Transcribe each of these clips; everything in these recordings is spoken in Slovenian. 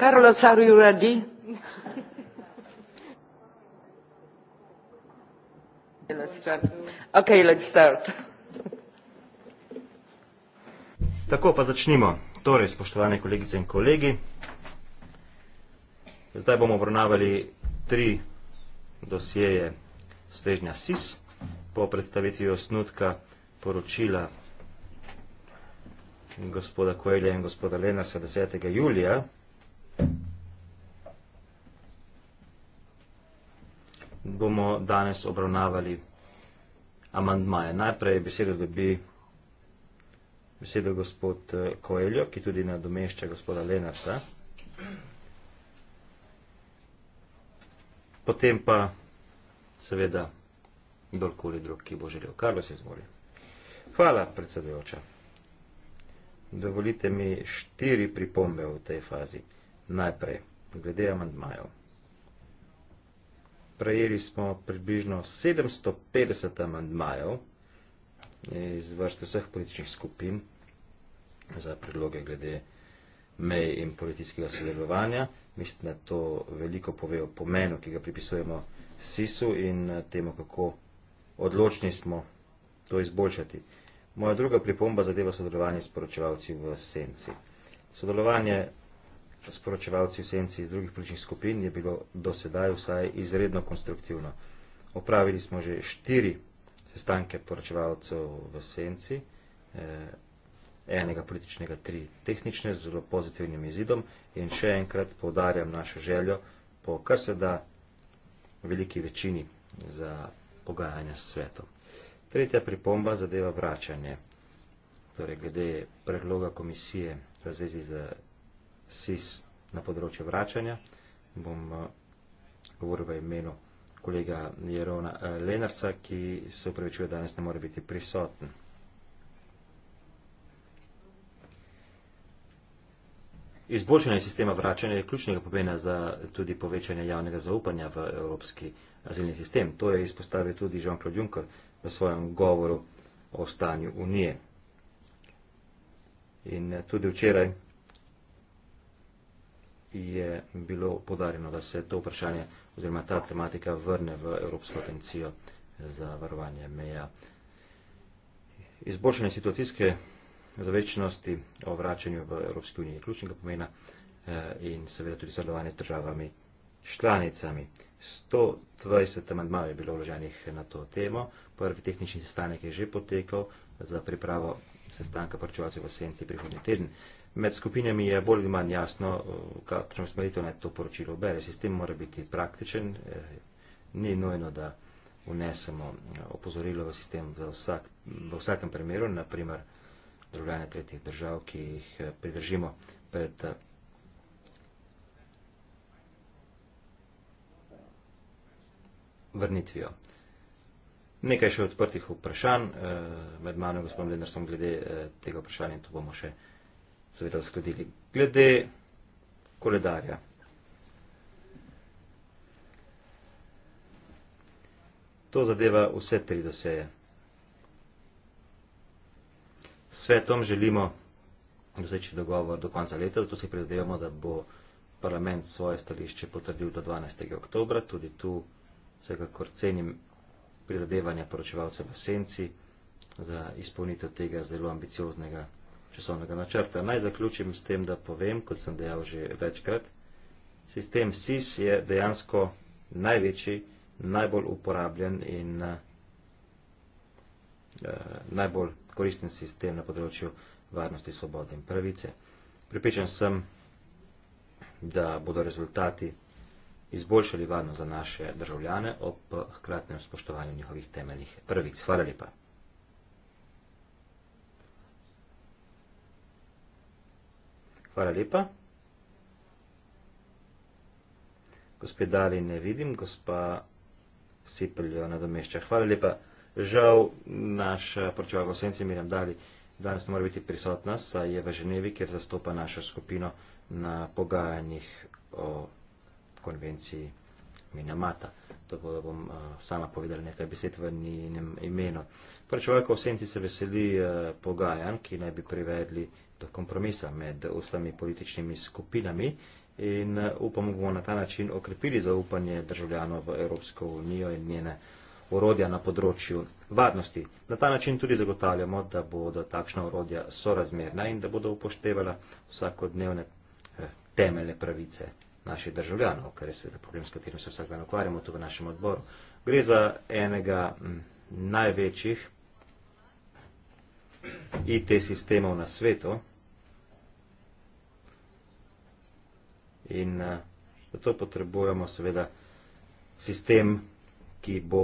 Karlo Sari uradi. Let's start. Okay, let's start. Tako pa začnimo. Torej, spoštovane kolegice in kolegi, zdaj bomo obravnavali tri dosjeje svežnja SIS po predstavitvi osnutka poročila gospoda Koelja in gospoda Lenarsa 10. julija bomo danes obravnavali amandmaje. Najprej besedo dobi besedo gospod eh, Koeljo, ki tudi nadomešča gospoda Lenarsa. Potem pa seveda dolkoli drug, ki bo želel. Karlo se izmori. Hvala, predsedujoča. Dovolite mi štiri pripombe v tej fazi. Najprej, glede amandmajev prejeli smo približno 750 amandmajev iz vrste vseh političnih skupin za predloge glede mej in političnega sodelovanja. Mislim, da to veliko pove o pomenu, ki ga pripisujemo SIS-u in eh, temu, kako odločni smo to izboljšati. Moja druga pripomba zadeva sodelovanje s poročevalci v senci. Sodelovanje sporočevalci v senci iz drugih političnih skupin je bilo do sedaj vsaj izredno konstruktivno. Opravili smo že štiri sestanke poročevalcev v senci, eh, enega političnega, tri tehnične, z zelo pozitivnim izidom in še enkrat poudarjam našo željo po kar se da veliki večini za pogajanja s svetom. Tretja pripomba zadeva vračanje, torej glede predloga komisije v zvezi z SIS na področju vračanja. Bom eh, govoril v imenu kolega Jerona eh, Lenarca, ki se upravičuje, da danes ne more biti prisoten. Izboljšanje sistema vračanja je ključnega pomena za tudi povečanje javnega zaupanja v evropski azilni sistem. To je izpostavil tudi Jean-Claude Juncker v svojem govoru o stanju Unije. In eh, tudi včeraj je bilo podarjeno, da se to vprašanje oziroma ta tematika vrne v Evropsko agencijo za varovanje meja. Izboljšanje situacijske zavečnosti o vračanju v Evropski uniji je ključnega pomena eh, in seveda tudi sodelovanje z državami članicami. 120 amandmajev je bilo vloženih na to temo. Prvi tehnični sestanek je že potekal za pripravo sestanka poročevalcev v Senci prihodnji teden. Med skupinami je bolj ali manj jasno, v eh, kakšnem smeritu naj to poročilo bere. Sistem mora biti praktičen, eh, ni nujno, da vnesemo eh, opozorilo v sistem v, vsak, v vsakem primeru, naprimer državljane tretjih držav, ki jih pridržimo pred vrnitvijo. Nekaj še odprtih vprašanj med mano in gospodom Lenarsom glede tega vprašanja in to bomo še vprašali seveda zgodili. Glede koledarja. To zadeva vse tri doseje. Svetom želimo doseči dogovor do konca leta, zato si prizadevamo, da bo parlament svoje stališče potrdil do 12. oktober. Tudi tu vsekakor cenim prizadevanja poročevalcev v senci za izpolnitev tega zelo ambicioznega časovnega načrta. Naj zaključim s tem, da povem, kot sem dejal že večkrat, sistem SIS je dejansko največji, najbolj uporabljen in eh, najbolj koristen sistem na področju varnosti, svobode in pravice. Pripečen sem, da bodo rezultati izboljšali varnost za naše državljane ob hkratnem spoštovanju njihovih temeljnih prvic. Hvala lepa. Hvala lepa. Gospe Dali ne vidim, gospa Sipeljo nadomešča. Hvala lepa. Žal, naš pročevalk v senci Miriam Dali danes ne more biti prisotna, saj je v Ženevi, kjer zastopa našo skupino na pogajanjih o konvenciji Minamata. Tako da bom eh, sama povedala nekaj besed v njenem imenu. Uh, Torej, Človek v senci se veseli eh, pogajanj, ki naj bi privedli do kompromisa med vsemi političnimi skupinami in eh, upamo, bomo na ta način okrepili zaupanje državljanov v Evropsko unijo in njene urodja na področju varnosti. Na ta način tudi zagotavljamo, da bodo takšna urodja sorazmerna in da bodo upoštevala vsakodnevne eh, temeljne pravice naših državljanov, kar je seveda problem, s katerim se vsak dan ukvarjamo tu v našem odboru. Gre za enega mm, največjih IT sistemov na svetu. In eh, zato potrebujemo seveda sistem, ki bo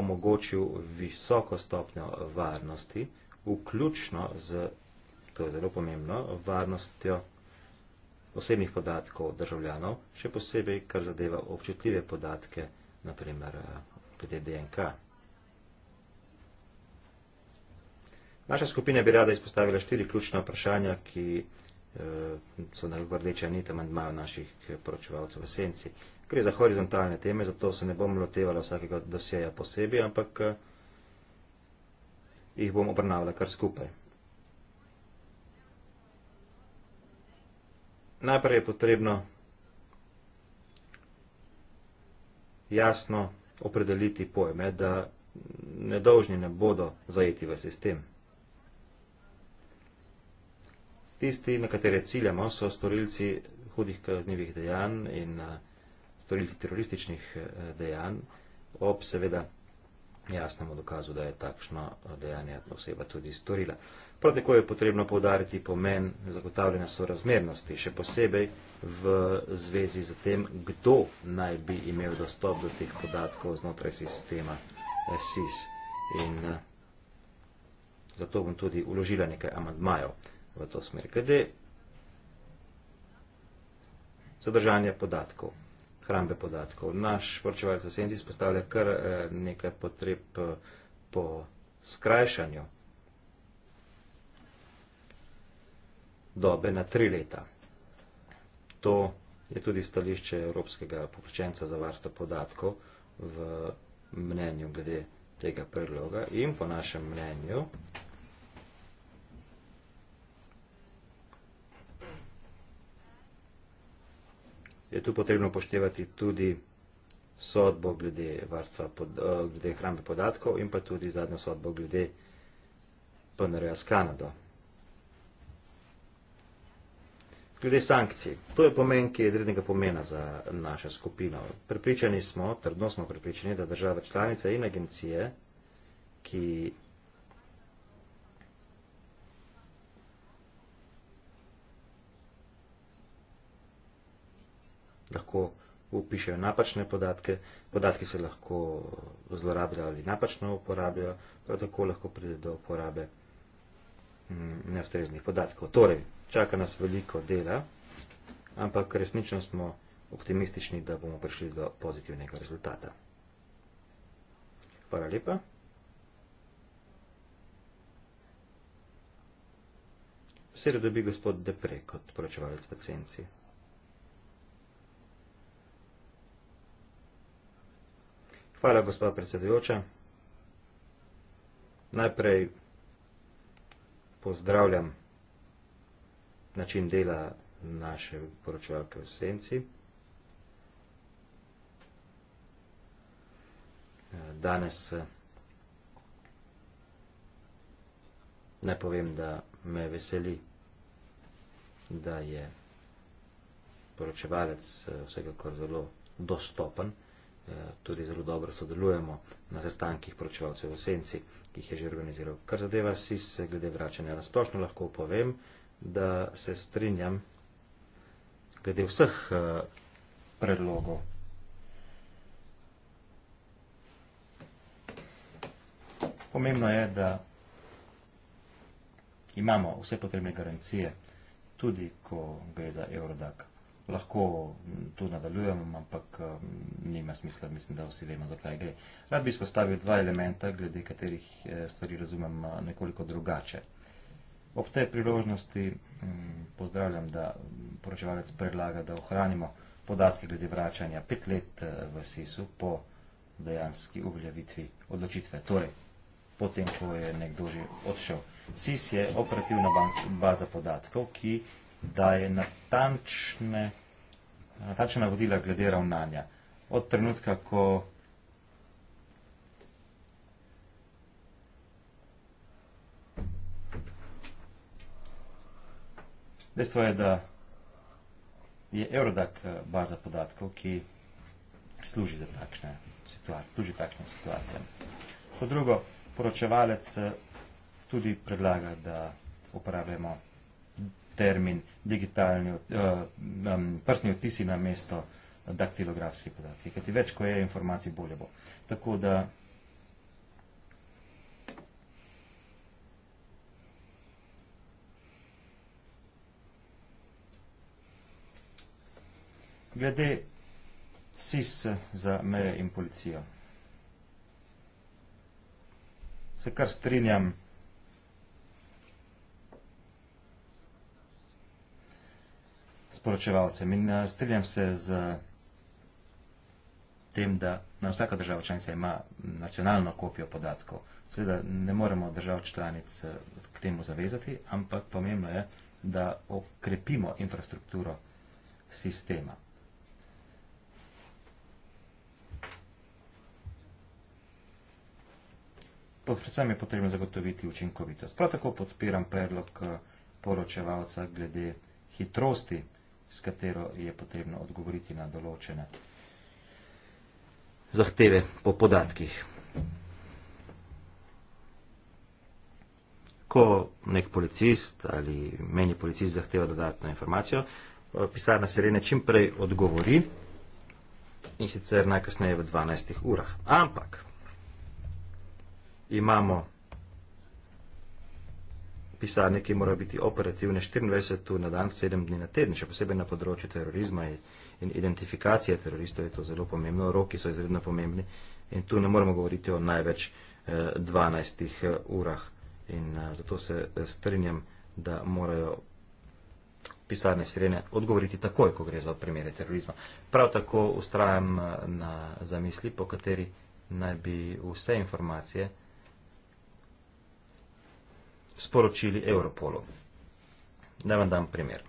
omogočil visoko stopnjo varnosti, vključno z, to je zelo pomembno, varnostjo osebnih podatkov državljanov, še posebej, kar zadeva občutljive podatke, naprimer eh, glede DNK. Naša skupina bi rada izpostavila štiri ključna vprašanja, ki eh, so na gordeča nit amandmajo naših eh, poročevalcev v senci. Gre za horizontalne teme, zato se ne bom lotevala vsakega dosjeja posebej, ampak eh, jih bom obrnavala kar skupaj. Najprej je potrebno jasno opredeliti pojme, da nedolžni ne bodo zajeti v sistem. Tisti, na katere ciljamo, so storilci hudih kaznivih dejanj in eh, storilci terorističnih eh, dejanj, ob seveda jasnemu dokazu, da je takšno eh, dejanje oseba tudi storila. Prav tako je potrebno povdariti pomen zagotavljanja sorazmernosti, še posebej v zvezi z tem, kdo naj bi imel dostop do teh podatkov znotraj sistema SIS. In zato bom tudi uložila nekaj amadmajev v to smer. Glede zadržanja podatkov, hrambe podatkov. Naš vrčevalec Ascent izpostavlja kar eh, nekaj potreb eh, po skrajšanju dobe na tri leta. To je tudi stališče Evropskega poprečenca za varstvo podatkov v mnenju glede tega predloga in po našem mnenju je tu potrebno poštevati tudi sodbo glede, varstva, eh, glede hrambe podatkov in pa tudi zadnjo sodbo glede PNR-ja s Kanado. Glede sankcij, to je pomen, ki je izrednega pomena za našo skupino. Pripričani smo, trdno smo pripričani, da države članice in agencije, ki lahko upišejo napačne podatke, podatki se lahko zlorabljajo ali napačno uporabljajo, prav tako lahko pride do uporabe mm, neustreznih podatkov. Torej, čaka nas veliko dela, ampak resnično smo optimistični, da bomo prišli do pozitivnega rezultata. Hvala lepa. Vse redobi gospod Depre kot poročevalec pacijenci. Hvala, gospod predsedujoča. Najprej pozdravljam način dela naše poročevalke v Senci. Danes ne povem, da me veseli, da je poročevalec eh, vsega kar zelo dostopen, da je vsega kar zelo dostopen, Eh, tudi zelo dobro sodelujemo na sestankih poročevalcev v Senci, ki jih je že organiziral. Kar zadeva SIS, glede vračanja na splošno, lahko povem, da se strinjam glede vseh eh, predlogov. Pomembno je, da imamo vse potrebne garancije, tudi ko gre za Eurodaka lahko mm, tu nadaljujem, ampak nima smisla, mislim, da vsi vemo, zakaj gre. Rad bi izpostavil dva elementa, glede katerih eh, stvari razumem eh, nekoliko drugače. Ob tej priložnosti mm, pozdravljam, da poročevalec predlaga, da ohranimo podatke glede vračanja pet let eh, v SIS-u po dejanski uveljavitvi odločitve. Torej, potem, ko je nekdo že odšel. SIS je operativna baza podatkov, ki da je natančne, natančna vodila glede ravnanja. Od trenutka, ko Dejstvo je, da je Eurodac eh, baza podatkov, ki služi za takšne situacije, služi takšnim situacijam. Po drugo, poročevalec eh, tudi predlaga, da uporabljamo termin digitalni, eh, prsni odtisi na mesto daktilografski podatki. Kajti več, ko je informacij, bolje bo. Tako da... Glede SIS za meje in policijo. Se kar strinjam, da je sporočevalcem. In eh, strinjam se z tem, da na vsaka država članica ima nacionalno kopijo podatkov. Seveda ne moremo držav članic eh, k temu zavezati, ampak pomembno je, da okrepimo infrastrukturo sistema. Predvsem je potrebno zagotoviti učinkovitost. Prav tako podpiram predlog eh, poročevalca glede hitrosti s katero je potrebno odgovoriti na določene zahteve po podatkih. Ko nek policist ali meni policist zahteva dodatno informacijo, eh, pisarna sirene čim prej odgovori in sicer najkasneje v 12 urah. Ampak imamo pisarne, ki morajo biti operativne 24 ur na dan, 7 dni na teden, še posebej na področju terorizma in identifikacije teroristov je to zelo pomembno, roki so izredno pomembni in tu ne moremo govoriti o največ 12 eh, eh, urah. In eh, zato se strinjam, da morajo pisarne sirene odgovoriti takoj, ko gre za primere terorizma. Prav tako ustrajam na zamisli, po kateri naj bi vse informacije vsega, sporočili Europolu. Da vam dam primer.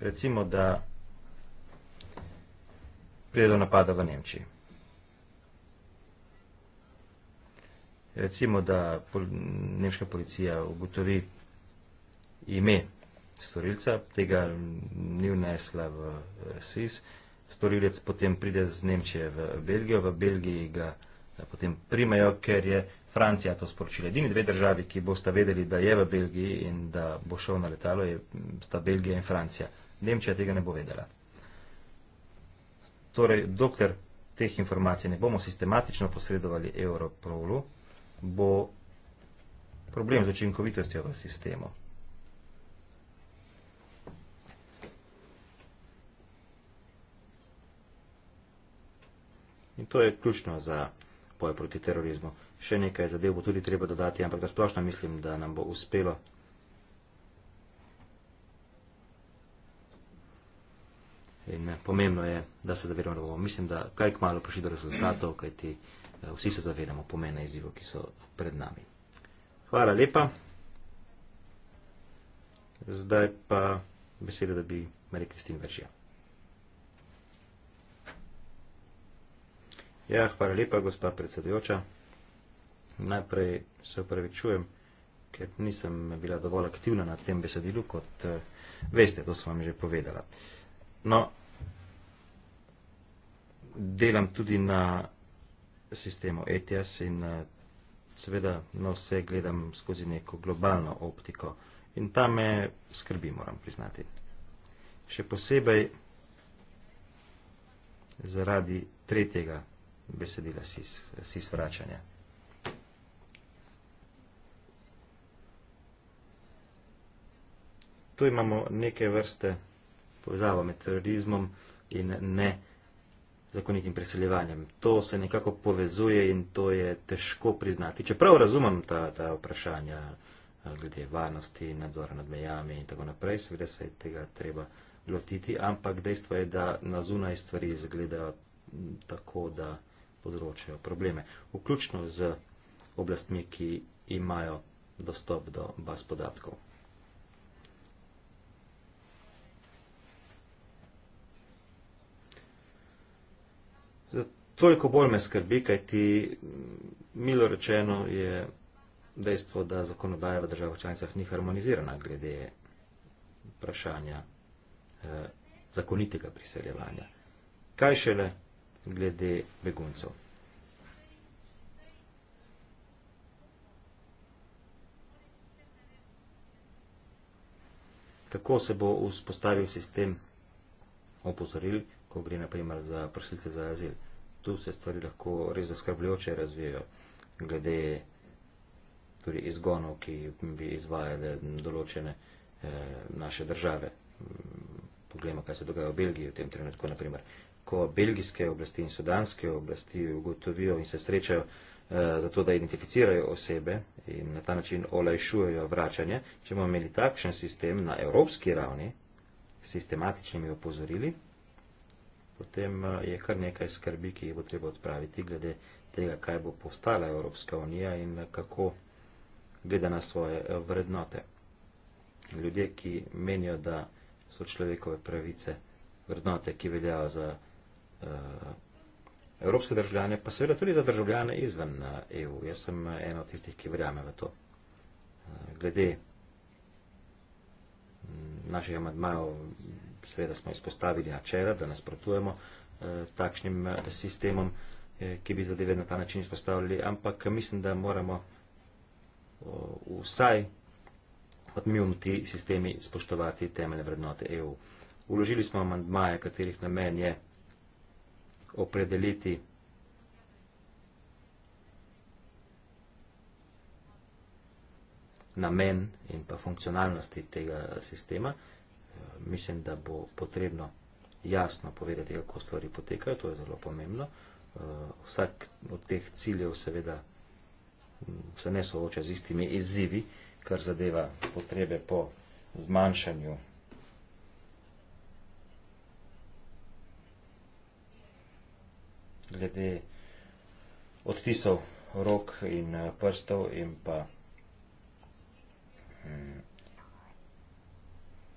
Recimo, da pride do napada v Nemčiji. Recimo, da nemška policija ugotovi ime storilca, tega ni vnesla v eh, SIS, storilec potem pride z Nemčije v Belgijo, v Belgiji ga eh, potem primajo, ker je Francija to sporočila. Edini dve državi, ki boste vedeli, da je v Belgiji in da bo šel na letalo, je, sta Belgija in Francija. Nemčija tega ne bo vedela. Torej, dokler teh informacij ne bomo sistematično posredovali Europolu, bo problem z učinkovitostjo v sistemu. In to je ključno za boj proti terorizmu še nekaj zadev bo tudi treba dodati, ampak da splošno mislim, da nam bo uspelo. In eh, pomembno je, da se zavedamo, da bomo. Mislim, da kaj k malo prišli do rezultatov, kajti eh, vsi se zavedamo pomena izzivov, ki so pred nami. Hvala lepa. Zdaj pa besede, da bi Marija Kristina vršila. Ja, hvala lepa, gospa predsedujoča. Najprej se upravičujem, ker nisem bila dovolj aktivna na tem besedilu, kot eh, veste, to sem vam že povedala. No, delam tudi na sistemu ETS in eh, seveda na vse gledam skozi neko globalno optiko in tam me skrbi, moram priznati. Še posebej zaradi tretjega besedila SIS, SIS vračanja. tu imamo neke vrste povezavo med terorizmom in ne zakonitim preseljevanjem. To se nekako povezuje in to je težko priznati. Čeprav razumem ta, ta vprašanja eh, glede varnosti, nadzora nad mejami in tako naprej, seveda se je tega treba lotiti, ampak dejstvo je, da na zunaj stvari izgledajo tako, da področajo probleme. Vključno z oblastmi, ki imajo dostop do baz podatkov. toliko bolj me skrbi, kaj ti milo rečeno je dejstvo, da zakonodaja v državah članicah ni harmonizirana glede vprašanja eh, zakonitega priseljevanja. Kaj šele glede beguncev? Kako se bo vzpostavil sistem opozoril, ko gre naprimer za prosilce za azil? tu se stvari lahko res zaskrbljujoče razvijajo, glede tudi izgonov, ki bi izvajale določene eh, naše države. Poglejmo, kaj se dogaja v Belgiji v tem trenutku, naprimer. Ko belgijske oblasti in sudanske oblasti ugotovijo in se srečajo eh, zato, da identificirajo osebe in na ta način olajšujejo vračanje, če bomo imeli takšen sistem na evropski ravni, sistematičnimi opozorili, potem eh, je kar nekaj skrbi, ki jih bo treba odpraviti glede tega, kaj bo postala Evropska unija in eh, kako glede na svoje eh, vrednote. Ljudje, ki menijo, da so človekove pravice vrednote, ki veljajo za uh, evropske državljane, pa seveda tudi za državljane izven EU. E Jaz sem ena od tistih, ki verjame v to. Uh, glede mm, naših amadmajev seveda smo izpostavili načela, da nasprotujemo eh, takšnim eh, sistemom, eh, ki bi zadeve na ta način izpostavili, ampak mislim, da moramo oh, vsaj odmivniti sistemi spoštovati temeljne vrednote EU. Uložili smo amandmaje, katerih namen je opredeliti namen in pa funkcionalnosti tega sistema. Eh, mislim, da bo potrebno jasno povedati, kako stvari potekajo, to je zelo pomembno. Eh, vsak od teh ciljev seveda mm, se ne sooča z istimi izzivi, kar zadeva potrebe po zmanjšanju glede odtisov rok in eh, prstov in pa mm,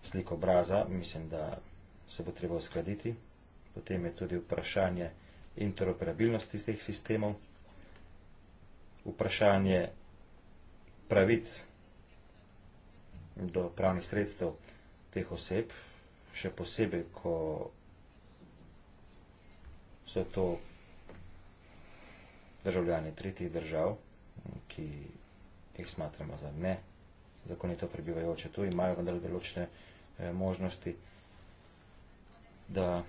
sliko obraza, mislim, da se bo treba uskladiti. Potem je tudi vprašanje interoperabilnosti teh sistemov, vprašanje pravic do pravnih sredstev teh oseb, še posebej, ko so to državljani tretjih držav, ki jih smatramo za ne, zakonito prebivajoče tu, imajo vendar določene državljane, Eh, možnosti, da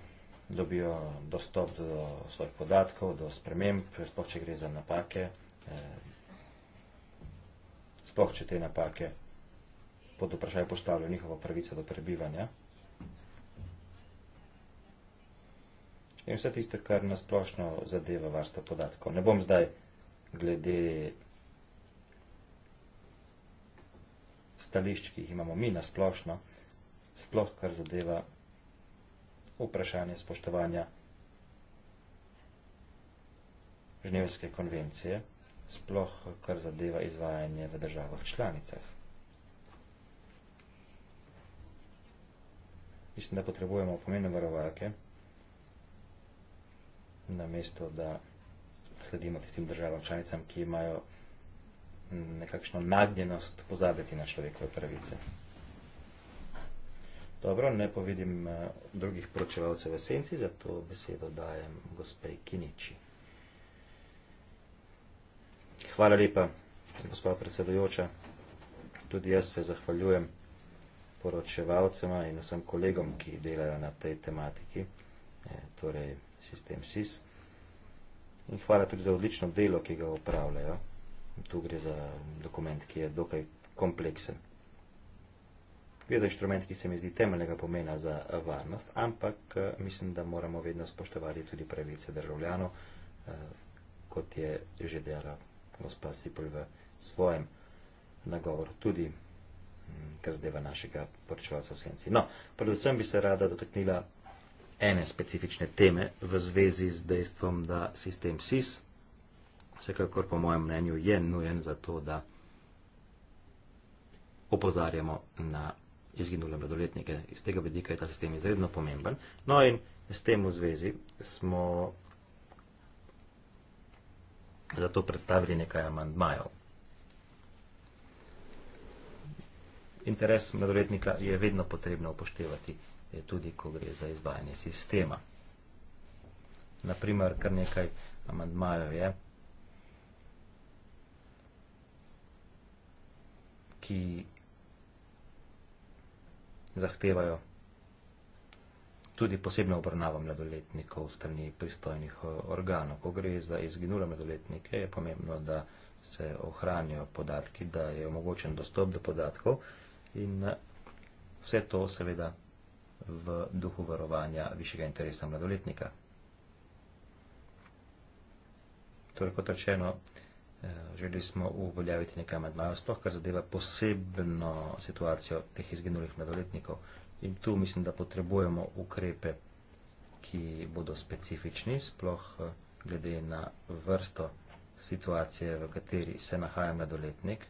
dobijo dostop do svojih podatkov, do sprememb, sploh če gre za napake, eh, sploh če te napake pod vprašanje postavljajo njihovo pravico do prebivanja. In vse tisto, kar nasplošno zadeva varstvo podatkov. Ne bom zdaj glede stališč, ki jih imamo mi nasplošno, sploh kar zadeva vprašanje spoštovanja Ženevske konvencije, sploh kar zadeva izvajanje v državah članicah. Mislim, da potrebujemo pomene varovake, na mesto, da sledimo tistim državam članicam, ki imajo nekakšno nagnjenost pozabiti na človekove pravice. Dobro, ne povedim eh, drugih poročevalcev v esenci, zato besedo dajem gospej Kiniči. Hvala lepa, gospod predsedojoča. Tudi jaz se zahvaljujem poročevalcema in vsem kolegom, ki delajo na tej tematiki, eh, torej sistem SIS. In hvala tudi za odlično delo, ki ga upravljajo. Tu gre za dokument, ki je dokaj kompleksen. Gre za inštrument, ki se mi zdi temeljnega pomena za eh, varnost, ampak eh, mislim, da moramo vedno spoštovati tudi pravice državljanov, eh, kot je že dejala gospa Sipol v svojem nagovoru, tudi mm, kar zdeva našega poročevalca v senci. No, predvsem bi se rada dotaknila ene specifične teme v zvezi z dejstvom, da sistem SIS vsekakor po mojem mnenju je nujen za to, da opozarjamo na izginule mladoletnike. Iz tega vidika je ta sistem izredno pomemben. No in s tem v zvezi smo zato predstavili nekaj amandmajev. Interes mladoletnika je vedno potrebno upoštevati eh, tudi, ko gre za izvajanje sistema. Naprimer, kar nekaj amandmajev je, ki zahtevajo tudi posebno obravnavo mladoletnikov strani pristojnih eh, organov. Ko gre za izginule mladoletnike, je pomembno, da se ohranijo podatki, da je omogočen dostop do podatkov in eh, vse to seveda v duhu varovanja višjega interesa mladoletnika. Torej, kot rečeno, Eh, želeli smo uveljaviti nekaj amedmajev, sploh kar zadeva posebno situacijo teh izginulih mladoletnikov. In tu mislim, da potrebujemo ukrepe, ki bodo specifični, sploh eh, glede na vrsto situacije, v kateri se nahaja mladoletnik.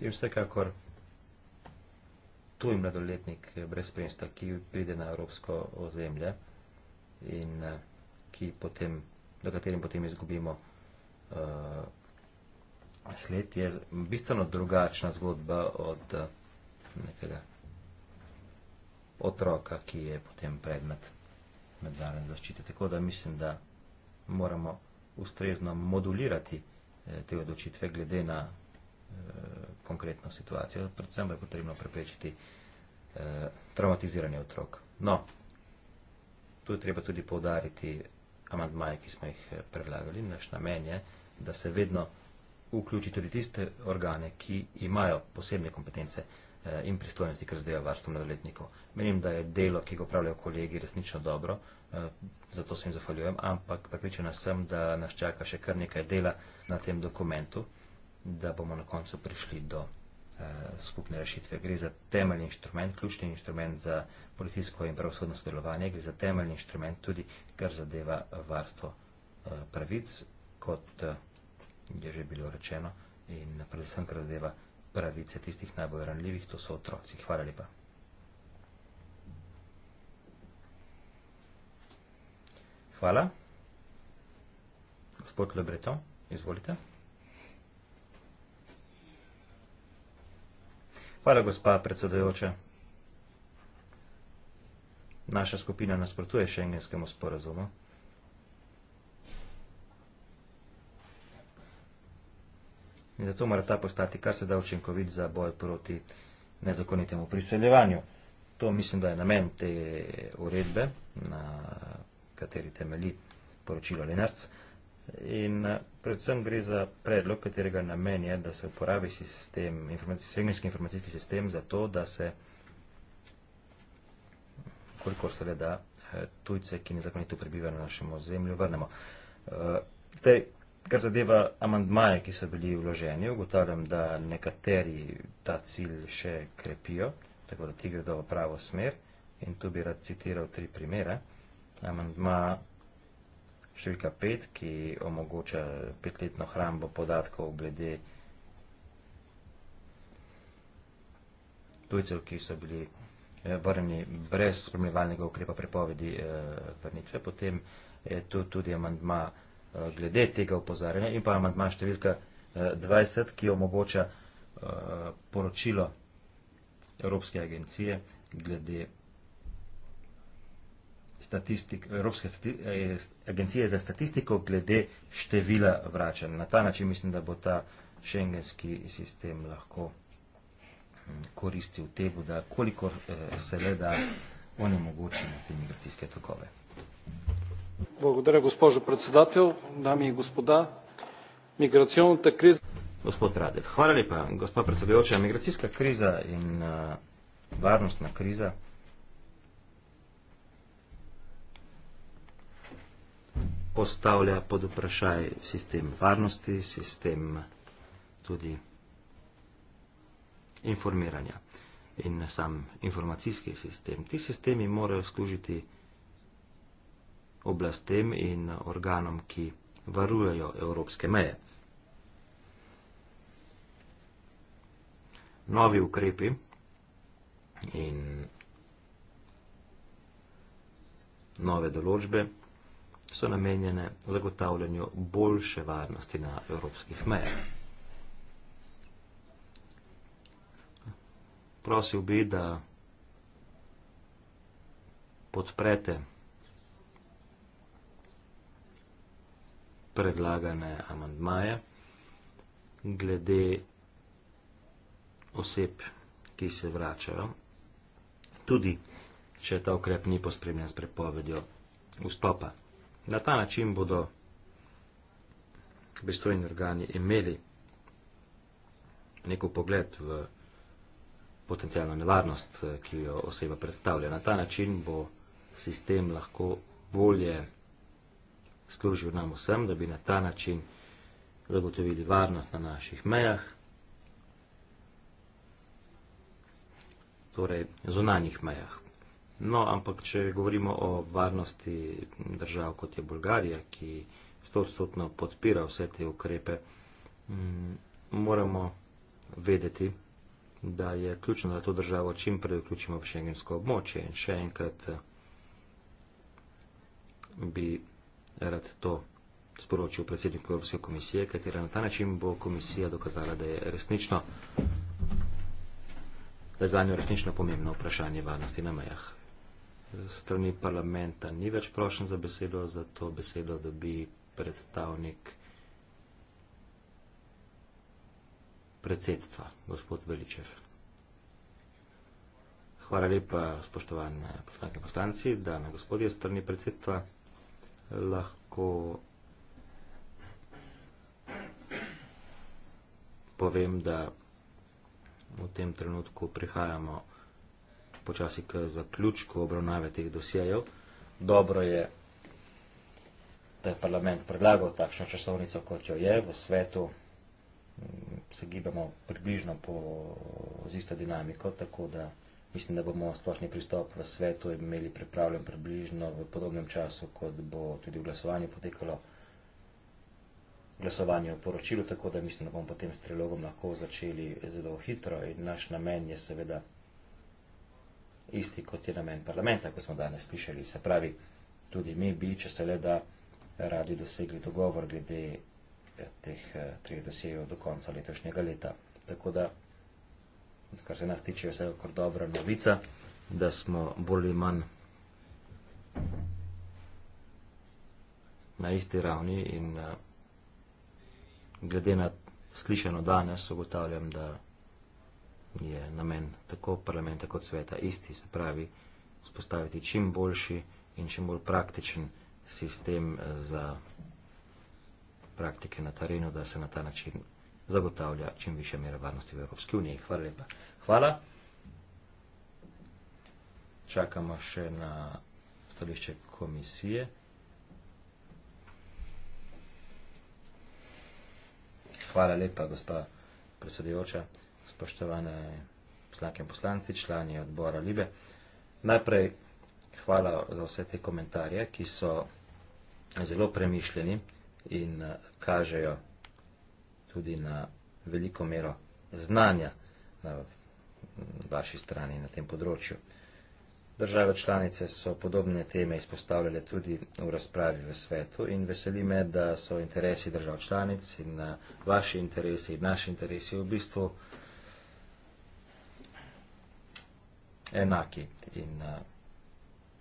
In vsekakor tuj mladoletnik brez spremstva, ki pride na evropsko ozemlje, in eh, ki potem, do katerim potem izgubimo uh, sled, je bistveno drugačna zgodba od uh, nekega otroka, ki je potem predmet mednarodne zaščite. Tako da mislim, da moramo ustrezno modulirati eh, te odločitve glede na eh, konkretno situacijo. Predvsem pa je potrebno preprečiti eh, traumatiziranje otrok. No, Tu treba tudi povdariti amantmaje, ki smo jih eh, predlagali. Naš namen je, da se vedno vključi tudi tiste organe, ki imajo posebne kompetence eh, in pristojnosti, ker zdajo varstvo mladoletnikov. Menim, da je delo, ki ga upravljajo kolegi, resnično dobro, eh, zato se jim zahvaljujem, ampak prepričana sem, da nas čaka še kar nekaj dela na tem dokumentu, da bomo na koncu prišli do Eh, skupne rešitve. Gre za temeljni inštrument, ključni inštrument za policijsko in pravosodno sodelovanje, gre za temeljni inštrument tudi, kar zadeva varstvo eh, pravic, kot eh, je že bilo rečeno, in predvsem, kar zadeva pravice tistih najbolj ranljivih, to so otroci. Hvala lepa. Hvala. Gospod Lebreton, izvolite. Hvala. Hvala, gospa predsedujoča. Naša skupina nasprotuje šengenskemu sporazumu. In zato mora ta postati kar se da učinkovit za boj proti nezakonitemu priseljevanju. To mislim, da je namen te uredbe, na kateri temeli poročilo Lenarca. In eh, predvsem gre za predlog, katerega namen je, da se uporabi sistem, segmenjski informacijski sistem za to, da se, koliko se le da, eh, tujce, ki nezakonito prebivajo na našem ozemlju, vrnemo. Te, eh, kar zadeva amandmaje, ki so bili vloženi, ugotavljam, da nekateri ta cilj še krepijo, tako da ti gredo v pravo smer. In tu bi rad citiral tri primere. Amandma številka 5, ki omogoča petletno hrambo podatkov glede tujcev, ki so bili eh, vrnjeni brez spremljevalnega ukrepa prepovedi eh, vrnitve. Potem je tu tudi amandma eh, glede tega upozarjanja in pa amandma številka 20, ki omogoča poročilo Evropske agencije glede vrnitve statistik, Evropske stati, eh, agencije za statistiko glede števila vračanj. Na ta način mislim, da bo ta šengenski sistem lahko hm, koristil temu, da kolikor eh, se le da onemogočimo te migracijske tokove. Благодаря, госпожо председател, дами и господа. Миграционната криза... Господ Радев, хвала ли па, господа председател, миграцийска криза и варностна криза postavlja pod vprašaj sistem varnosti, sistem tudi informiranja in sam informacijski sistem. Ti sistemi morajo služiti oblastem in organom, ki varujejo evropske meje. Novi ukrepi in nove določbe so namenjene zagotavljanju boljše varnosti na evropskih mejah. Prosil bi, da podprete predlagane amandmaje glede oseb, ki se vračajo, tudi če ta ukrep ni pospremljen s prepovedjo vstopa. Na ta način bodo pristojni organi imeli neko pogled v potencijalno nevarnost, eh, ki jo oseba predstavlja. Na ta način bo sistem lahko bolje služil nam vsem, da bi na ta način zagotovili varnost na naših mejah, torej zunanjih mejah. No, ampak če govorimo o varnosti držav kot je Bolgarija, ki stotstotno podpira vse te ukrepe, mm, moramo vedeti, da je ključno, da to državo čim prej vključimo v šengensko območje. In še enkrat bi rad to sporočil predsedniku Evropske komisije, katera na ta način bo komisija dokazala, da je resnično, da je za njo resnično pomembno vprašanje varnosti na mejah strani parlamenta ni več prošen za besedo, za to besedo dobi predstavnik predsedstva, gospod Veličev. Hvala lepa, spoštovane poslanke in poslanci, da na gospodje strani predsedstva lahko povem, da v tem trenutku prihajamo počasi k zaključku obravnave teh dosijev. Dobro je, da je parlament predlagal takšno časovnico, kot jo je. V svetu mm, se gibamo približno po, z isto dinamiko, tako da mislim, da bomo splošni pristop v svetu imeli pripravljen približno v podobnem času, kot bo tudi v glasovanju potekalo glasovanje o poročilu, tako da mislim, da bomo potem s trilogom lahko začeli zelo hitro in naš namen je seveda isti kot je namen parlamenta, kot smo danes slišali. Se pravi, tudi mi bi, če se le da, radi dosegli dogovor glede eh, teh eh, treh dosjejev do konca letošnjega leta. Tako da, kar se nas tiče, je vse kot dobra novica, da smo bolj ali manj na isti ravni in eh, glede na slišano danes ugotavljam, da je namen tako parlamenta kot sveta isti, se pravi, spostaviti čim boljši in čim bolj praktičen sistem eh, za praktike na terenu, da se na ta način zagotavlja čim više mera varnosti v Evropski uniji. Hvala lepa. Hvala. Čakamo še na stališče komisije. Hvala lepa, gospa predsedujoča spoštovane poslanke in poslanci, člani odbora Libe. Najprej hvala za vse te komentarje, ki so zelo premišljeni in eh, kažejo tudi na veliko mero znanja na vaši strani na tem področju. Države članice so podobne teme izpostavljale tudi v razpravi v svetu in veseli me, da so interesi držav članic in eh, vaši interesi in naši interesi v bistvu enaki. In eh,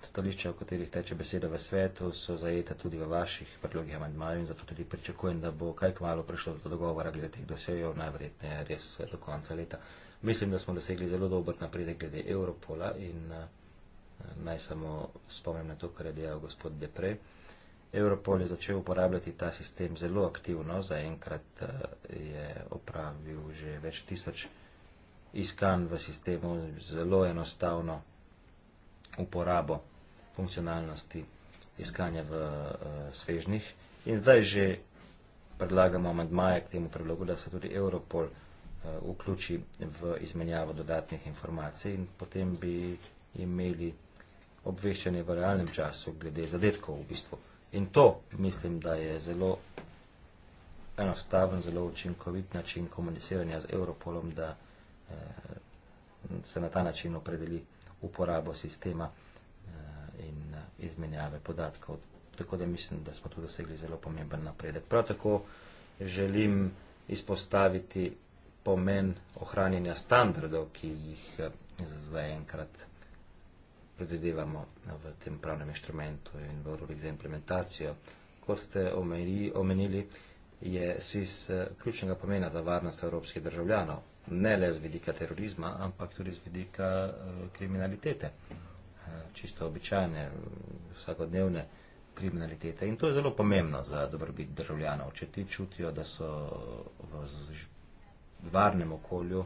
stališče, o katerih teče beseda v svetu, so zajete tudi v vaših predlogih amandmajev in zato tudi pričakujem, da bo kaj kmalo prišlo do dogovora glede teh dosejev, najverjetneje res eh, do konca leta. Mislim, da smo dosegli zelo dober napredek glede Europola in eh, naj samo spomnim na to, kar je dejal gospod Depre. Europol je začel uporabljati ta sistem zelo aktivno, zaenkrat je opravil že več tisoč iskan v sistemu zelo enostavno uporabo funkcionalnosti iskanja v uh, svežnih. In zdaj že predlagamo amadmaje k temu predlogu, da se tudi Europol uh, vključi v izmenjavo dodatnih informacij in potem bi imeli obveščanje v realnem času glede zadetkov v bistvu. In to mislim, da je zelo enostaven, zelo učinkovit način komuniciranja z Europolom, da Eh, se na ta način opredeli uporabo sistema eh, in eh, izmenjave podatkov. Tako da mislim, da smo tu dosegli zelo pomemben napredek. Prav tako želim izpostaviti pomen ohranjanja standardov, ki jih zaenkrat predvidevamo v tem pravnem inštrumentu in v rubrik za implementacijo. Kot ste omenili, je SIS ključnega pomena za varnost evropskih državljanov ne le z vidika terorizma, ampak tudi z vidika eh, kriminalitete, eh, čisto običajne, vsakodnevne kriminalitete. In to je zelo pomembno za dobrobit državljanov. Če ti čutijo, da so v varnem okolju,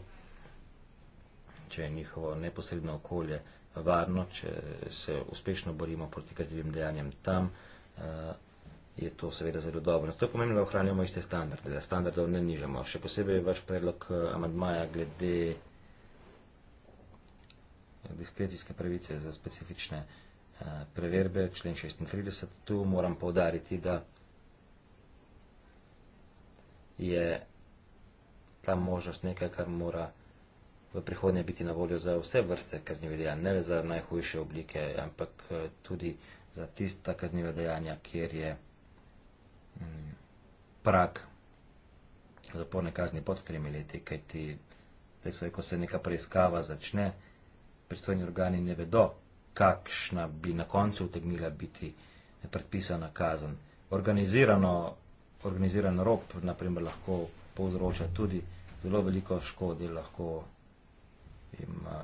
če je njihovo neposredno okolje varno, če se uspešno borimo proti kaznivim dejanjem tam, eh, je to seveda zelo dobro. Zato je pomembno, da ohranjamo iste standarde, da standardov ne nižamo. Še posebej vaš predlog eh, amadmaja glede eh, diskrecijske pravice za specifične eh, preverbe, člen 36, tu moram povdariti, da je ta možnost nekaj, kar mora v prihodnje biti na voljo za vse vrste kaznjive dejanja, ne le za najhujše oblike, ampak tudi za tista kaznjive dejanja, kjer je vse, Mm, prak zaporne kazni pod tremi leti, kajti resno, ko se neka preiskava začne, pristojni organi ne vedo, kakšna bi na koncu utegnila biti predpisana kazen. Organizirano, organiziran rop, naprimer, lahko povzroča tudi zelo veliko škode, lahko ima.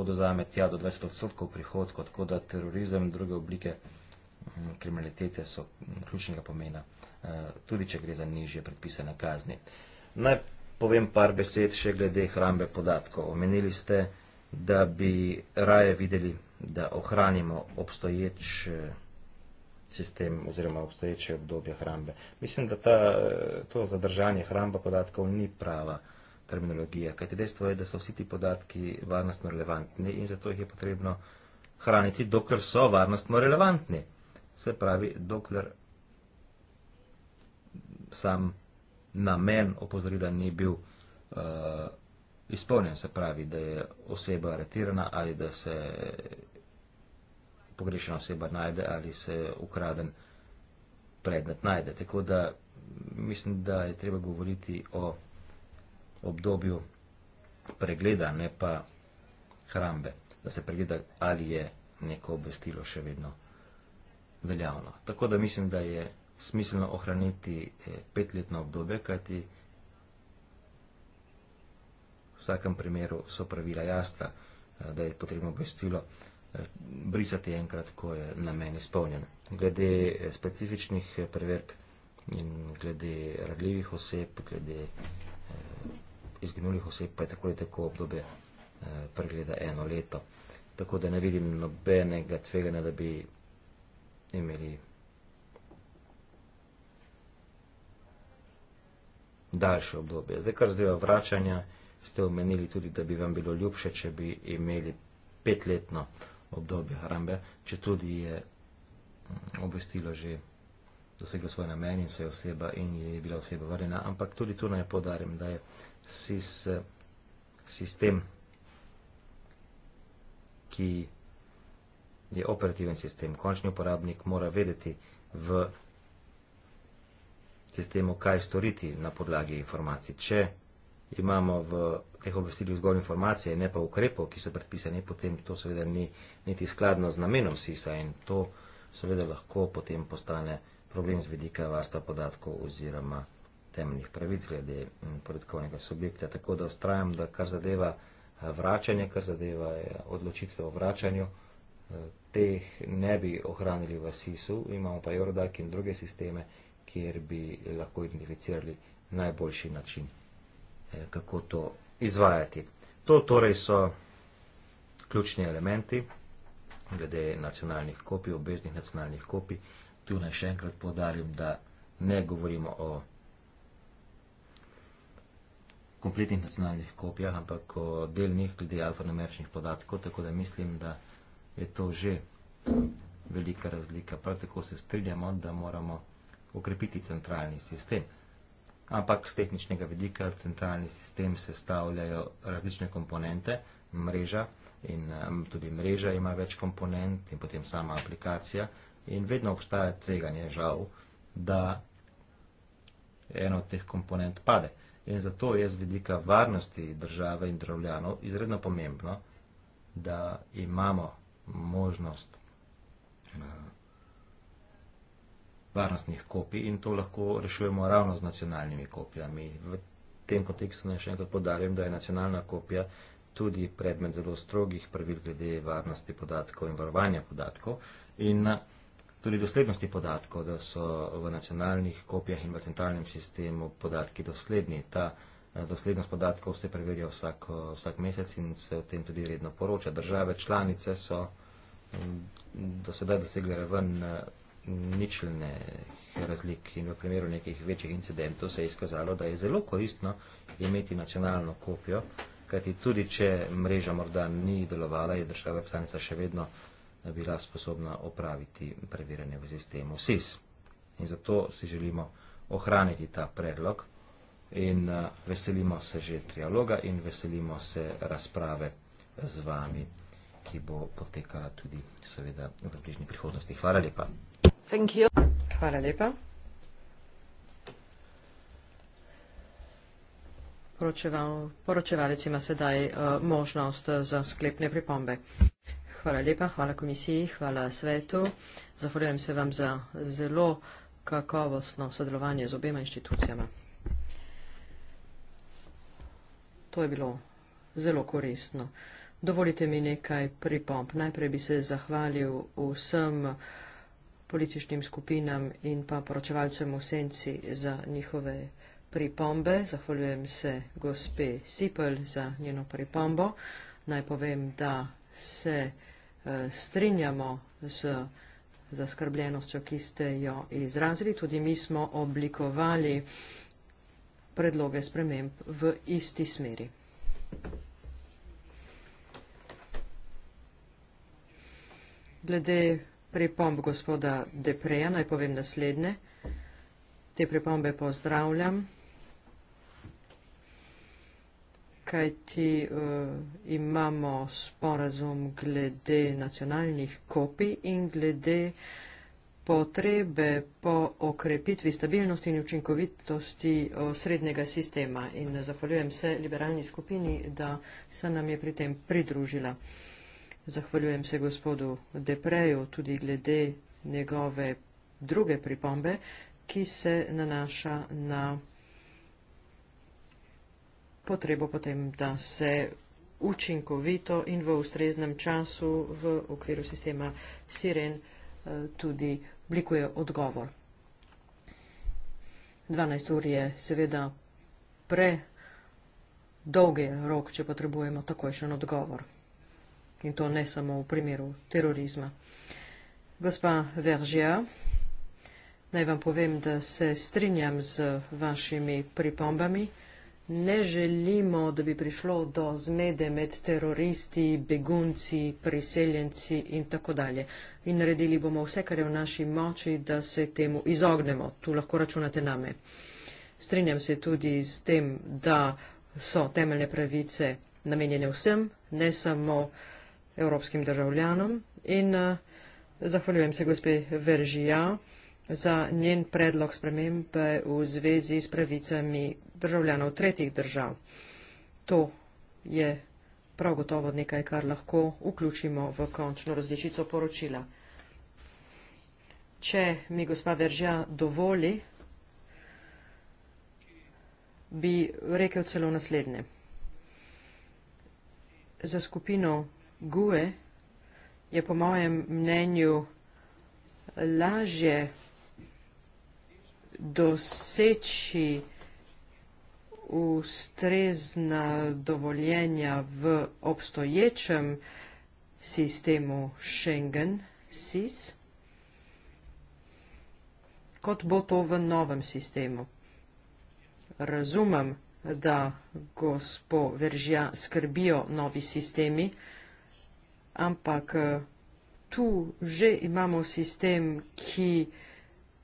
odozame tja do 20 odstotkov prihodkov, tako da terorizem in druge oblike mm, kriminalitete so mm, ključnega pomena, eh, tudi če gre za nižje predpisane kazni. Naj povem par besed še glede hrambe podatkov. Omenili ste, da bi raje videli, da ohranimo obstoječ eh, sistem oziroma obstoječe obdobje hrambe. Mislim, da ta, eh, to zadržanje hramba podatkov ni prava terminologija. Kajti dejstvo je, da so vsi ti podatki varnostno relevantni in zato jih je potrebno hraniti, dokler so varnostno relevantni. Se pravi, dokler sam namen opozorila ni bil uh, izpolnjen, se pravi, da je oseba aretirana ali da se pogrešena oseba najde ali se ukraden predmet najde. Tako da mislim, da je treba govoriti o obdobju pregleda, ne pa hrambe, da se pregleda, ali je neko obvestilo še vedno veljavno. Tako da mislim, da je smiselno ohraniti eh, petletno obdobje, kajti v vsakem primeru so pravila jasna, eh, da je potrebno obvestilo eh, brisati enkrat, ko je namen izpolnjen. Glede specifičnih preverb in glede radljivih oseb, glede izginulih oseb pa je tako tako obdobje eh, pregleda eno leto. Tako da ne vidim nobenega tveganja, da bi imeli daljše obdobje. Zdaj, kar zdaj vračanja, ste omenili tudi, da bi vam bilo ljubše, če bi imeli petletno obdobje harambe, če tudi je mm, obvestilo že doseglo svoj namen in se je oseba in je bila oseba vrnjena, ampak tudi tu naj podarim, da je sis, eh, sistem, ki je operativen sistem. Končni uporabnik mora vedeti v sistemu, kaj storiti na podlagi informacij. Če imamo v teh obvestilih zgolj informacije, ne pa ukrepov, ki so predpisani, potem to seveda ni niti skladno z namenom SIS-a in to seveda lahko potem postane problem z vedika varstva podatkov oziroma informacij temeljnih pravic glede mm, podatkovnega subjekta. Tako da ustrajam, da kar zadeva eh, vračanje, kar zadeva eh, odločitve o vračanju, eh, teh ne bi ohranili v SIS-u, imamo pa Jordak in druge sisteme, kjer bi lahko identificirali najboljši način, kako to izvajati. To torej so ključni elementi glede nacionalnih kopij, obveznih nacionalnih kopij. Tu naj še enkrat podarim, da ne govorimo o kompletnih nacionalnih kopijah, ampak o delnih, glede alfanumeričnih podatkov, tako da mislim, da je to že velika razlika. Prav tako se strinjamo, da moramo okrepiti centralni sistem. Ampak z tehničnega vidika centralni sistem sestavljajo različne komponente, mreža in um, tudi mreža ima več komponent in potem sama aplikacija in vedno obstaja tveganje, žal, da eno od teh komponent pade. In zato je z vidika varnosti države in državljanov izredno pomembno, da imamo možnost eh, varnostnih kopij in to lahko rešujemo ravno z nacionalnimi kopijami. V tem kontekstu naj še enkrat podarim, da je nacionalna kopija tudi predmet zelo strogih pravil glede varnosti podatkov in varovanja podatkov. In tudi doslednosti podatkov, da so v nacionalnih kopijah in v centralnem sistemu podatki dosledni. Ta eh, doslednost podatkov se preverja vsak, eh, vsak mesec in se o tem tudi redno poroča. Države članice so mm, do sedaj dosegle raven eh, ničelne razlik in v primeru nekih večjih incidentov se je izkazalo, da je zelo koristno imeti nacionalno kopijo, kajti tudi če mreža morda ni delovala, je država članica še vedno bila sposobna opraviti preverjanje v sistemu SIS. In zato si želimo ohraniti ta predlog in eh, veselimo se že trialoga in veselimo se razprave z vami, ki bo potekala tudi seveda v bližnji prihodnosti. Hvala lepa. Thank you. Hvala lepa. Poročeval, poročevalec ima sedaj uh, možnost za sklepne pripombe. Hvala lepa, hvala komisiji, hvala svetu. Zahvaljujem se vam za zelo kakovostno sodelovanje z obema inštitucijama. To je bilo zelo koristno. Dovolite mi nekaj pripomp. Najprej bi se zahvalil vsem političnim skupinam in pa poročevalcem v senci za njihove pripombe. Zahvaljujem se gospe Sipel za njeno pripombo. Naj povem, da se Eh, strinjamo z zaskrbljenostjo, ki ste jo izrazili. Tudi mi smo oblikovali predloge sprememb v isti smeri. Glede pripomb gospoda Depreja naj povem naslednje. Te pripombe pozdravljam. kajti uh, imamo sporazum glede nacionalnih kopij in glede potrebe po okrepitvi stabilnosti in učinkovitosti eh, srednjega sistema. In zahvaljujem se liberalni skupini, da se nam je pri tem pridružila. Zahvaljujem se gospodu Depreju tudi glede njegove druge pripombe, ki se nanaša na potrebo potem, da se učinkovito in v ustreznem času v okviru sistema Siren eh, tudi oblikuje odgovor. 12 ur je seveda pre dolgi rok, če potrebujemo takojšen odgovor. In to ne samo v primeru terorizma. Gospa Veržija, naj vam povem, da se strinjam z vašimi pripombami. Ne želimo, da bi prišlo do zmede med teroristi, begunci, priseljenci in tako dalje. In naredili bomo vse, kar je v naši moči, da se temu izognemo. Tu lahko računate name. Strinjam se tudi s tem, da so temeljne pravice namenjene vsem, ne samo evropskim državljanom. In eh, zahvaljujem se gospe Veržija za njen predlog spremembe v zvezi s pravicami državljanov tretjih držav. To je prav gotovo nekaj, kar lahko vključimo v končno različico poročila. Če mi gospa Veržja dovoli, bi rekel celo naslednje. Za skupino GUE je po mojem mnenju lažje doseči vsega, ustrezna dovoljenja v obstoječem sistemu Schengen, SIS, kot bo to v novem sistemu. Razumem, da gospo Veržja skrbijo novi sistemi, ampak tu že imamo sistem, ki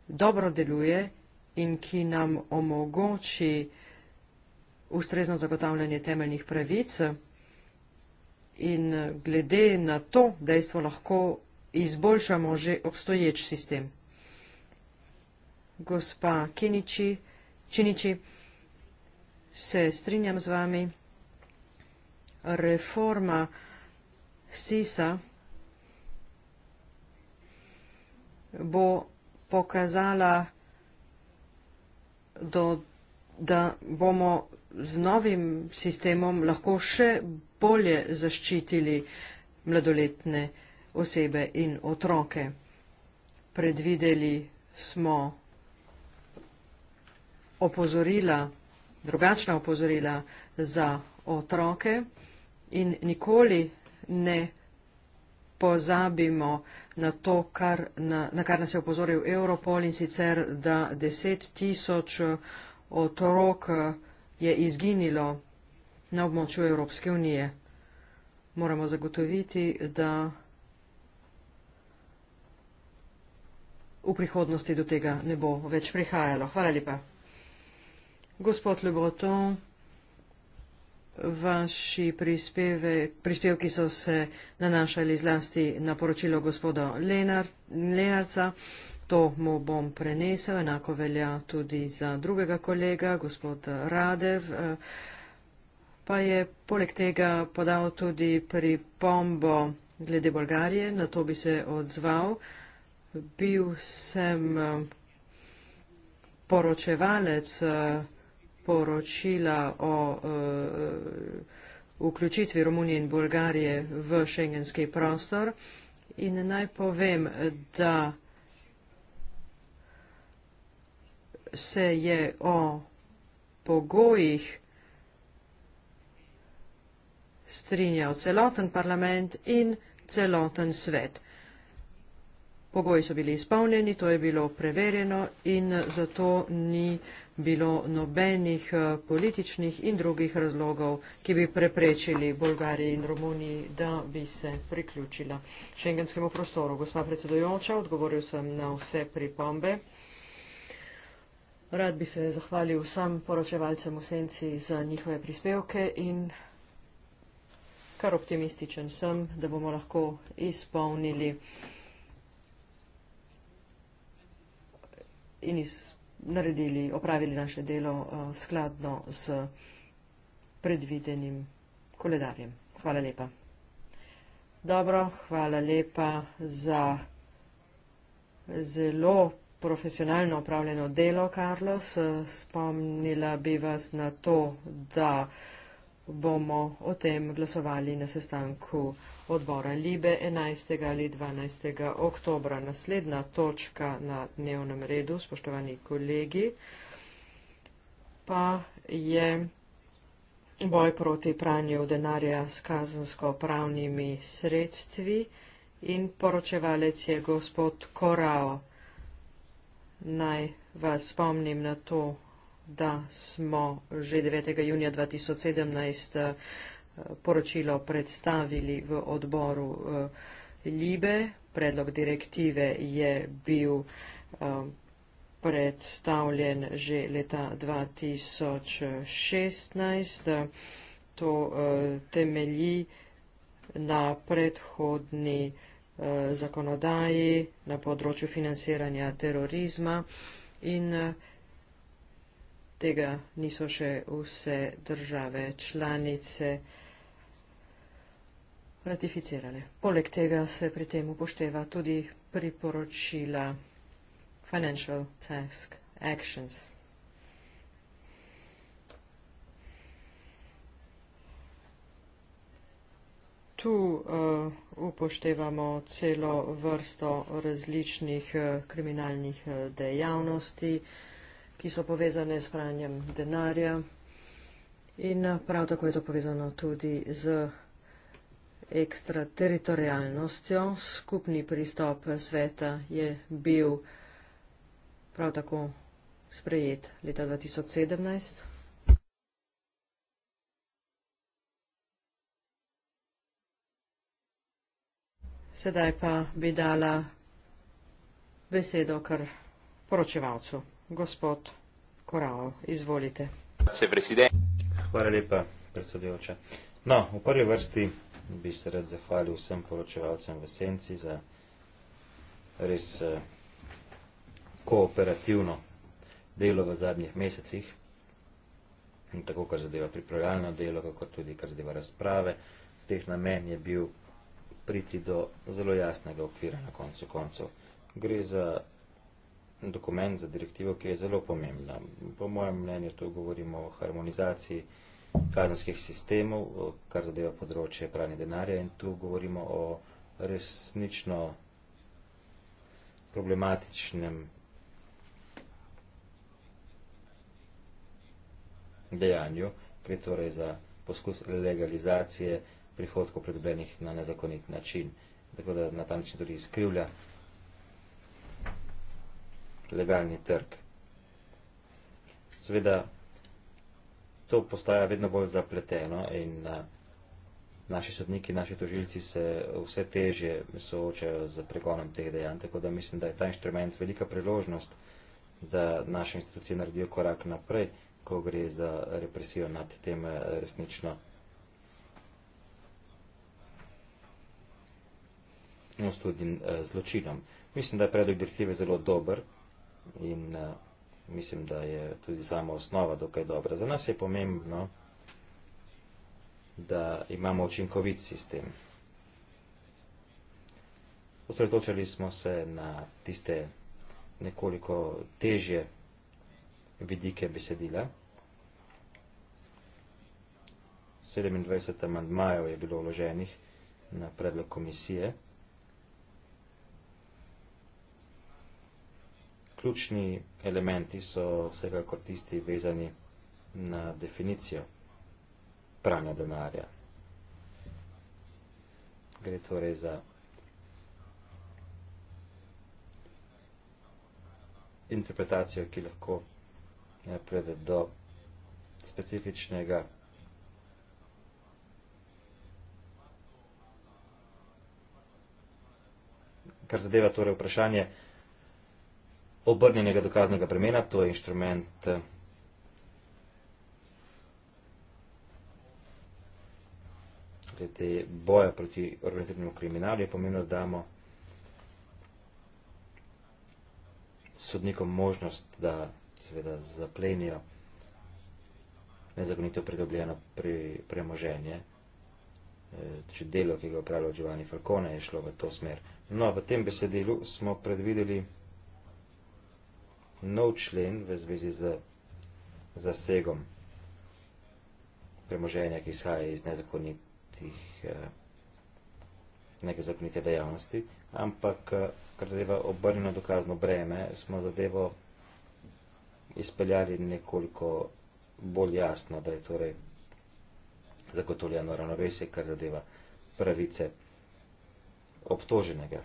dobro deluje in ki nam omogoči, ustrezno zagotavljanje temeljnih pravic in glede na to dejstvo lahko izboljšamo že obstoječ sistem. Gospa Kiniči, Činiči, se strinjam z vami, reforma SISA bo pokazala, do, da bomo z novim sistemom lahko še bolje zaščitili mladoletne osebe in otroke. Predvideli smo opozorila, drugačna opozorila za otroke in nikoli ne pozabimo na to, kar na, na kar nas je opozoril Europol in sicer, da deset tisoč otrok je izginilo na območju Evropske unije. Moramo zagotoviti, da v prihodnosti do tega ne bo več prihajalo. Hvala lepa. Gospod Leboton, vaši prispeve, prispevki so se nanašali zlasti na poročilo gospoda Lenar, Lenarca. To mu bom prenesel, enako velja tudi za drugega kolega, gospod Radev, eh, pa je poleg tega podal tudi pripombo glede Bolgarije, na to bi se odzval. Bil sem eh, poročevalec eh, poročila o vključitvi Romunije in Bolgarije v šengenski prostor in naj povem, da se je o pogojih strinjal celoten parlament in celoten svet. Pogoji so bili izpolnjeni, to je bilo preverjeno in zato ni bilo nobenih eh, političnih in drugih razlogov, ki bi preprečili Bolgariji in Romuniji, da bi se priključila šengenskemu prostoru. Gospa predsedojoča, odgovoril sem na vse pripombe. Rad bi se zahvalil vsem poročevalcem v Senci za njihove prispevke in kar optimističen sem, da bomo lahko izpolnili in iz, naredili, opravili naše delo uh, skladno z predvidenim koledarjem. Hvala lepa. Dobro, hvala lepa za zelo profesionalno opravljeno delo, Carlos. Spomnila bi vas na to, da bomo o tem glasovali na sestanku odbora Libe 11. ali 12. oktobra. Naslednja točka na dnevnem redu, spoštovani kolegi, pa je boj proti pranju denarja s kazensko-pravnimi sredstvi in poročevalec je gospod Korao. Naj vas spomnim na to, da smo že 9. junija 2017 eh, poročilo predstavili v odboru eh, Libe. Predlog direktive je bil eh, predstavljen že leta 2016. To temelji na predhodni uh, Eh, zakonodaji na področju financiranja terorizma in eh, tega niso še vse države članice ratificirale. Poleg tega se pri tem upošteva tudi priporočila Financial Task Actions. tu uh, upoštevamo celo vrsto različnih uh, kriminalnih uh, dejavnosti, ki so povezane s pranjem denarja. In prav tako je to povezano tudi z ekstrateritorialnostjo. Skupni pristop sveta je bil prav tako sprejet leta 2017. Sedaj pa bi dala besedo kar poročevalcu. Gospod Korao, izvolite. Hvala lepa, predsedujoča. No, v prvi vrsti bi se rad zahvalil vsem poročevalcem v Senci za res eh, kooperativno delo v zadnjih mesecih, tako kar zadeva pripravljalno delo, kako tudi kar zadeva razprave. Teh namen je bil priti do zelo jasnega okvira na koncu koncev. Gre za dokument, za direktivo, ki je zelo pomembna. Po mojem mnenju tu govorimo o harmonizaciji kazenskih sistemov, kar zadeva področje pranja denarja in tu govorimo o resnično problematičnem dejanju, gre torej za poskus legalizacije prihodkov predobljenih na nezakonit način. Tako da na ta način tudi izkrivlja legalni trg. Seveda, to postaja vedno bolj zapleteno in eh, naši sodniki, naši tožilci se vse težje soočajo z pregonom teh dejanj, tako da mislim, da je ta inštrument velika priložnost, da naše institucije naredijo korak naprej, ko gre za represijo nad tem eh, resnično. nosudnim uh, eh, zločinom. Mislim, da je predlog direktive zelo dober in uh, mislim, da je tudi sama osnova dokaj dobra. Za nas je pomembno, da imamo učinkovit sistem. Osredotočali smo se na tiste nekoliko težje vidike besedila. 27 amandmajev je bilo vloženih na predlog komisije. ključni elementi so vsekakor tisti vezani na definicijo pranja denarja. Gre torej za interpretacijo, ki lahko prede do specifičnega kar zadeva torej vprašanje, obrnjenega dokaznega bremena, to je inštrument eh, glede boja proti organiziranemu kriminalu, je pomembno, da damo sodnikom možnost, da seveda zaplenijo nezakonito pridobljeno pri premoženje. Če eh, delo, ki ga je opravljal Giovanni Falcone, je šlo v to smer. No, v tem besedilu smo predvideli nov člen v zvezi z zasegom premoženja, ki izhaja iz nezakonitih, eh, neke zakonite dejavnosti, ampak eh, kar zadeva obrnjeno dokazno breme, smo zadevo izpeljali nekoliko bolj jasno, da je torej zagotovljeno ravnovesje, kar zadeva pravice obtoženega.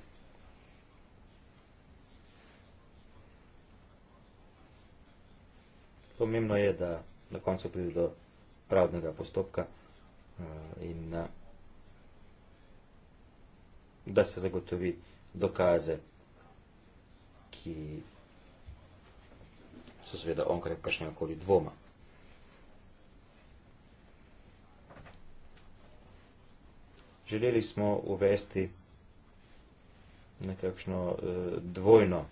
pomembno je, da na koncu pride do pravdnega postopka eh, in eh, da se zagotovi dokaze, ki so seveda onkraj kakšnega koli dvoma. Želeli smo uvesti nekakšno eh, dvojno,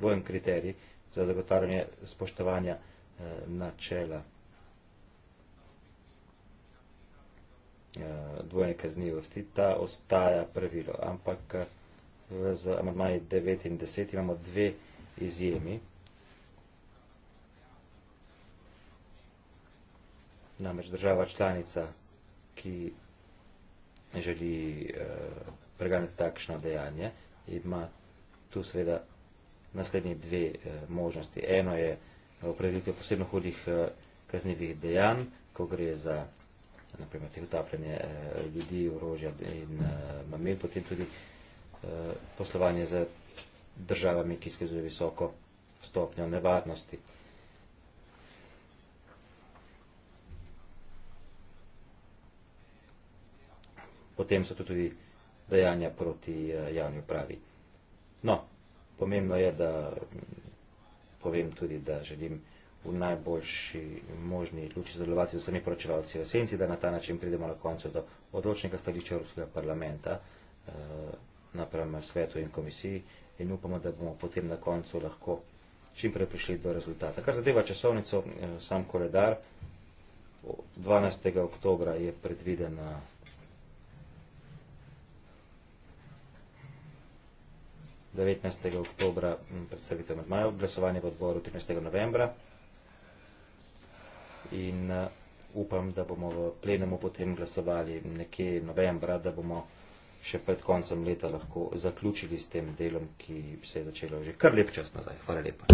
dvojen kriterij, za zagotavljanje spoštovanja eh, načela ja, dvojne kaznivosti. Ta ostaja pravilo, ampak eh, z amadmaji 9 in 10 imamo dve izjemi. Namreč država članica, ki želi eh, preganjati takšno dejanje, ima tu seveda naslednji dve eh, možnosti. Eno je eh, opredelitev posebno hudih eh, kaznjivih dejanj, ko gre za naprimer tehotapljanje ljudi, orožja in mamil, potem tudi poslovanje z državami, ki skazuje visoko stopnjo nevarnosti. Potem so tu tudi dejanja proti javni upravi. No, Pomembno je, da povem tudi, da želim v najboljši možni luči zadovoljati z vsemi poročevalci v senci, da na ta način pridemo na koncu do odločnega stališča Evropskega parlamenta eh, naprem svetu in komisiji in upamo, da bomo potem na koncu lahko čim prej prišli do rezultata. Kar zadeva časovnico, eh, sam koledar, 12. oktobra je predvidena 19. oktobra mm, predstavitev med majo, glasovanje v odboru 13. novembra in eh, upam, da bomo v plenemu potem glasovali nekje novembra, da bomo še pred koncem leta lahko zaključili s tem delom, ki se je začelo že kar lep čas nazaj. Hvala lepa.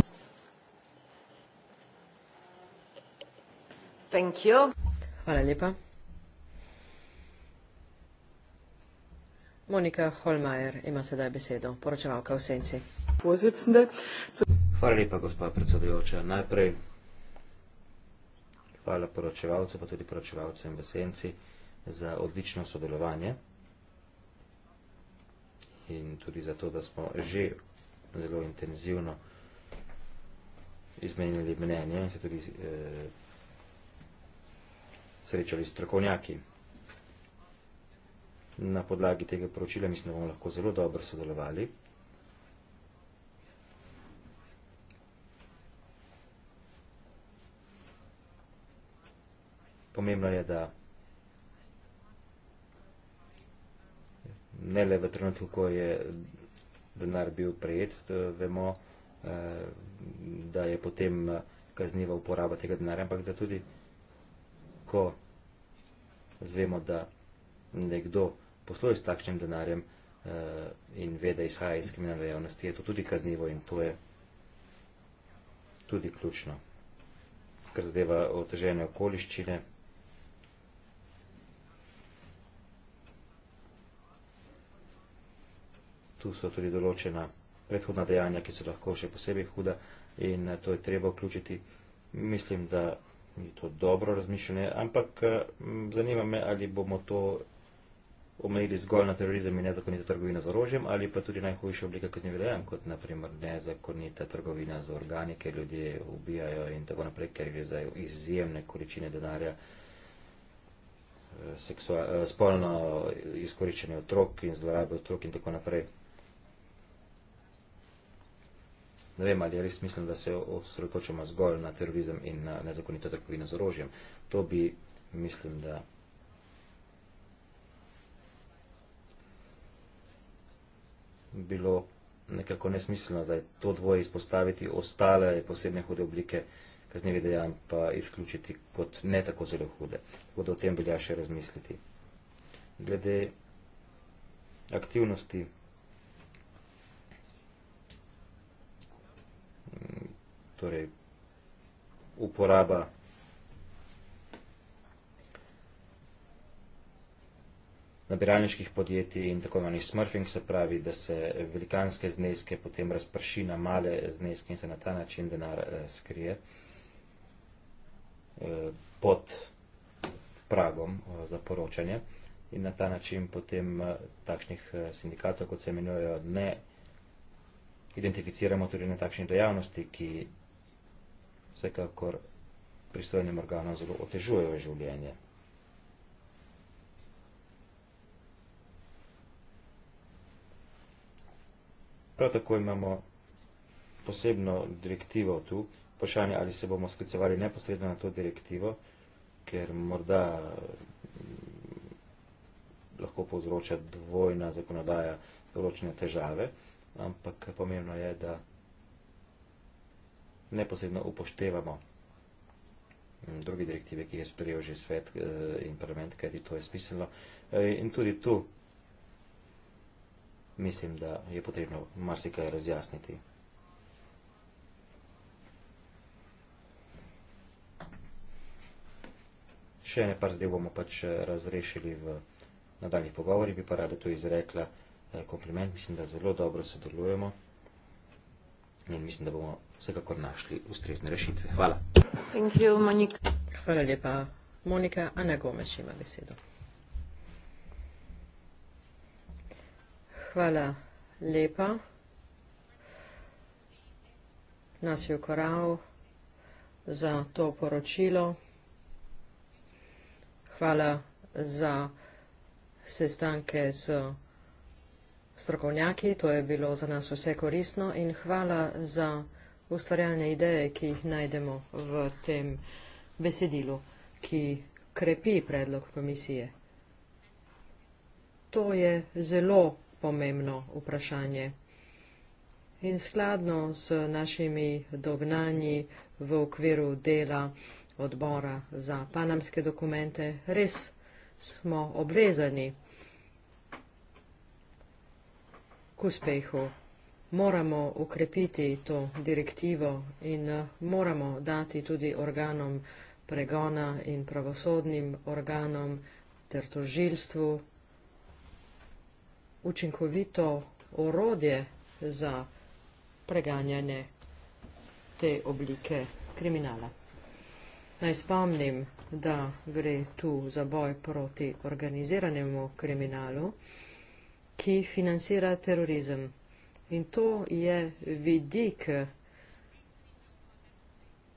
Thank you. Hvala lepa. Monika Holmajer ima sedaj besedo, poročevalka v senci. Hvala lepa, gospod predsedujoča. Najprej hvala poročevalcu, pa tudi poročevalcem v senci za odlično sodelovanje in tudi za to, da smo že zelo intenzivno izmenjali mnenje in se tudi eh, srečali s trokovnjaki na podlagi tega poročila mislim, da bomo lahko zelo dobro sodelovali. Pomembno je, da ne le v trenutku, ko je denar bil prejet, vemo, eh, da je potem eh, kazniva uporaba tega denarja, ampak da tudi, ko zvemo, da nekdo posluje s takšnim denarjem uh, in ve, da izhaja iz kriminalne dejavnosti, je to tudi kaznivo in to je tudi ključno. Kar zadeva otežene okoliščine, tu so tudi določena predhodna dejanja, ki so lahko še posebej huda in eh, to je treba vključiti. Mislim, da je to dobro razmišljanje, ampak eh, zanima me, ali bomo to omejili zgolj na terorizem in nezakonito trgovino z orožjem, ali pa tudi najhujše oblike kaznjivih dejanj, kot naprimer nezakonita trgovina z organi, ker ljudje ubijajo in tako naprej, ker gre za izjemne količine denarja, eh, eh, spolno izkoriščenje otrok in zlorabe otrok in tako naprej. Ne vem, ali res mislim, da se osredotočamo zgolj na terorizem in na nezakonito trgovino z orožjem. To bi, mislim, da. bilo nekako nesmiselno, da je to dvoje izpostaviti, ostale posebne hude oblike kaznjevi dejanj pa izključiti kot ne tako zelo hude. Tako da o tem velja še razmisliti. Glede aktivnosti mm, torej uporaba nabiralniških podjetij in tako imenovanih smrfing, se pravi, da se velikanske zneske potem razprši na male zneske in se na ta način denar eh, skrije eh, pod pragom eh, za poročanje in na ta način potem eh, takšnih eh, sindikatov, kot se imenujejo, ne identificiramo tudi na takšni dejavnosti, ki vsekakor pristojnim organom zelo otežujejo življenje. Prav tako imamo posebno direktivo tu, vprašanje ali se bomo sklicevali neposredno na to direktivo, ker morda mm, lahko povzroča dvojna zakonodaja določene težave, ampak pomembno je, da neposredno upoštevamo mm, druge direktive, ki je sprejel že svet eh, in parlament, kajti to je smiselno. Eh, in tudi tu mislim, da je potrebno marsikaj razjasniti. Še ene par zdaj bomo pač eh, razrešili v nadaljih pogovori, bi pa rada tu izrekla eh, kompliment, mislim, da zelo dobro sodelujemo in mislim, da bomo vsekakor našli ustrezne rešitve. Hvala. Thank you, Monika. Hvala lepa. Monika Ana Gomes ima besedo. Hvala lepa. Nas je ukoral za to poročilo. Hvala za sestanke z strokovnjaki, to je bilo za nas vse koristno in hvala za ustvarjalne ideje, ki jih najdemo v tem besedilu, ki krepi predlog komisije. To je zelo pomembno vprašanje. In skladno z našimi dognanji v okviru dela odbora za panamske dokumente, res smo obvezani k uspehu. Moramo ukrepiti to direktivo in eh, moramo dati tudi organom pregona in pravosodnim organom ter tožilstvu učinkovito orodje za preganjanje te oblike kriminala. Naj spomnim, da gre tu za boj proti organiziranemu kriminalu, ki financira terorizem. In to je vidik,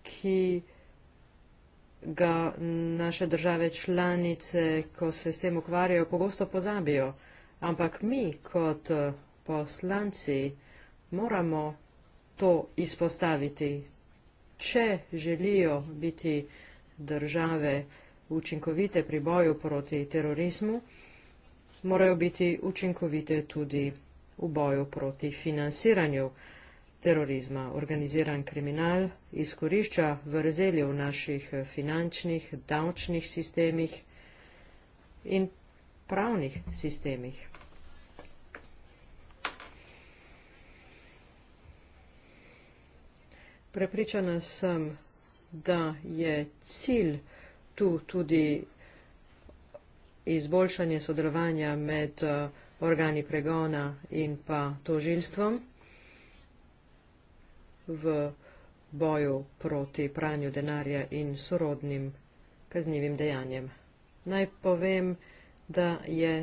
ki ga naše države članice, ko se s tem ukvarjajo, pogosto pozabijo ampak mi kot eh, poslanci moramo to izpostaviti, če želijo biti države učinkovite pri boju proti terorizmu, morajo biti učinkovite tudi v boju proti financiranju terorizma. Organiziran kriminal izkorišča vrzeli v naših eh, finančnih, davčnih sistemih in pravnih sistemih. Prepričana sem, da je cilj tu tudi izboljšanje sodelovanja med eh, organi pregona in pa tožilstvom v boju proti pranju denarja in sorodnim kaznjivim dejanjem. Naj povem, da je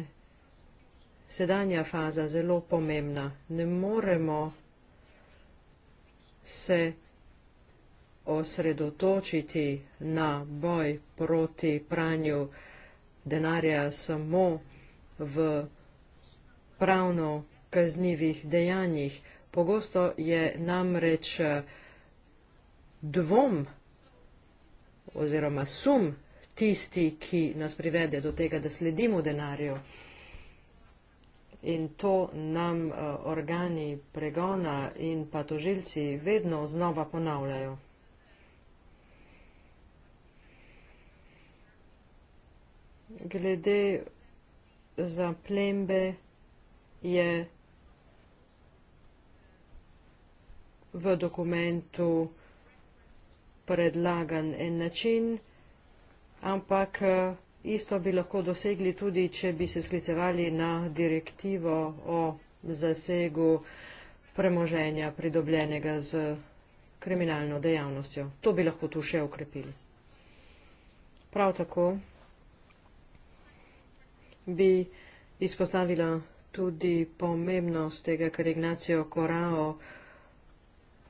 sedanja faza zelo pomembna. Ne moremo se osredotočiti na boj proti pranju denarja samo v pravno kaznivih dejanjih. Pogosto je namreč eh, dvom oziroma sum tisti, ki nas privede do tega, da sledimo denarju. In to nam eh, organi pregona in pa tožilci vedno znova ponavljajo. glede zaplembe je v dokumentu predlagan en način, ampak eh, isto bi lahko dosegli tudi, če bi se sklicevali na direktivo o zasegu premoženja pridobljenega z kriminalno dejavnostjo. To bi lahko tu še ukrepili. Prav tako bi izpostavila tudi pomembnost tega, kar Ignacio Korao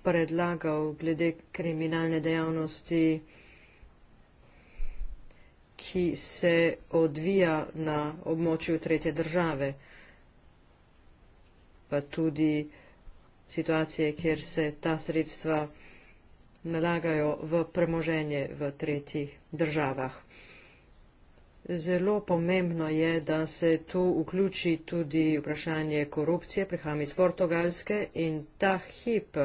predlagal glede kriminalne dejavnosti, ki se odvija na območju tretje države, pa tudi situacije, kjer se ta sredstva nalagajo v premoženje v tretjih državah. Zelo pomembno je, da se tu vključi tudi vprašanje korupcije. Prihajam iz Portugalske in ta hip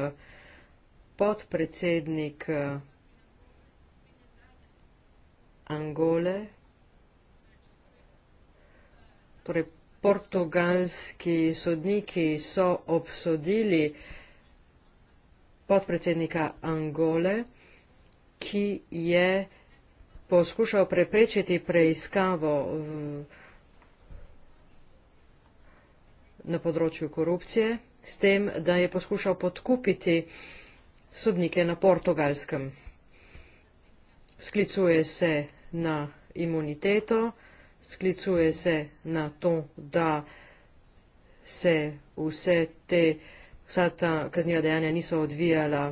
podpredsednik eh, Angole, torej portugalski sodniki so obsodili podpredsednika Angole, ki je poskušal preprečiti preiskavo na področju korupcije, s tem, da je poskušal podkupiti sodnike na portugalskem. Sklicuje se na imuniteto, sklicuje se na to, da se vse te, vsa ta kaznija dejanja niso odvijala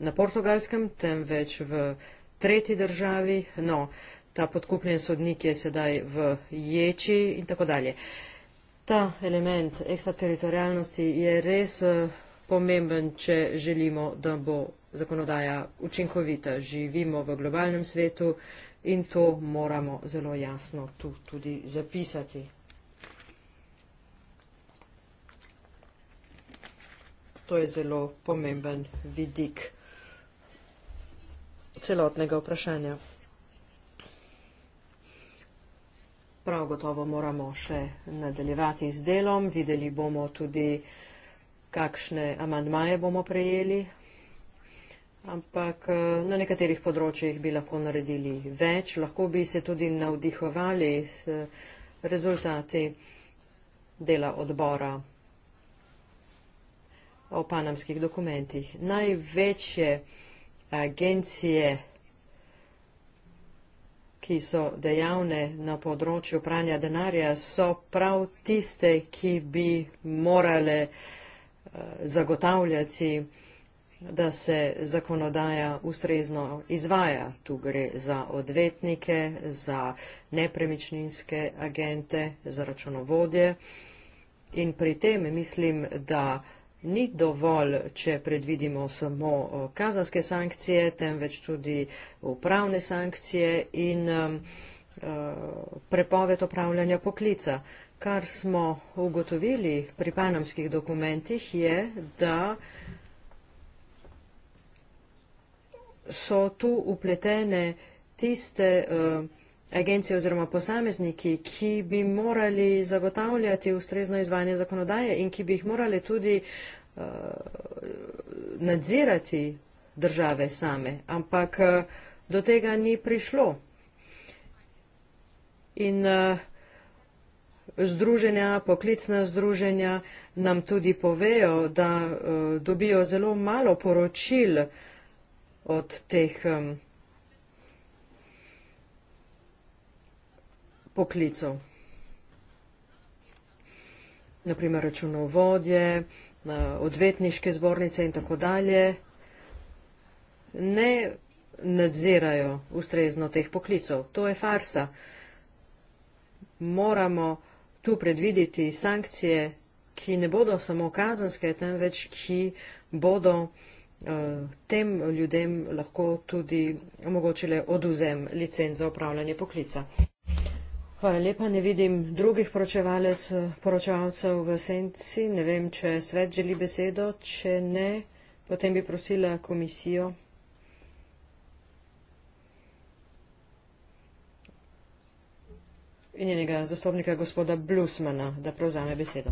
na portugalskem, temveč v tretji državi, no, ta podkupljen sodnik je sedaj v ječi in tako dalje. Ta element ekstrateritorijalnosti je res eh, pomemben, če želimo, da bo zakonodaja učinkovita. Živimo v globalnem svetu in to moramo zelo jasno tu tudi zapisati. To je zelo pomemben vidik celotnega vprašanja. Prav gotovo moramo še nadaljevati z delom. Videli bomo tudi, kakšne amandmaje bomo prejeli. Ampak eh, na nekaterih področjih bi lahko naredili več, lahko bi se tudi navdihovali s eh, rezultati dela odbora o panamskih dokumentih. Največje agencije, ki so dejavne na področju pranja denarja, so prav tiste, ki bi morale eh, zagotavljati, da se zakonodaja ustrezno izvaja. Tu gre za odvetnike, za nepremičninske agente, za računovodje. In pri tem mislim, da ni dovolj, če predvidimo samo kazanske sankcije, temveč tudi upravne sankcije in um, uh, prepoved opravljanja poklica. Kar smo ugotovili pri panamskih dokumentih je, da so tu upletene tiste uh, agencije oziroma posamezniki, ki bi morali zagotavljati ustrezno izvanje zakonodaje in ki bi jih morali tudi uh, nadzirati države same. Ampak uh, do tega ni prišlo. In uh, združenja, poklicna združenja nam tudi povejo, da uh, dobijo zelo malo poročil od teh um, poklicov. Naprimer računovodje, eh, odvetniške zbornice in tako dalje ne nadzirajo ustrezno teh poklicov. To je farsa. Moramo tu predvideti sankcije, ki ne bodo samo kazanske, temveč ki bodo eh, tem ljudem lahko tudi omogočile oduzem licenc za upravljanje poklica. Hvala lepa, ne vidim drugih poročevalcev v senci, ne vem, če svet želi besedo, če ne, potem bi prosila komisijo. in njenega zastopnika gospoda Blusmana, da prevzame besedo.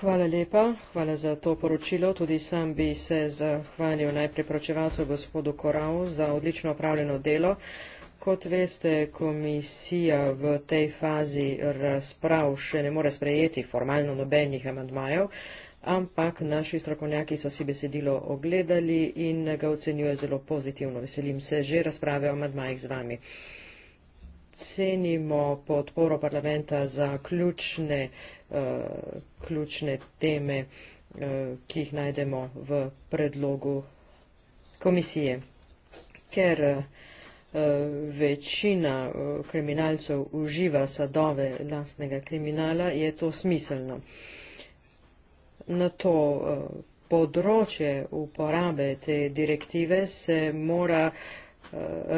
Hvala lepa, hvala za to poročilo. Tudi sam bi se zahvalil najprej pročevalcu gospodu Korau za odlično opravljeno delo kot veste, komisija v tej fazi razprav še ne more sprejeti formalno nobenih amandmajev, ampak naši strokovnjaki so si besedilo ogledali in ga ocenjuje zelo pozitivno. Veselim se že razprave o amandmajih z vami. Cenimo podporo parlamenta za ključne, uh, ključne teme, uh, ki jih najdemo v predlogu komisije. Ker uh, Eh, večina eh, kriminalcev uživa sadove lastnega kriminala, je to smiselno. Na to eh, področje uporabe te direktive se mora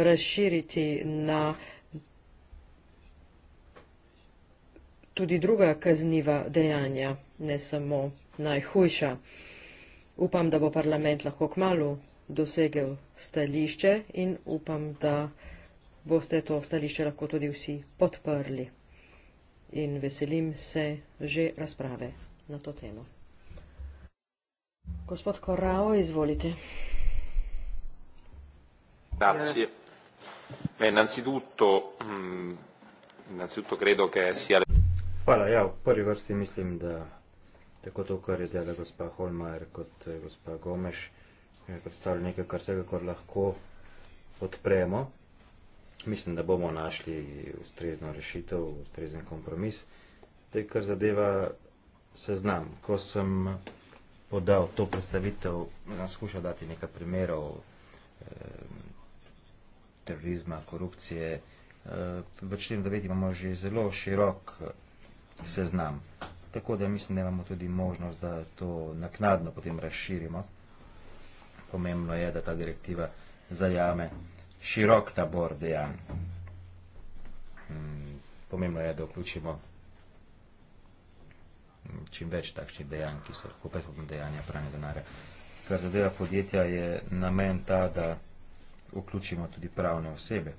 razširiti na tudi druga kazniva dejanja, ne samo najhujša. Upam, da bo parlament lahko kmalu dosegel stališče in upam, da boste to stališče lahko tudi vsi podprli. In veselim se že razprave na to temo. Gospod Korao, izvolite. Grazie. Beh, innanzitutto, mm, innanzitutto credo che sia... Hvala, ja, v prvi vrsti mislim, da tako to, kar je zdaj gospa Holmajer kot eh, gospa Gomeš, je predstavljal nekaj, kar se lahko odpremo. Mislim, da bomo našli ustrezno rešitev, ustrezen kompromis. Te, kar zadeva seznam, ko sem podal to predstavitev, sem skušal dati nekaj primerov eh, terorizma, korupcije. Eh, v členu 9 imamo že zelo širok eh, seznam, tako da mislim, da imamo tudi možnost, da to naknadno potem razširimo pomembno je, da ta direktiva zajame širok nabor dejanj. Mm, pomembno je, da vključimo mm, čim več takšnih dejanj, ki so lahko predhodno dejanja pranja denarja. Kar zadeva podjetja je namen ta, da vključimo tudi pravne osebe.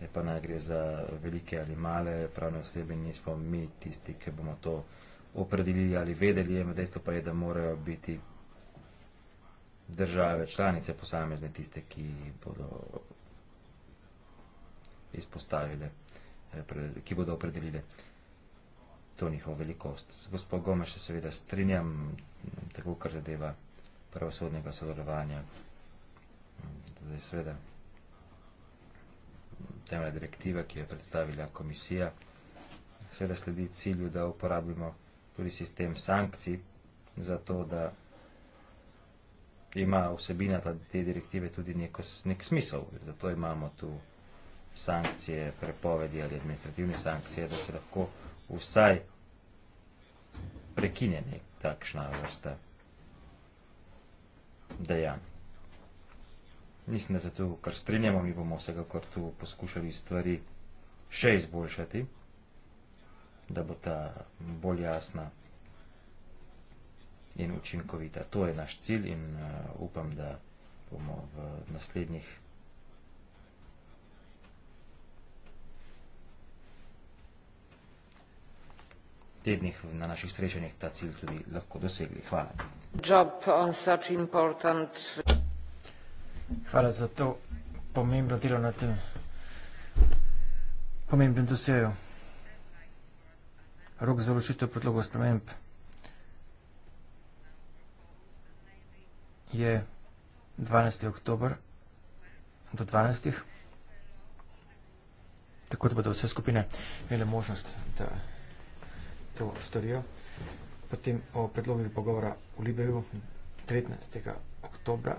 Je pa naj gre za velike ali male pravne osebe, nismo mi tisti, ki bomo to opredelili ali vedeli, dejstvo pa je, da morajo biti države, članice posamezne, tiste, ki bodo izpostavile, eh, ki bodo opredelile to njihovo velikost. Gospod Gome še seveda strinjam, tako kar zadeva pravosodnega sodelovanja. Zdaj seveda temelja direktiva, ki jo je predstavila komisija, seveda sledi cilju, da uporabimo tudi sistem sankcij za to, da ima vsebina ta, te direktive tudi neko, nek smisel. Zato imamo tu sankcije, prepovedi ali administrativne sankcije, da se lahko vsaj prekine nek takšna vrsta dejanj. Mislim, da se tu kar strinjamo, mi bomo vsega kar tu poskušali stvari še izboljšati, da bo ta bolj jasna in učinkovita. To je naš cilj in uh, upam, da bomo v naslednjih tednih na naših srečanjih ta cilj tudi lahko dosegli. Hvala. Job on such important... Hvala za to pomembno delo na tem pomembnem dosegu. Rok za ločitev predlogov sprememb je 12. oktober do 12. Tako da bodo vse skupine imele možnost, da to storijo. Potem o predlogih pogovora v Libiju 13. oktober.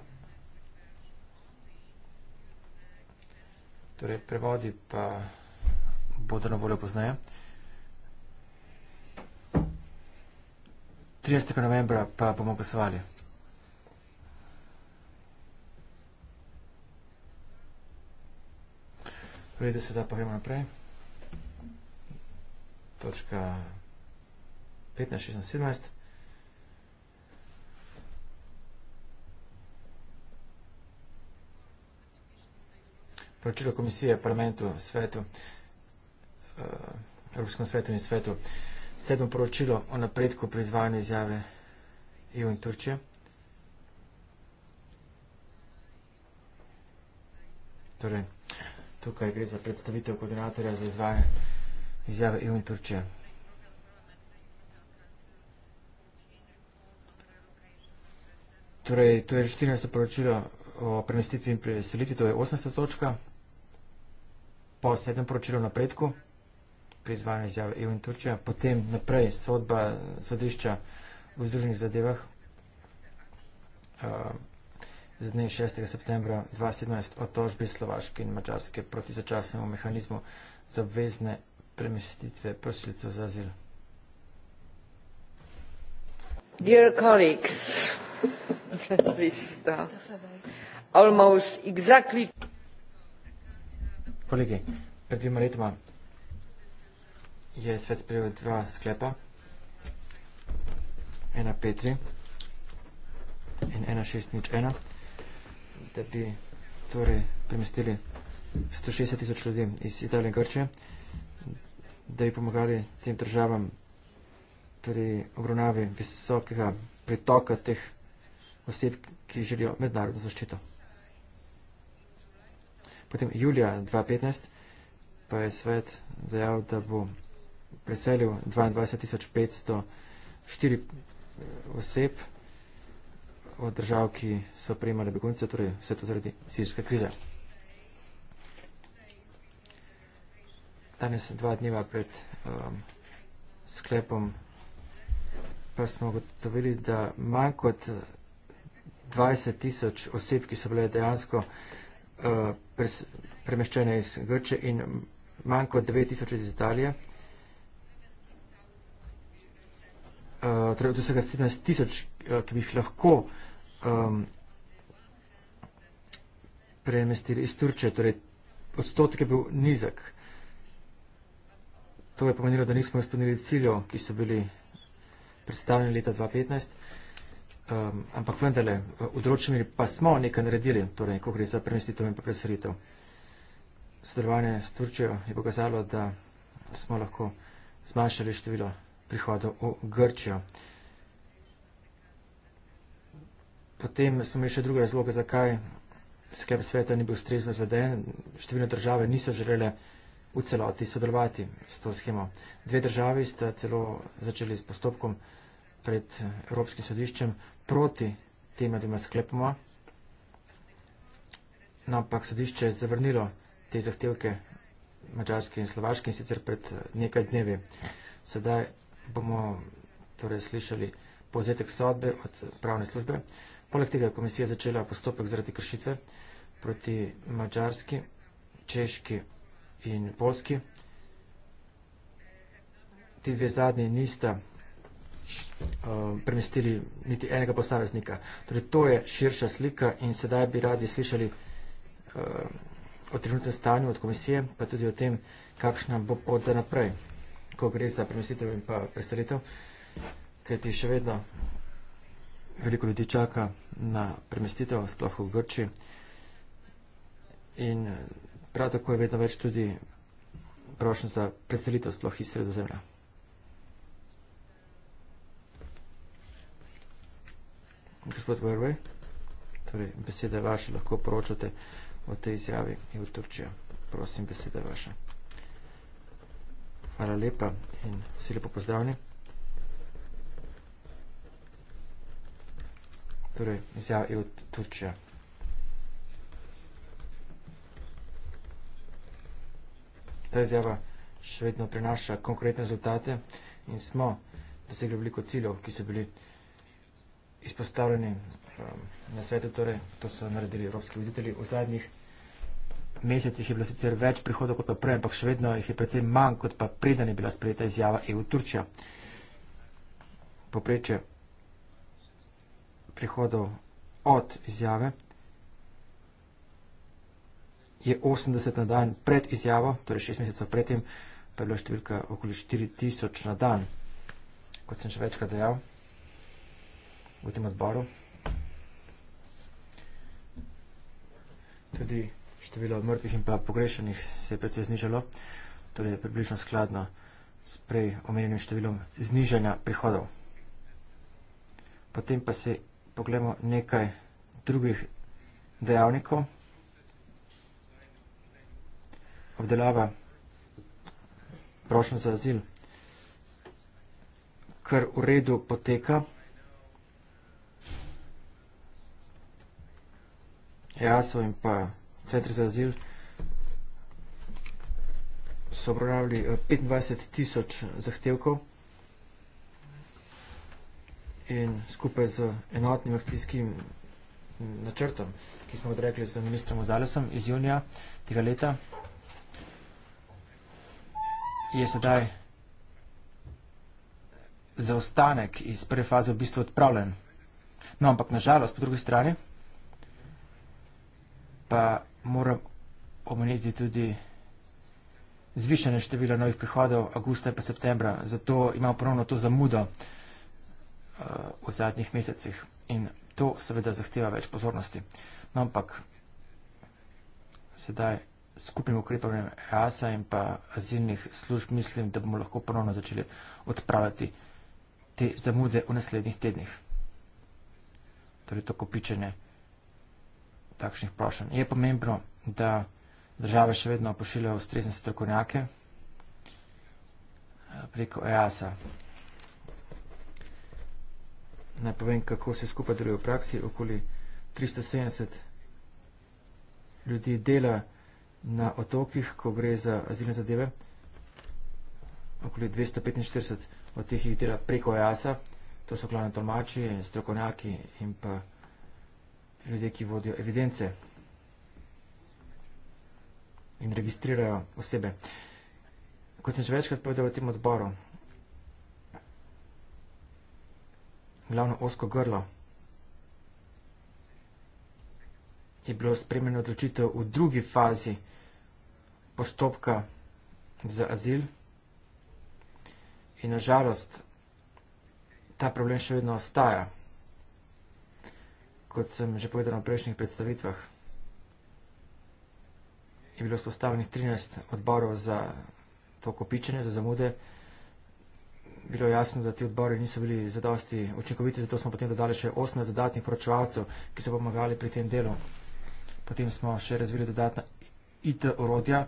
Torej, prevodi pa bodo na voljo poznaje. 13. novembra pa bomo glasovali. Pride se da pa gremo naprej. Točka 15, 16, 17. Pročilo komisije, parlamentu, svetu, uh, eh, Evropskom svetu in svetu. Sedmo poročilo o napredku pri izvajanju izjave EU in Turčije. Torej, Tukaj gre za predstavitev koordinatorja za izvajanje izjave EU in Turčije. Torej, to je 14. poročilo o premestitvi in preselitvi, to je 18. točka, po sedem poročilo napredku pri izvajanju izjave EU in Turčija, potem naprej sodba sodišča v združenih zadevah, uh, z dne 6. septembra 2017 o tožbi Slovaške in Mačarske proti začasnemu mehanizmu za obvezne premestitve prosilcev za azil. Dear colleagues, let me start. Almost exactly. Kolegi, pred dvima letoma je svet sprejel dva sklepa. Ena Petri in ena 601 da bi torej premestili 160 tisoč ljudi iz Italije in Grče, da bi pomagali tem državam pri obravnavi visokega pritoka teh oseb, ki želijo mednarodno zaščito. Potem julija 2015 pa je svet dejal, da bo preselil 22.504 eh, oseb od držav, ki so prejemale begunce, torej vse to zaradi sirske krize. Danes, dva dneva pred um, sklepom, pa smo ugotovili, da manj kot 20 tisoč oseb, ki so bile dejansko uh, pres, premeščene iz Grče in manj kot 9 tisoč iz Italije, uh, torej od vsega 17 tisoč, uh, ki bi jih lahko uh, um, premestili iz Turčije, torej odstotek je bil nizek. To je pomenilo, da nismo izpolnili ciljev, ki so bili predstavljeni leta 2015, um, ampak vendarle, v določenem meri pa smo nekaj naredili, torej, ko gre za premestitev in preselitev. Sodelovanje s Turčijo je pokazalo, da smo lahko zmanjšali število prihodov v Grčijo. Potem smo imeli še druge razloge, zakaj sklep sveta ni bil ustrezno zveden. Številne države niso želele v celoti sodelovati s to schemo. Dve državi sta celo začeli s postopkom pred Evropskim sodiščem proti tema dvema sklepoma. Napak no, sodišče je zavrnilo te zahtevke mađarske in slovaške in sicer pred nekaj dnevi. Sedaj bomo torej slišali povzetek sodbe od pravne službe. Poleg tega je komisija začela postopek zaradi kršitve proti mačarski, češki in polski. Ti dve zadnji nista eh, premestili niti enega posameznika. Torej, to je širša slika in sedaj bi radi slišali eh, o trenutnem stanju od komisije, pa tudi o tem, kakšna bo pot za naprej, ko gre za premestitev in pa preselitev, kajti še vedno veliko ljudi čaka na premestitev, sploh v Grči. In eh, prav tako je vedno več tudi prošnja za preselitev sploh iz sredozemlja. Gospod Verbej, torej besede vaše lahko poročate o tej izjavi in v Turčijo. Prosim, besede vaše. Hvala lepa in vsi lepo pozdravljeni. torej izjava je od Turčja. Ta izjava še vedno prenaša konkretne rezultate in smo dosegli veliko ciljev, ki so bili izpostavljeni um, na svetu, torej to so naredili evropski voditelji. V zadnjih mesecih je bilo sicer več prihodov kot pa prej, ampak še vedno jih je predvsem manj, kot pa preden je bila sprejeta izjava EU Turčja. Poprečje prihodov od izjave je 80 na dan pred izjavo, torej 6 mesecev predtem, pa je bila številka okoli 4000 na dan, kot sem še večkrat dejal v tem odboru. Tudi število mrtvih in pa pogrešenih se je precej znižalo, torej je približno skladno s prej omenjenim številom znižanja prihodov. Potem pa se pogledamo nekaj drugih dejavnikov. Obdelava prošnja za azil, kar v redu poteka. Jaso in pa Centr za azil so obravljali 25 eh, tisoč zahtevkov in skupaj z enotnim akcijskim načrtom, ki smo odrekli z ministrom Ozalesom iz junija tega leta, je sedaj zaostanek iz prve faze v bistvu odpravljen. No, ampak nažalost, po drugi strani, pa moram omeniti tudi zvišene število novih prihodov, avgusta in pa septembra. Zato imamo ponovno to zamudo v zadnjih mesecih. In to seveda zahteva več pozornosti. No, ampak sedaj skupnim ukrepom EASA in pa azilnih služb mislim, da bomo lahko ponovno začeli odpravljati te zamude v naslednjih tednih. Torej to kopičenje takšnih prošenj. Je pomembno, da države še vedno pošiljajo ustrezne strokovnjake eh, preko EASA. Naj povem, kako se skupaj deluje v praksi. Okoli 370 ljudi dela na otokih, ko gre za azilne zadeve. Okoli 245 od teh jih dela preko EASA. To so glavno tolmači, strokovnjaki in pa ljudje, ki vodijo evidence in registrirajo osebe. Kot sem že večkrat povedal v tem odboru, glavno osko grlo, je bilo spremljeno odločitev v drugi fazi postopka za azil in nažalost ta problem še vedno ostaja, kot sem že povedal na prejšnjih predstavitvah. Je bilo spostavljenih 13 odborov za to kopičenje, za zamude, bilo jasno, da ti odbori niso bili zadosti učinkoviti, zato smo potem dodali še 18 dodatnih poročevalcev, ki so pomagali pri tem delu. Potem smo še razvili dodatna IT orodja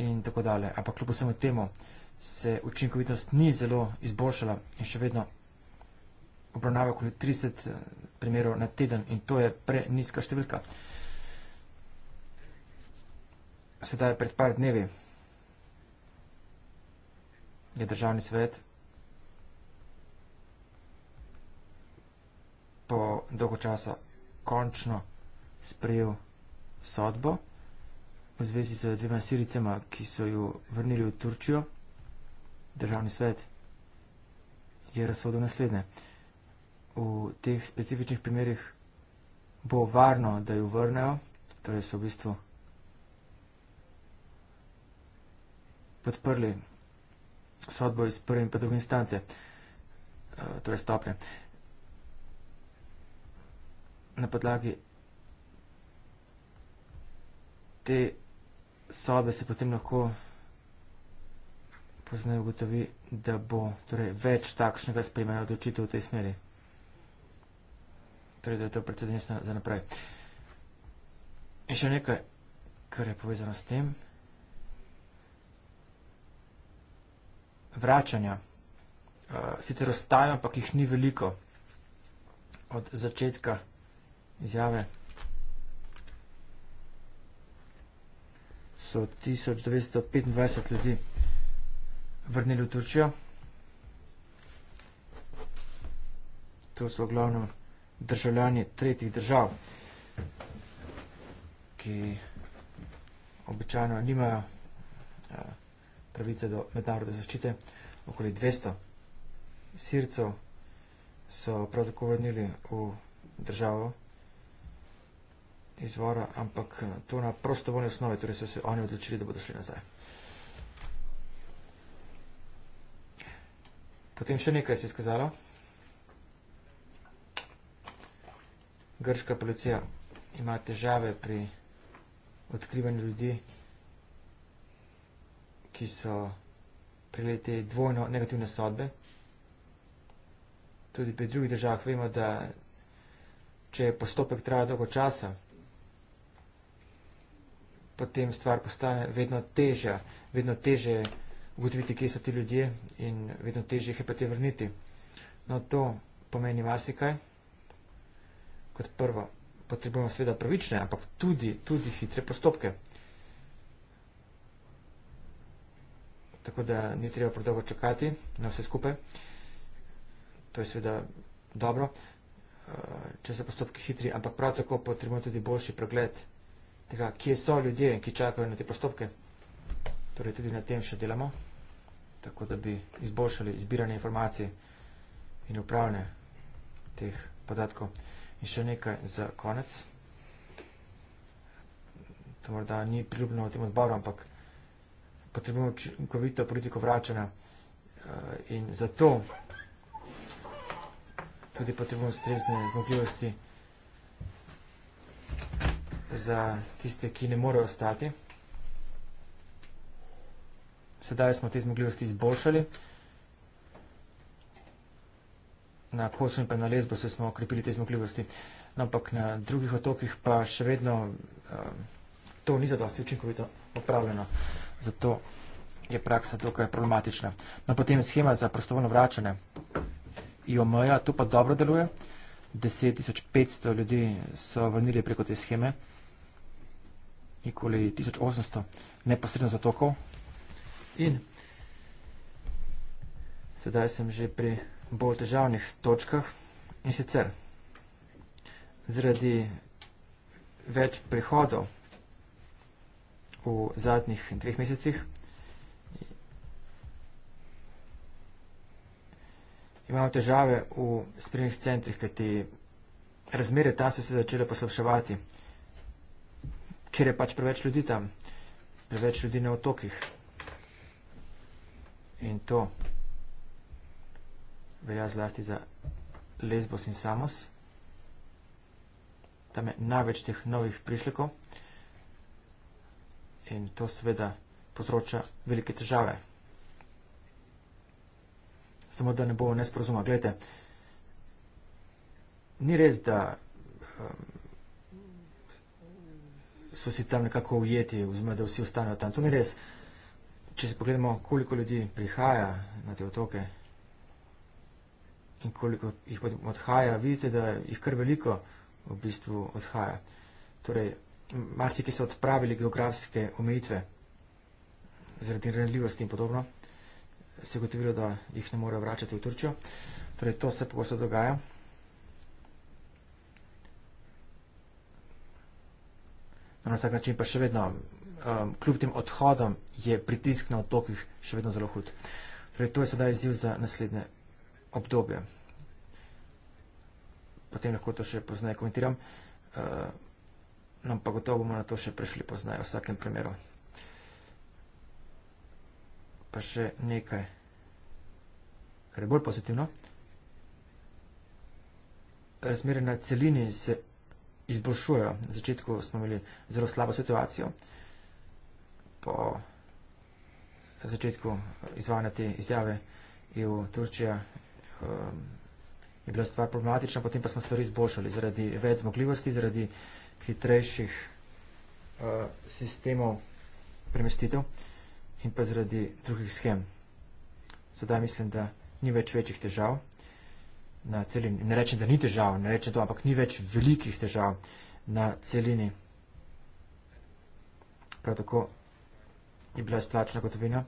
in tako dalje. Ampak kljub vsemu temu se učinkovitost ni zelo izboljšala in še vedno obravnava okoli 30 eh, primerov na teden in to je pre nizka številka. Sedaj pred par dnevi je državni svet po dolgo časa končno sprejel sodbo v zvezi z dvema siricama, ki so jo vrnili v Turčijo. Državni svet je razsodil naslednje. V teh specifičnih primerih bo varno, da jo vrnejo, torej so v bistvu podprli vrnejo sodbo iz prve in pa druge instance, eh, torej stopnje. Na podlagi te sodbe se potem lahko poznajo ugotovi, da bo torej, več takšnega sprejmena odločitev v tej smeri. Torej, da je to predsednjstvo za naprej. In še nekaj, kar je povezano s tem. vračanja. Eh, sicer ostajajo, ampak jih ni veliko od začetka izjave. So 1925 ljudi vrnili v Turčijo. To so glavno državljani tretjih držav, ki običajno nimajo. Uh, pravice do mednarodne zaščite. Okoli 200 sircev so prav tako vrnili v državo izvora, ampak eh, to na prostovoljni osnovi, torej so se oni odločili, da bodo šli nazaj. Potem še nekaj se je skazalo. Grška policija ima težave pri odkrivanju ljudi, ki so prejeli te dvojno negativne sodbe. Tudi pri drugih državah vemo, da če je postopek traja dolgo časa, potem stvar postane vedno težja, vedno težje ugotoviti, kje so ti ljudje in vedno težje jih je pa te vrniti. No, to pomeni marsikaj. Kot prvo, potrebujemo seveda pravične, ampak tudi, tudi hitre postopke. tako da ni treba predolgo čakati na vse skupaj. To je seveda dobro, eh, če so postopki hitri, ampak prav tako potrebujemo tudi boljši pregled tega, kje so ljudje, ki čakajo na te postopke. Torej tudi na tem še delamo, tako da bi izboljšali izbiranje informacij in upravljanje teh podatkov. In še nekaj za konec. To morda ni priljubljeno v tem odboru, ampak potrebujemo učinkovito politiko vračanja eh, in zato tudi potrebujemo stresne zmogljivosti za tiste, ki ne morejo ostati. Sedaj smo te zmogljivosti izboljšali. Na Kosu in pa na Lesbo se smo okrepili te zmogljivosti. No, ampak na drugih otokih pa še vedno eh, to ni zadosti učinkovito opravljeno. Zato je praksa tukaj problematična. No, potem schema za prostovoljno vračanje IOM-ja, tu pa dobro deluje. 10.500 ljudi so vrnili preko te scheme, nikoli 1.800 neposredno zatokov. In sedaj sem že pri bolj težavnih točkah in sicer zaradi več prihodov v zadnjih dveh mesecih. Imamo težave v sprejemnih centrih, kaj ti razmere tam so se začele poslabševati, ker je pač preveč ljudi tam, preveč ljudi na otokih. In to velja zlasti za Lesbos in Samos. Tam je največ teh novih prišlekov in to seveda povzroča velike težave. Samo da ne bo nesporazuma. Glede, ni res, da um, so si tam nekako ujeti, oziroma da vsi ostanejo tam. To ni res. Če si pogledamo, koliko ljudi prihaja na te otoke in koliko jih odhaja, vidite, da jih kar veliko v bistvu odhaja. Torej, marsi, ki so odpravili geografske omejitve zaradi ranljivosti in podobno, se je gotovilo, da jih ne morejo vračati v Turčijo. Torej, to se pogosto dogaja. No, na vsak način pa še vedno, um, kljub tem odhodom, je pritisk na otokih še vedno zelo hud. Torej, to je sedaj izziv za naslednje obdobje. Potem lahko to še pozneje komentiram. Uh, ampak no, gotovo bomo na to še prišli poznaj v vsakem primeru. Pa še nekaj, kar je bolj pozitivno. Razmere na celini se izboljšujejo. Na začetku smo imeli zelo slabo situacijo. Po začetku izvajanja te izjave je v Turčija ehm, je bila stvar problematična, potem pa smo stvari izboljšali zaradi več zmogljivosti, zaradi hitrejših uh, sistemov premestitev in pa zaradi drugih schem. Sedaj mislim, da ni več večjih težav. Na celini. Ne rečem, da ni težav, ne rečem to, ampak ni več velikih težav na celini. Prav tako je bila stlačna gotovina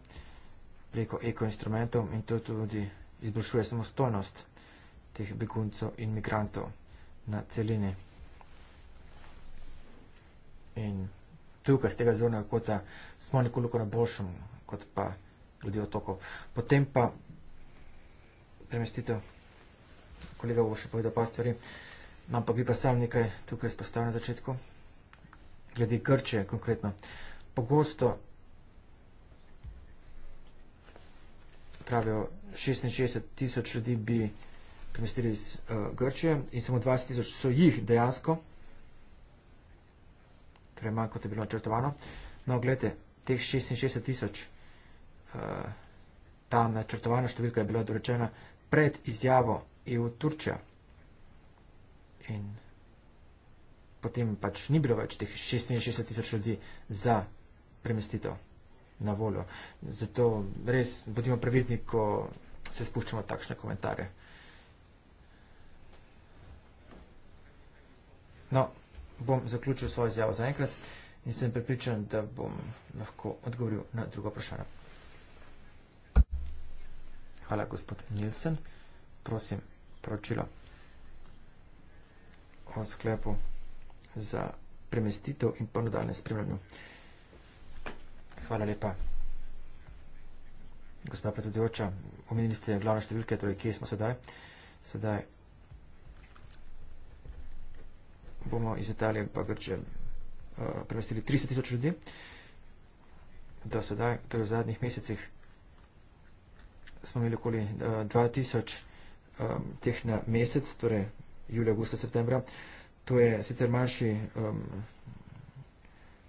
preko ekoinstrumentov in to tudi izboljšuje samostojnost teh beguncov in migrantov na celini. In tukaj, z tega zornega kota, smo nekoliko na boljšem kot pa ljudje otokov. Potem pa premestitev, kolega bo še povedal pa stvari, imam pa bi pa sam nekaj tukaj spostavljeno na začetku, glede Grče konkretno. Pogosto pravijo 66 tisoč ljudi bi premestili iz uh, Grčije in samo 20 tisoč so jih dejansko torej manj kot je bilo načrtovano. No, gledajte, teh 66 tisoč, eh, ta načrtovana številka je bila dorečena pred izjavo EU Turčja in potem pač ni bilo več teh 66 tisoč ljudi za premestitev na voljo. Zato res bodimo previdni, ko se spuščamo takšne komentarje. No, bom zaključil svojo izjavo za enkrat in sem pripričan, da bom lahko odgovoril na drugo vprašanje. Hvala, gospod Nilsen. Prosim, poročilo o sklepu za premestitev in ponudalne spremljanju. Hvala lepa. Gospoda predsedujoča, omenili ste glavne številke, torej kje smo sedaj. Sedaj bomo iz Italije in pa Grče eh, premestili 300 tisoč ljudi. Do sedaj, torej v zadnjih mesecih, smo imeli okoli 2000 eh, teh na mesec, torej julija, augusta, septembra. To je sicer manjši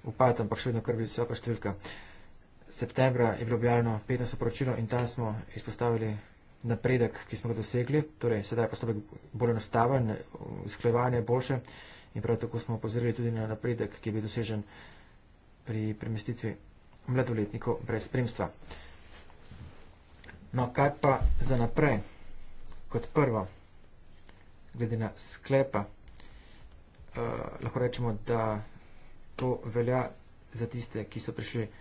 upad, ampak še vedno kar visoka številka. Septembra je bilo objavljeno 15. poročilo in tam smo izpostavili napredek, ki smo ga dosegli. Torej, sedaj je postopek bolj enostaven, izklevanje boljše in prav tako smo opozorili tudi na napredek, ki je bil dosežen pri premestitvi mladoletnikov brez spremstva. No, kaj pa za naprej? Kot prvo, glede na sklepa, eh, lahko rečemo, da to velja za tiste, ki so prišli eh,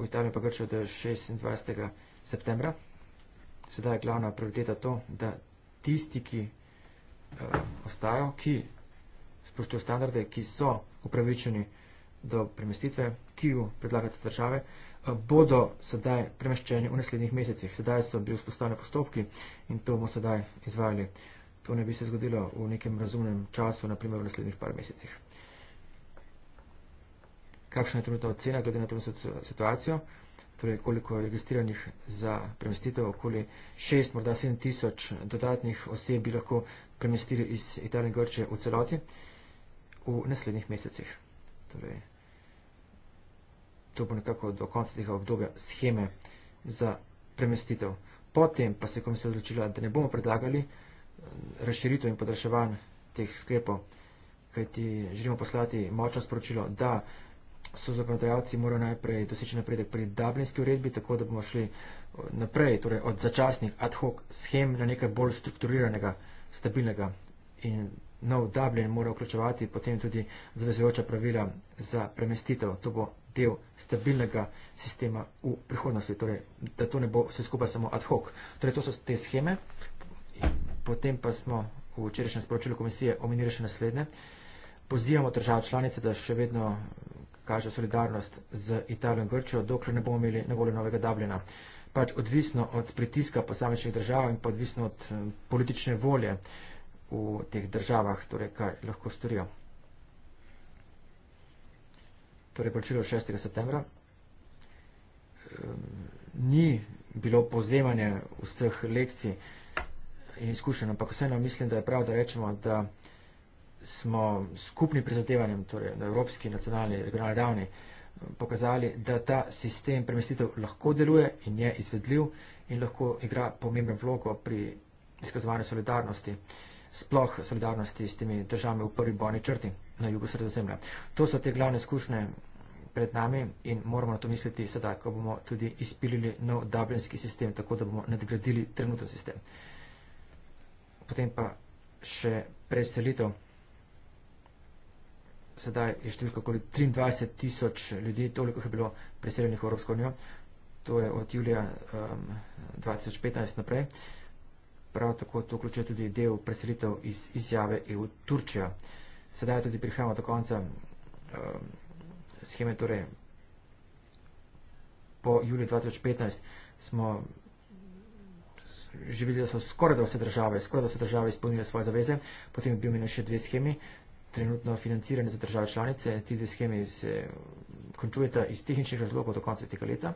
v Italijo pa Grčijo do 26. septembra. Sedaj je glavna prioriteta to, da tisti, ki eh, ostajo, ki spoštujo standarde, ki so upravičeni do premestitve, ki jo predlagate države, eh, bodo sedaj premeščeni v naslednjih mesecih. Sedaj so bili vzpostavljeni postopki in to bomo sedaj izvajali. To ne bi se zgodilo v nekem razumnem času, naprimer v naslednjih par mesecih. Kakšna je trenutna ocena, glede na trenutno situacijo? Torej, koliko je registriranih za premestitev, okoli 6, morda 7 tisoč dodatnih oseb bi lahko premestili iz Italije in Grče v celoti v naslednjih mesecih. Torej, to bo nekako do konca tega obdobja scheme za premestitev. Potem pa se je komisija odločila, da ne bomo predlagali eh, razširitev in podaljševanj teh sklepov, kajti želimo poslati močno sporočilo, da so zakonodajalci morali najprej doseči napredek pri dublinski uredbi, tako da bomo šli eh, naprej, torej od začasnih ad hoc schem na nekaj bolj strukturiranega, stabilnega in nov Dublin mora vključevati potem tudi zavezujoča pravila za premestitev. To bo del stabilnega sistema v prihodnosti, torej, da to ne bo vse skupaj samo ad hoc. Torej, to so te scheme. Potem pa smo v včerajšnjem sporočilu komisije omenili še naslednje. Pozivamo države članice, da še vedno kaže solidarnost z Italijo in Grčijo, dokler ne bomo imeli na voljo novega Dublina. Pač odvisno od pritiska posamečnih držav in pa odvisno od eh, politične volje v teh državah, torej kaj lahko storijo. Torej, počilo 6. septembra ehm, ni bilo povzemanje vseh lekcij in izkušenj, ampak vseeno mislim, da je prav, da rečemo, da smo skupni prizadevanjem, torej na evropski, nacionalni, regionalni ravni, ehm, pokazali, da ta sistem premestitev lahko deluje in je izvedljiv in lahko igra pomemben vlogo pri izkazovanju solidarnosti sploh solidarnosti s temi državami v prvi bojni črti na jugu sredozemlja. To so te glavne izkušnje pred nami in moramo na to misliti sedaj, ko bomo tudi izpilili nov dublinski sistem, tako da bomo nadgradili trenutni sistem. Potem pa še preselitev. Sedaj je številka okoli 23 tisoč ljudi, toliko je bilo preseljenih v Evropsko unijo. To je od julija um, 2015 naprej prav tako to vključuje tudi del preselitev iz izjave EU Turčija. Sedaj tudi prihajamo do konca uh, scheme, torej po juli 2015 smo že videli, da so skoraj da vse države, skoraj da so države izpolnile svoje zaveze, potem je bil menil še dve scheme, trenutno financirane za države članice, ti dve scheme se končujeta iz tehničnih razlogov do konca tega leta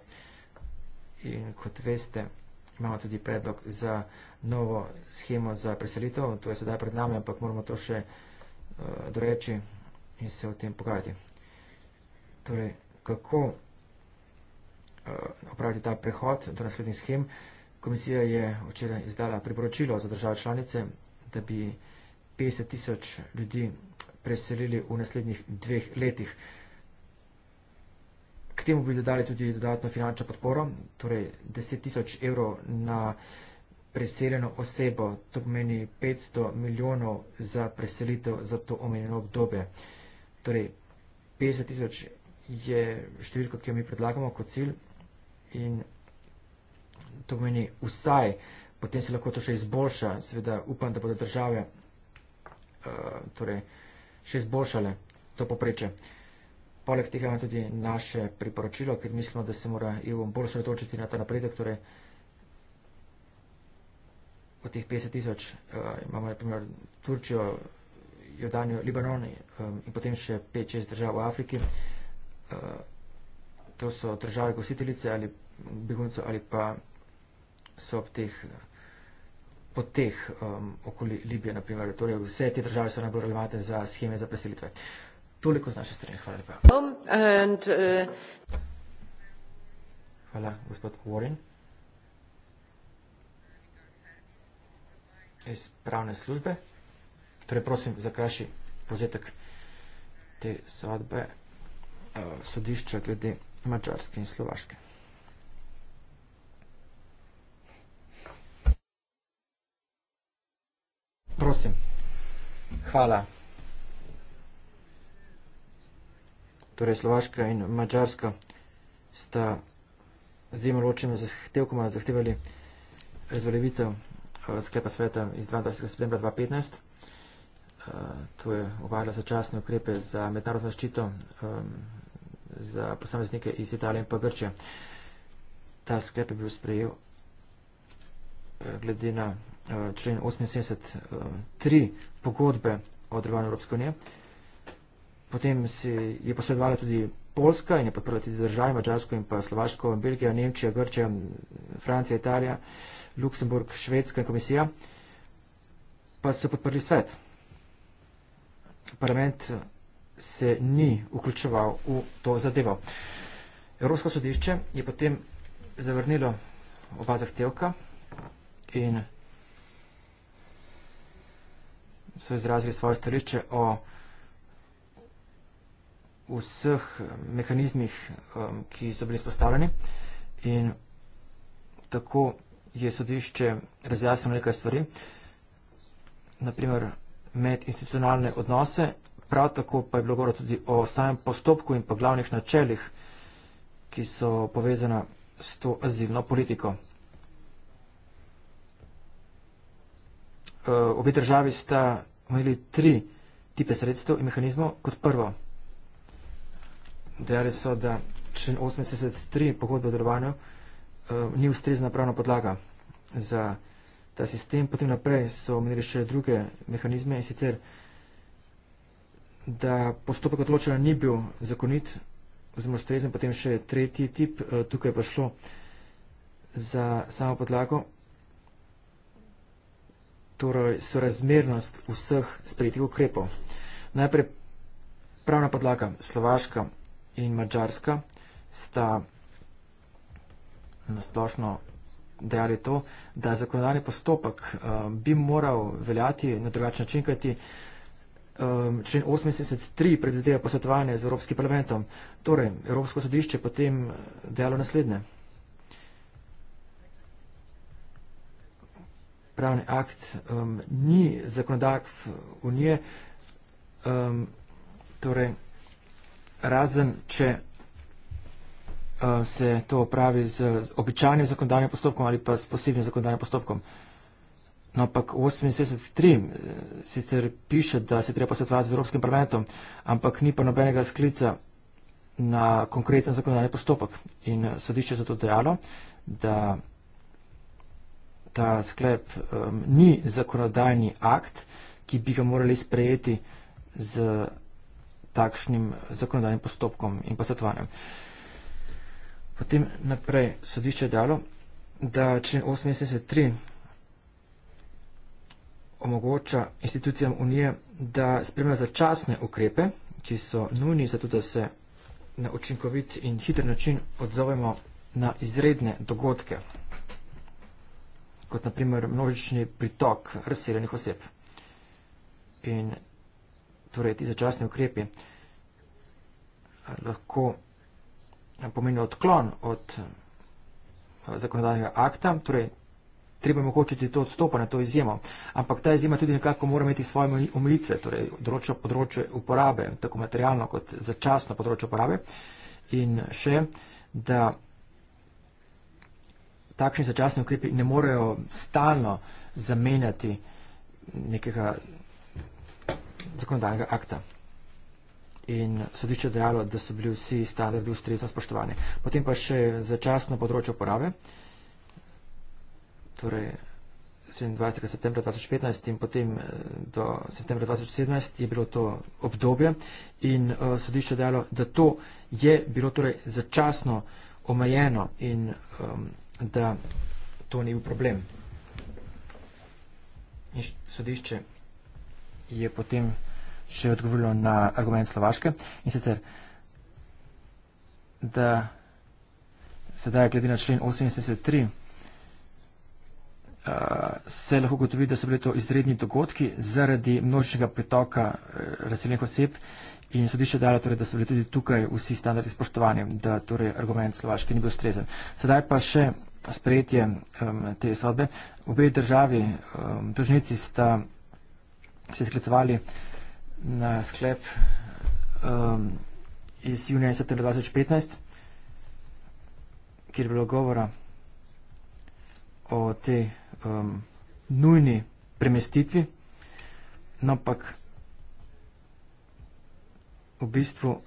in kot veste, Imamo tudi predlog za novo schemo za preselitev, to je sedaj pred nami, ampak moramo to še uh, doreči in se o tem pogajati. Torej, kako uh, eh, upraviti ta prehod do naslednjih schem? Komisija je včeraj izdala priporočilo za države članice, da bi 50 tisoč ljudi preselili v naslednjih dveh letih. Uh, K temu bi dodali tudi dodatno finančno podporo, torej 10 tisoč evrov na preseljeno osebo, to pomeni 500 milijonov za preselitev za to omenjeno obdobje. Torej 50 tisoč je številko, ki jo mi predlagamo kot cilj in to pomeni vsaj, potem se lahko to še izboljša, seveda upam, da bodo države uh, torej, še izboljšale to poprečje. Poleg tega imamo tudi naše priporočilo, ker mislimo, da se mora EU bolj sredočiti na ta napredek, torej od teh 50 tisoč eh, imamo na primer Turčjo, Jordanijo, Libanon eh, in potem še 5-6 držav v Afriki. Eh, to so države gostiteljice ali beguncev ali pa so ob teh poteh okoli Libije, na primer. Torej vse te države so najbolj relevante za scheme za preselitve. Toliko z naše strani. Hvala lepa. Um, uh, Hvala, gospod Warren. Iz pravne službe. Torej, prosim, zakraši pozetek te svadbe uh, sodišča glede mačarske in slovaške. Prosim. Hvala. torej Slovaška in Mačarska, sta z dvema ločenima zahtevkoma zahtevali razveljavitev eh, sklepa sveta iz 22. septembra 2015. Eh, to je uvajalo začasne ukrepe za mednarodno zaščito ehm, za posameznike iz Italije in pa Grčije. Ta sklep je bil sprejel eh, glede na člen 78.3 pogodbe o delovanju Evropske unije. Potem si je posredovala tudi Polska in je podprla tudi države, Mačarsko in pa Slovaško, Belgijo, Nemčijo, Grčijo, Francijo, Italijo, Luksemburg, Švedska in komisija. Pa so podprli svet. Parlament se ni vključeval v to zadevo. Evropsko sodišče je potem zavrnilo oba zahtevka in so izrazili svoje stališče o vseh mehanizmih, um, ki so bili izpostavljeni. In tako je sodišče razjasnilo nekaj stvari, naprimer med institucionalne odnose, prav tako pa je bilo govora tudi o samem postopku in pa glavnih načelih, ki so povezana s to azilno politiko. Uh, obe državi sta imeli tri tipe sredstev in mehanizmov kot prvo dejali so, da če 83 pogodbe o delovanju uh, ni ustrezna pravna podlaga za ta sistem, potem naprej so omenili še druge mehanizme in sicer, da postopek odločanja ni bil zakonit oziroma ustrezen, potem še tretji tip, uh, tukaj pa šlo za samo podlago, torej sorazmernost vseh sprejetih ukrepov. Najprej pravna podlaga, Slovaška, in Mačarska sta nasplošno dejali to, da zakonodajni postopek uh, bi moral veljati na drugačen način, kajti um, člen 83 predvideva posvetovanje z Evropskim parlamentom. Torej, Evropsko sodišče potem eh, dejalo naslednje. Pravni akt um, ni zakonodajk v unije, um, torej razen če eh, se to opravi z običajnim zakonodajnim postopkom ali pa s posebnim zakonodajnim postopkom. No, ampak 78.3 eh, sicer piše, da se treba posvetovati z Evropskim parlamentom, ampak ni pa nobenega sklica na konkreten zakonodajni postopek. In eh, sodišče je zato dejalo, da ta sklep um, ni zakonodajni akt, ki bi ga morali sprejeti z takšnim zakonodajnim postopkom in posvetovanjem. Potem naprej sodišče je dalo, da člen 83 omogoča institucijam Unije, da spremlja začasne ukrepe, ki so nujni za to, da se na učinkovit in hiter način odzovemo na izredne dogodke, kot naprimer množični pritok razseljenih oseb. In torej ti začasni ukrepi eh, lahko eh, pomenijo odklon od eh, zakonodajnega akta, torej treba omogočiti to odstopanje, to izjemo. Ampak ta izjema tudi nekako mora imeti svoje omilitve, torej določa področje uporabe, tako materialno kot začasno področje uporabe. In še, da takšni začasni ukrepi ne morejo stalno zamenjati nekega zakonodajnega akta. In sodišče dejalo, da so bili vsi standardi ustrezno spoštovani. Potem pa še začasno področje uporabe, torej 27. septembra 2015 in potem eh, do septembra 2017 je bilo to obdobje in uh, sodišče dejalo, da to je bilo torej začasno omejeno in um, da to ni bil problem. In sodišče je potem še odgovorilo na argument Slovaške in sicer, da sedaj glede na člen 83. Uh, eh, se lahko gotovi, da so bili to izredni dogodki zaradi množičnega pritoka eh, razseljenih oseb in sodišče dalo, torej, da so bili tudi tukaj vsi standardi spoštovani, da torej argument Slovaške ni bil ustrezen. Sedaj pa še sprejetje um, te sodbe. Obe državi, um, tožnici sta se sklicovali na sklep um, iz junija 2015, kjer je bilo govora o te um, nujni premestitvi, no, ampak v bistvu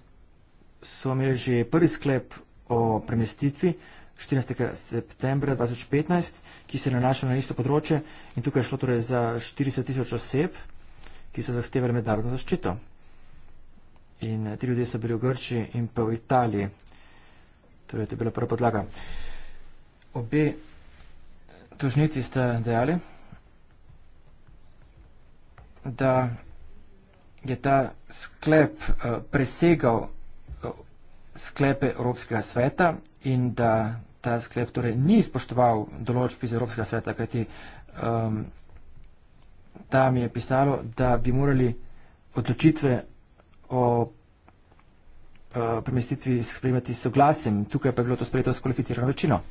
so imeli že prvi sklep o premestitvi 14. septembra 2015, ki se nanaša na isto področje in tukaj je šlo torej za 40 tisoč oseb, ki so zahtevali mednarodno zaščito. In eh, ti ljudje so bili v Grčiji in pa v Italiji. Torej, to je bila prva podlaga. Obe tožnici ste dejali, da je ta sklep uh, presegal uh, sklepe Evropskega sveta in da ta sklep torej, ni spoštoval določb iz Evropskega sveta, kajti um, tam je pisalo, da bi morali odločitve o eh, premestitvi sprejemati s soglasjem, tukaj pa je bilo to sprejeto s kvalificirano večino.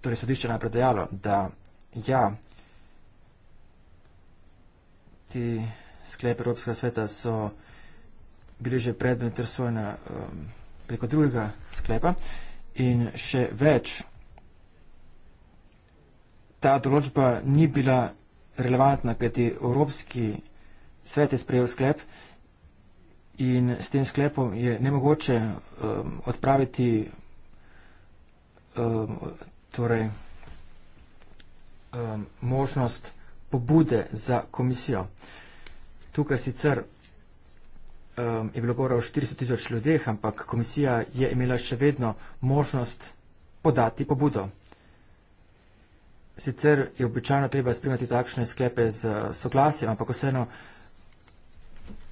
Torej, sodišče najprej dejalo, da ja, ti sklepe Evropskega sveta so bili že predmet razsvojena um, eh, preko drugega sklepa in še več ta določba ni bila relevantna, kajti Evropski svet je sprejel sklep in s tem sklepom je nemogoče um, odpraviti um, torej, um, možnost pobude za komisijo. Tukaj sicer um, je bilo govora o 400 tisoč ljudeh, ampak komisija je imela še vedno možnost podati pobudo sicer je običajno treba sprejemati takšne sklepe z eh, soglasjem, ampak vseeno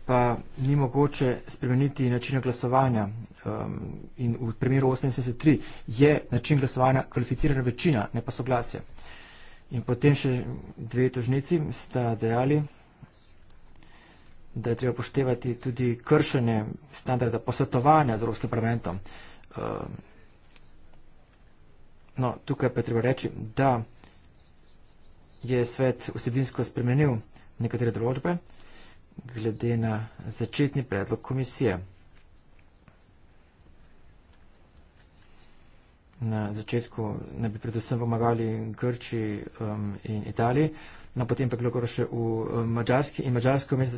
pa ni mogoče spremeniti načina glasovanja. Um, in v primeru 83 je način glasovanja kvalificirana večina, ne pa soglasje. In potem še dve tožnici sta dejali, da je treba poštevati tudi kršene standarda posvetovanja z Evropskim parlamentom. Um, no, tukaj pa je treba reči, da je svet vsebinsko spremenil nekatere določbe glede na začetni predlog komisije. Na začetku naj bi predvsem pomagali Grči um, in Italiji, no potem pa je bilo kar še v um, Mačarski in Mačarska je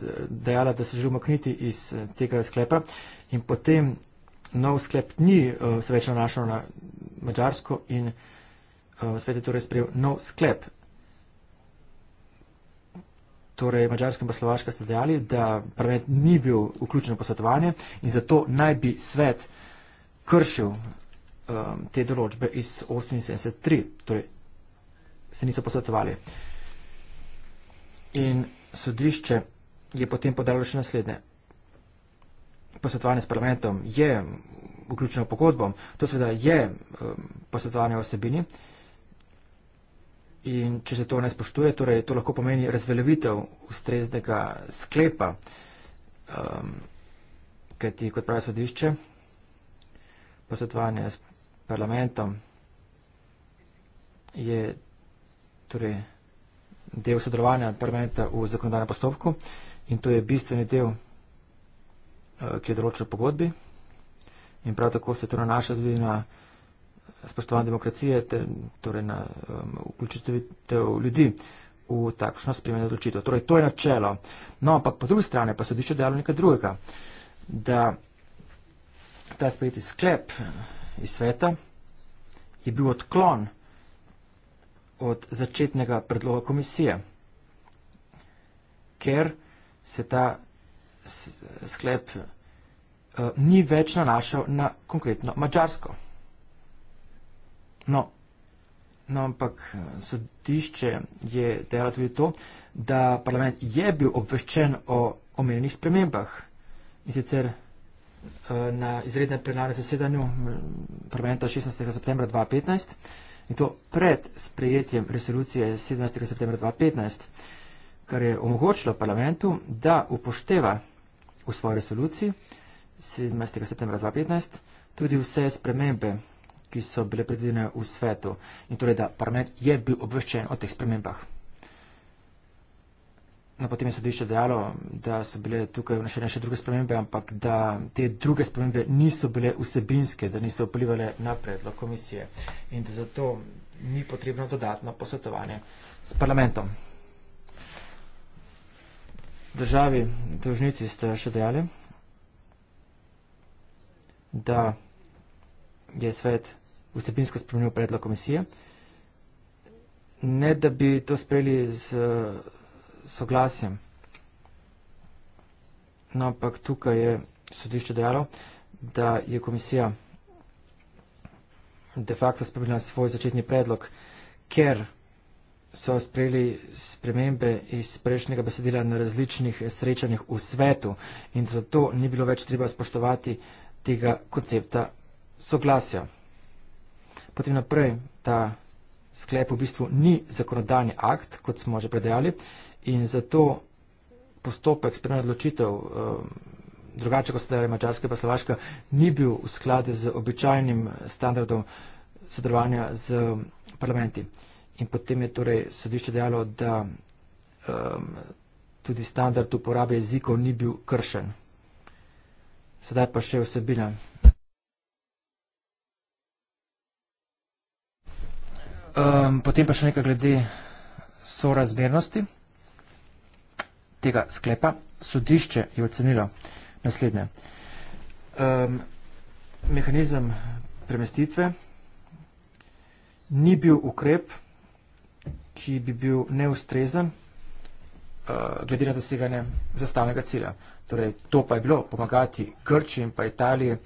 dejala, da se želi umakniti iz eh, tega sklepa in potem nov sklep ni uh, se več nanašal na Mačarsko in uh, svet je torej sprejel nov sklep torej mađarska in slovaška sta dejali, da parlament ni bil vključen v posvetovanje in zato naj bi svet kršil um, te določbe iz 1873, torej se niso posvetovali. In sodišče je potem podalo še naslednje. Posvetovanje s parlamentom je vključeno v pogodbo, to seveda je um, posvetovanje o osebini. In če se to ne spoštuje, torej to lahko pomeni razveljavitev ustreznega sklepa, um, ker ti, kot pravi sodišče, posvetovanje s parlamentom je torej, del sodelovanja parlamenta v zakonodajnem postopku in to je bistveni del, uh, ki je določen v pogodbi. In prav tako se to nanaša tudi na spoštovanje demokracije, ter, torej na um, vključitev ljudi v takšno spremenjeno odločitev. Torej, to je načelo. No, ampak po drugi strani pa sodišče dejalo nekaj drugega, da ta sprejeti sklep iz sveta je bil odklon od začetnega predloga komisije, ker se ta sklep uh, ni več nanašal na konkretno mačarsko. No, no ampak eh, sodišče je dejalo tudi to, da parlament je bil obveščen o omenjenih spremembah in sicer eh, na izrednem plenarnem zasedanju mm, parlamenta 16. septembra 2015 in to pred sprejetjem resolucije 17. septembra 2015, kar je omogočilo parlamentu, da upošteva v svoji resoluciji 17. septembra 2015 tudi vse spremembe ki so bile predvidene v svetu in torej, da parlament je bil obveščen o teh spremembah. No, potem je sodišče dejalo, da so bile tukaj vnešene še druge spremembe, ampak da te druge spremembe niso bile vsebinske, da niso vplivali na predlog komisije in da zato ni potrebno dodatno posvetovanje s parlamentom. Državi, dožnici ste še dejali, da je svet vsebinsko spremenil predlog komisije. Ne, da bi to sprejeli z eh, soglasjem. No, ampak tukaj je sodišče dejalo, da je komisija de facto spremenila svoj začetni predlog, ker so sprejeli spremembe iz prejšnjega besedila na različnih srečanjih v svetu in zato ni bilo več treba spoštovati tega koncepta soglasja. Potem naprej, ta sklep v bistvu ni zakonodajni akt, kot smo že predajali, in zato postopek spremenja odločitev, eh, drugače kot sedaj Mačarska in Slovaška, ni bil v skladu z običajnim standardom sodelovanja z parlamenti. In potem je torej sodišče dejalo, da um, tudi standard uporabe jezikov ni bil kršen. Sedaj pa še vsebina. Um, potem pa še nekaj glede sorazmernosti tega sklepa. Sodišče je ocenilo naslednje. Um, mehanizem premestitve ni bil ukrep, ki bi bil neustrezen uh, glede na doseganje zastavnega cilja. Torej, to pa je bilo pomagati Grči in pa Italiji uh,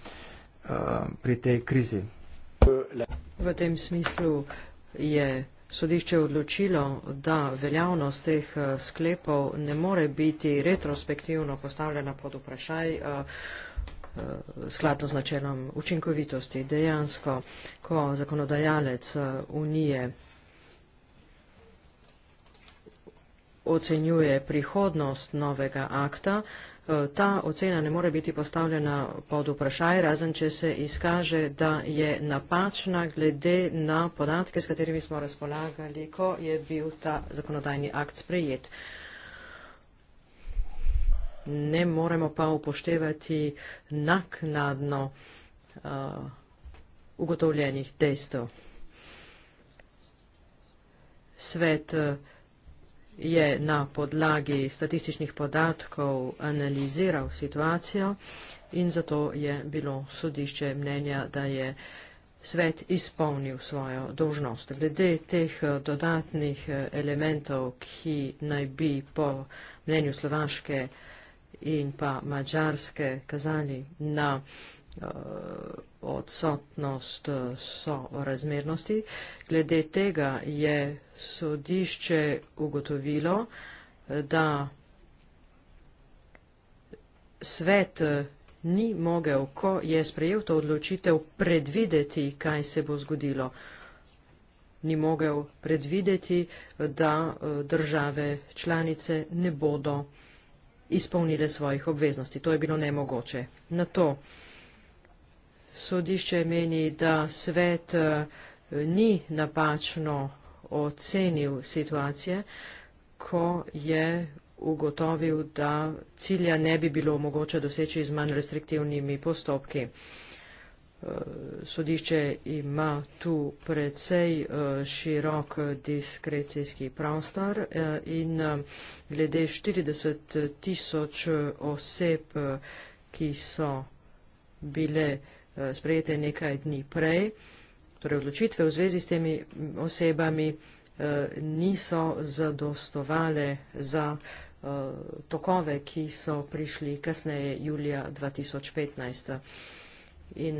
pri tej krizi. V tem smislu uh, je sodišče odločilo, da veljavnost teh eh, sklepov ne more biti retrospektivno postavljena pod vprašaj eh, eh, skladno z načelom učinkovitosti. Dejansko, ko zakonodajalec Unije ocenjuje prihodnost novega akta, Eh, ta ocena ne more biti postavljena pod vprašaj, razen če se izkaže, da je napačna glede na podatke, s katerimi smo razpolagali, ko je bil ta zakonodajni akt sprejet. Ne moremo pa upoštevati naknadno uh, ugotovljenih dejstev. Svet uh, je na podlagi statističnih podatkov analiziral situacijo in zato je bilo sodišče mnenja, da je svet izpolnil svojo dožnost. Glede teh eh, dodatnih eh, elementov, ki naj bi po mnenju slovaške in pa mačarske kazali na Eh, odsotnost eh, so razmernosti. Glede tega je sodišče ugotovilo, eh, da svet ni mogel, ko je sprejel to odločitev, predvideti, kaj se bo zgodilo. Ni mogel predvideti, da države članice ne bodo izpolnile svojih obveznosti. To je bilo nemogoče. Na to sodišče meni, da svet eh, ni napačno ocenil situacije, ko je ugotovil, da cilja ne bi bilo mogoče doseči z manj restriktivnimi postopki. Eh, sodišče ima tu precej eh, širok diskrecijski prostor in glede 40 tisoč oseb, ki so bile Eh, sprejete nekaj dni prej, torej odločitve v zvezi s temi osebami eh, niso zadostovale za eh, tokove, ki so prišli kasneje julija 2015. In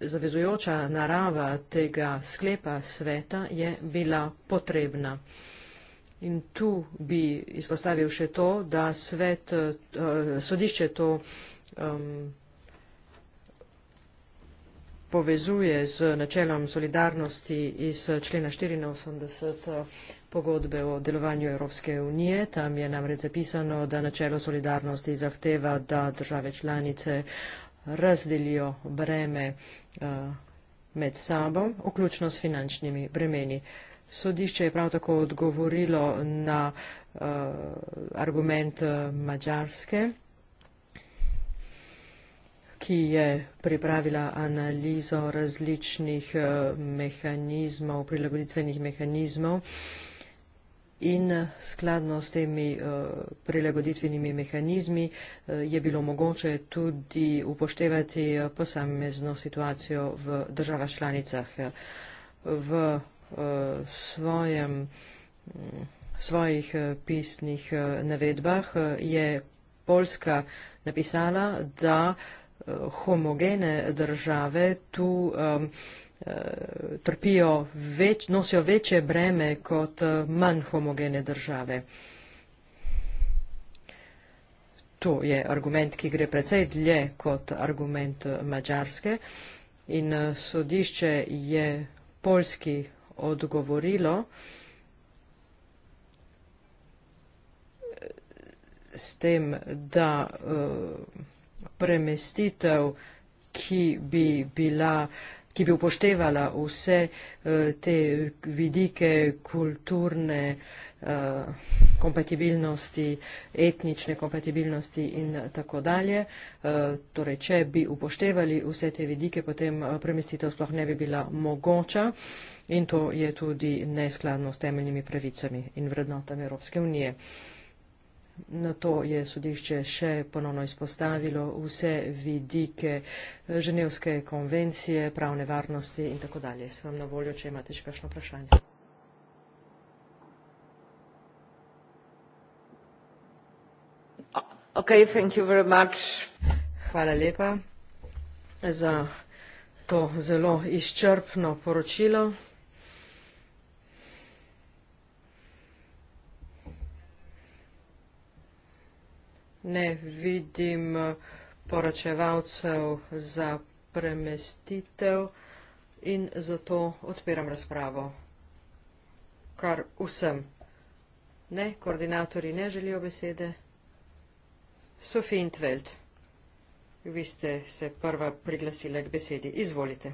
zavezujoča narava tega sklepa sveta je bila potrebna. In tu bi izpostavil še to, da svet, eh, sodišče to um, povezuje z načelom solidarnosti iz člena 84 eh, pogodbe o delovanju Evropske unije. Tam je namreč zapisano, da načelo solidarnosti zahteva, da države članice razdelijo breme uh, med sabo, vključno s finančnimi bremeni. Sodišče je prav tako odgovorilo na uh, argument eh, Mačarske, ki je pripravila analizo različnih uh, mehanizmov, prilagoditvenih mehanizmov in skladno s temi uh, prilagoditvenimi mehanizmi uh, je bilo mogoče tudi upoštevati uh, posamezno situacijo v državah članicah. Uh, v Eh, svojem, mm, svojih eh, pisnih eh, navedbah je Poljska napisala, da homogene države tu um, trpijo, več, nosijo večje breme kot manj homogene države. To je argument, ki gre precej dlje kot argument Mačarske in sodišče je Poljski odgovorilo, s tem, da eh, premestitev, ki bi bila ki bi upoštevala vse eh, te vidike kulturne eh, Eh, kompatibilnosti, etnične kompatibilnosti in tako dalje. Eh, torej, če bi upoštevali vse te vidike, potem eh, premestitev sploh ne bi bila mogoča in to je tudi neskladno s temeljnimi pravicami in vrednotami Evropske unije. Na to je sodišče še ponovno izpostavilo vse vidike ženevske konvencije, pravne varnosti in tako dalje. Sem vam na voljo, če imate še kakšno vprašanje. hvala lepa za to zelo izčrpno poročilo ne vidim poročevalcev za premestitev in zato odpiram razpravo kar vsem ne koordinatorji ne želijo besede Sofi Intveld, vi ste se prva priglasila k besedi. Izvolite.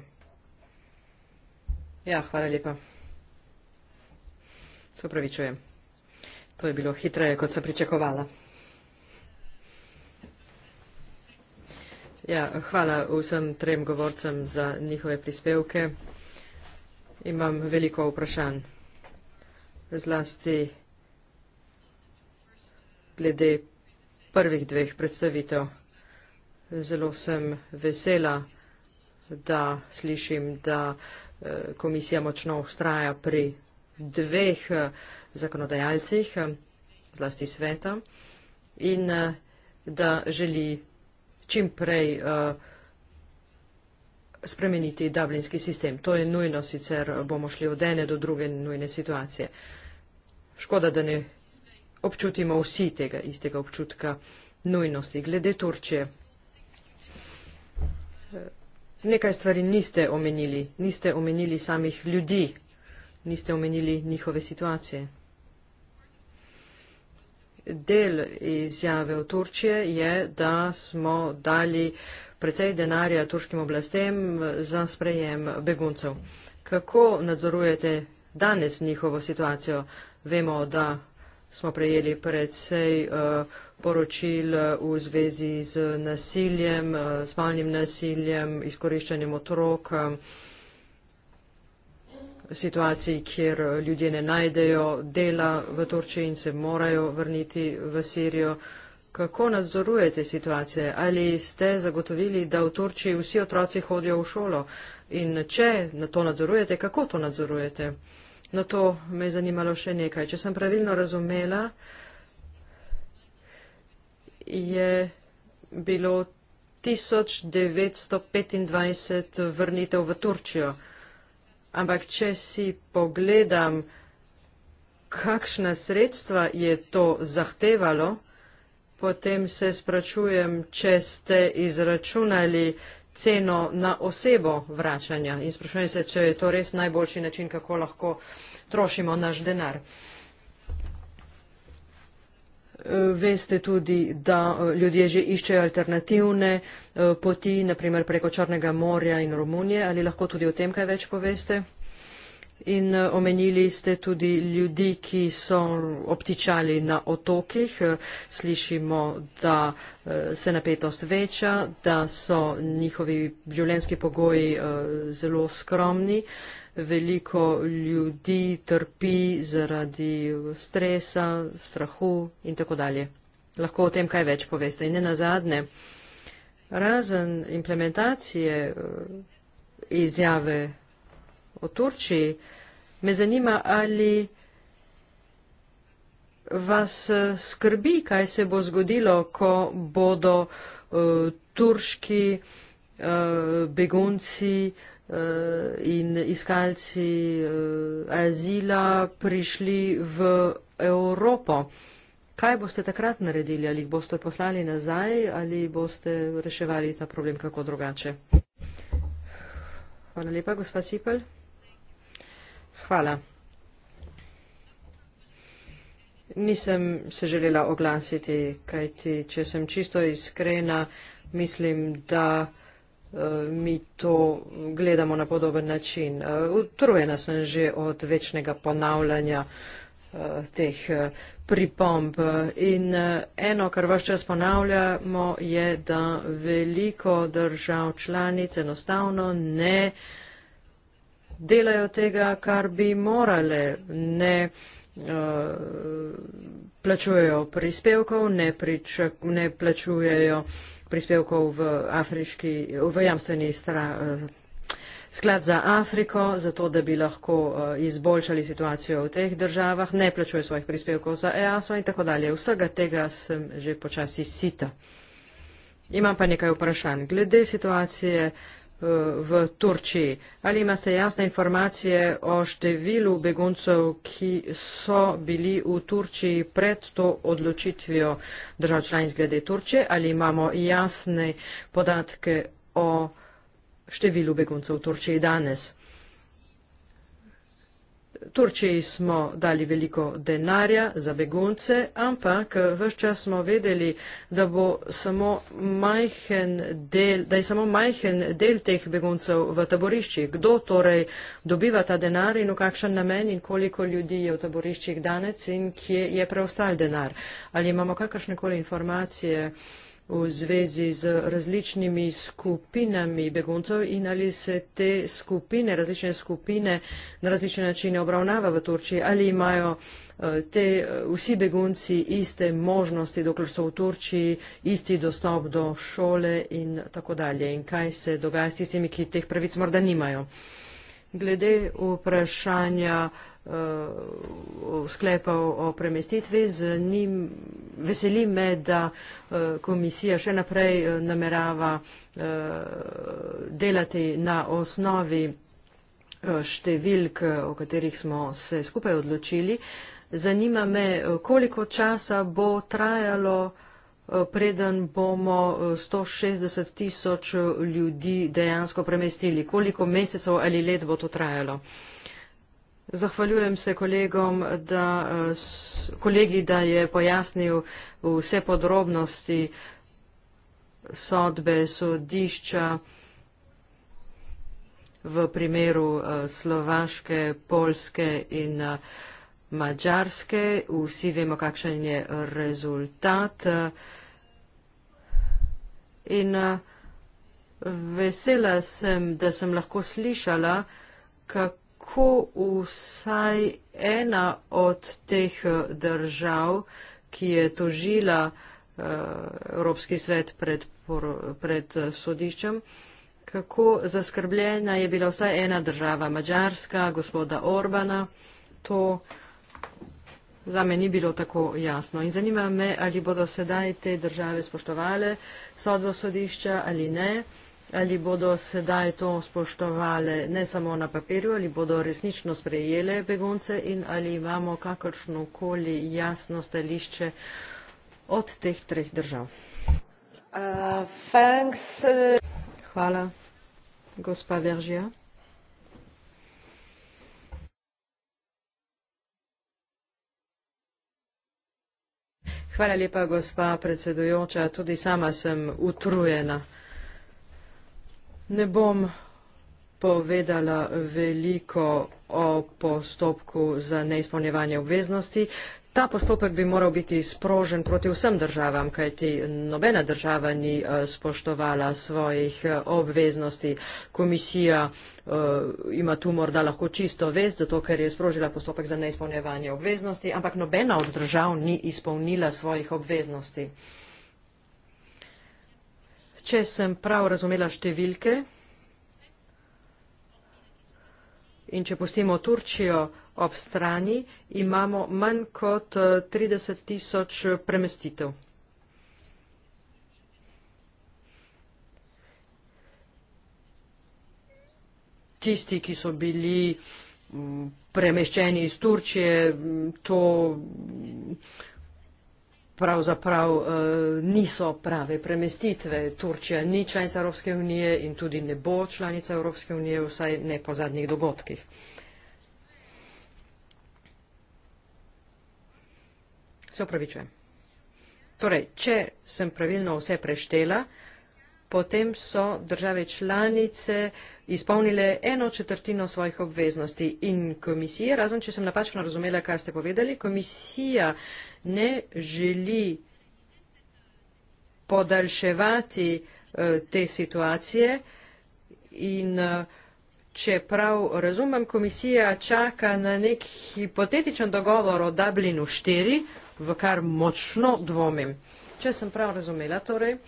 Ja, hvala lepa. Se upravičujem. To je bilo hitreje, kot sem pričakovala. Ja, hvala vsem trem govorcem za njihove prispevke. Imam veliko vprašanj. Zlasti glede prvih dveh predstavitev. Zelo sem vesela, da slišim, da eh, komisija močno ustraja pri dveh eh, zakonodajalcih, eh, zlasti sveta, in da želi čim prej spremeniti dublinski sistem. To je nujno, sicer bomo šli od ene do druge nujne situacije. Škoda, da ne občutimo vsi tega istega občutka nujnosti. Glede Turčije, nekaj stvari niste omenili, niste omenili samih ljudi, niste omenili njihove situacije. Del izjave o Turčije je, da smo dali precej denarja turškim oblastem za sprejem beguncev. Kako nadzorujete danes njihovo situacijo? Vemo, da smo prejeli predsej eh, poročil eh, v zvezi z nasiljem, eh, spolnim nasiljem, izkoriščanjem otrok, situaciji, kjer ljudje ne najdejo dela v Turčiji in se morajo vrniti v Sirijo. Kako nadzorujete situacije? Ali ste zagotovili, da v Turčiji vsi otroci hodijo v šolo? In če to nadzorujete, kako to nadzorujete? Uh, Na to me je zanimalo še nekaj. Če sem pravilno razumela, je bilo 1925 vrnitev v Turčijo. Ampak, če si pogledam, kakšna sredstva je to zahtevalo, potem se sprašujem, če ste izračunali, ceno na osebo vračanja in sprašujem se, če je to res najboljši način, kako lahko trošimo naš denar. Veste tudi, da eh, ljudje že iščejo alternativne eh, poti, naprimer preko Črnega morja in Romunije, ali lahko tudi o tem kaj več poveste? In eh, omenili ste tudi ljudi, ki so obtičali na otokih. Eh, slišimo, da eh, se napetost veča, da so njihovi življenjski pogoji zelo skromni. Veliko ljudi trpi zaradi stresa, strahu in tako dalje. Lahko o tem kaj več poveste. In ne nazadnje, razen implementacije izjave v Turčiji, me zanima, ali vas eh, skrbi, kaj se bo zgodilo, ko bodo uh, turški uh, begunci uh, in iskalci uh, azila prišli v Evropo. Kaj boste takrat naredili? Ali jih boste poslali nazaj ali boste reševali ta problem kako drugače? Hvala lepa, gospa Sipelj. Hvala. Nisem se želela oglasiti, kajti, če sem čisto iskrena, mislim, da eh, mi to gledamo na podoben način. Eh, utrujena sem že od večnega ponavljanja eh, teh pripomb. In eno, kar vaš čas ponavljamo, je, da veliko držav članic enostavno ne delajo tega, kar bi morale, ne uh, plačujejo prispevkov, ne, pričak, ne plačujejo prispevkov v, afriški, v jamstveni stra, uh, sklad za Afriko, zato da bi lahko uh, izboljšali situacijo v teh državah, ne plačuje svojih prispevkov za EASO in tako dalje. Vsega tega sem že počasi sita. Imam pa nekaj vprašanj. Glede situacije uh, v Turčiji. Ali imate jasne informacije o številu beguncev, ki so bili v Turčiji pred to odločitvijo držav članic glede Turčije? Ali imamo jasne podatke o številu beguncev v Turčiji danes? Turčiji smo dali veliko denarja za begunce, ampak vse čas smo vedeli, da, samo del, da je samo majhen del teh beguncev v taboriščih. Kdo torej dobiva ta denar in v kakšen namen in koliko ljudi je v taboriščih danes in kje je preostal denar? Ali imamo kakršne koli informacije? v zvezi z različnimi skupinami beguncev in ali se te skupine, različne skupine na različne načine obravnava v Turčiji, ali imajo eh, te, eh, vsi begunci iste možnosti, dokler so v Turčiji, isti dostop do šole in tako dalje. In kaj se dogaja s tistimi, ki teh pravic morda nimajo. Glede vprašanja, Eh, sklepa o premestitvi. Z njim veseli me, da eh, komisija še naprej eh, namerava delati na osnovi številk, o katerih smo se skupaj odločili. Zanima me, koliko časa bo trajalo, preden bomo 160 tisoč ljudi dejansko premestili. Koliko mesecev ali let bo to trajalo? Uh, Zahvaljujem se kolegom, da, kolegi, da je pojasnil vse podrobnosti sodbe sodišča v primeru e, Slovaške, Polske in e, Mačarske. Vsi vemo, kakšen je rezultat. In e, vesela sem, da sem lahko slišala, kako lahko vsaj ena od teh eh, držav, ki je tožila eh, Evropski svet pred, pred eh, sodiščem, kako zaskrbljena je bila vsaj ena država, Mačarska, gospoda Orbana, to za me ni bilo tako jasno. In zanima me, ali bodo sedaj te države spoštovale sodbo sodišča ali ne ali bodo sedaj to spoštovali ne samo na papirju, ali bodo resnično sprejele begunce in ali imamo kakršnokoli jasno stališče od teh treh držav. Uh, uh. Hvala. Gospa Veržija. Hvala lepa, gospa predsedujoča. Tudi sama sem utrujena. Ne bom povedala veliko o postopku za neizpolnjevanje obveznosti. Ta postopek bi moral biti sprožen proti vsem državam, kajti nobena država ni eh, spoštovala svojih eh, obveznosti. Komisija eh, ima tu morda lahko čisto vest, zato ker je sprožila postopek za neizpolnjevanje obveznosti, ampak nobena od držav ni izpolnila svojih obveznosti. Če sem prav razumela številke in če pustimo Turčijo ob strani, imamo manj kot 30 eh, tisoč eh, premestitev. Tisti, ki so bili mm, premeščeni iz Turčije, mm, to pravzaprav uh, niso prave premestitve. Turčija ni članica Evropske unije in tudi ne bo članica Evropske unije, vsaj ne po zadnjih dogodkih. Se opravičujem. Torej, če sem pravilno vse preštela, uh, potem so države članice izpolnile eno četrtino svojih obveznosti. In komisija, razen če sem napačno razumela, kaj ste povedali, komisija ne želi podaljševati eh, te situacije in eh, čeprav razumem, komisija čaka na nek hipotetičen dogovor o Dublinu 4, v kar močno dvomim. Če sem prav razumela, torej, uh,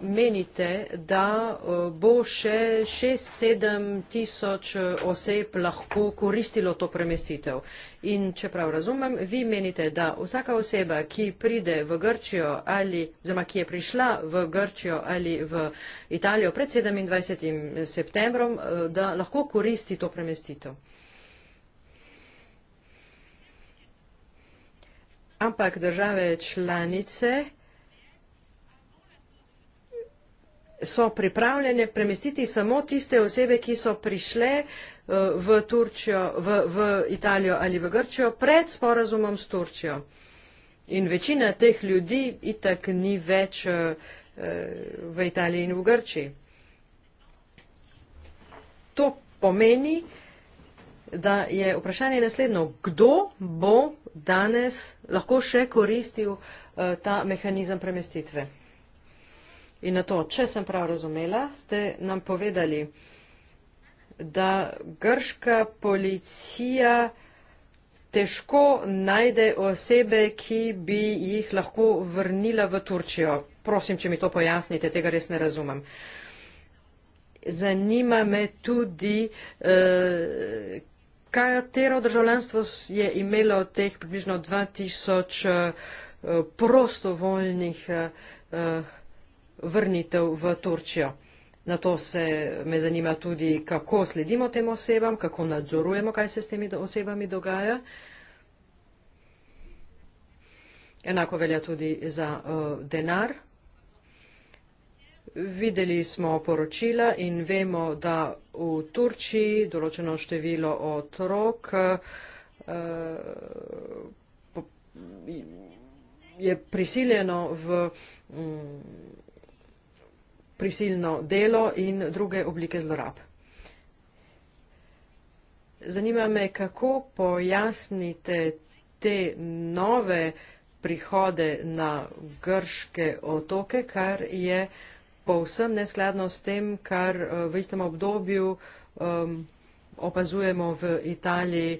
menite, da eh, bo še 6-7 tisoč eh, oseb lahko koristilo to premestitev. In če prav razumem, vi menite, da vsaka oseba, ki pride v Grčijo ali, oziroma ki je prišla v Grčijo ali v Italijo pred 27. septembrom, eh, da lahko koristi to premestitev. Ampak države članice so pripravljene premestiti samo tiste osebe, ki so prišle eh, v, Turčjo, v, v Italijo ali v Grčijo pred sporazumom s Turčijo. In večina teh ljudi itak ni več eh, eh, v Italiji in v Grčiji. To pomeni, da je vprašanje naslednjo, kdo bo danes lahko še koristil ta mehanizem premestitve. In na to, če sem prav razumela, ste nam povedali, da grška policija težko najde osebe, ki bi jih lahko vrnila v Turčijo. Prosim, če mi to pojasnite, tega res ne razumem. Zanima me tudi, eh, katero državljanstvo je imelo teh približno 2000 eh, prostovoljnih. Eh, eh vrnitev v Turčijo. Na to se me zanima tudi, kako sledimo tem osebam, kako nadzorujemo, kaj se s temi osebami dogaja. Enako velja tudi za uh, denar. Videli smo poročila in vemo, da v Turčiji določeno število otrok uh, je prisiljeno v. Um, prisilno delo in druge oblike zlorab. Zanima me, kako pojasnite te nove prihode na grške otoke, kar je povsem neskladno s tem, kar eh, v istem obdobju um, opazujemo v Italiji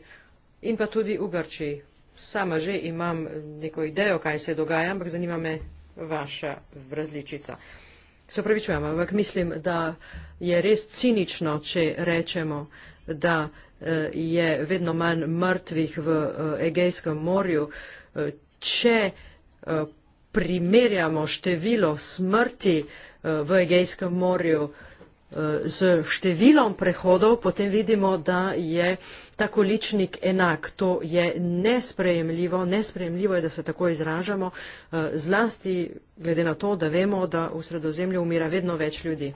in pa tudi v Grčiji. Sama že imam neko idejo, kaj se dogaja, ampak zanima me vaša različica. Uh, Se upravičujem, ampak mislim, da je res cinično, če rečemo, da eh, je vedno manj mrtvih v eh, Egejskem morju, eh, če primerjamo število smrti v Egejskem morju z številom prehodov, potem vidimo, da je ta količnik enak. To je nesprejemljivo, nesprejemljivo je, da se tako izražamo, eh, zlasti glede na to, da vemo, da v sredozemlju umira vedno več ljudi.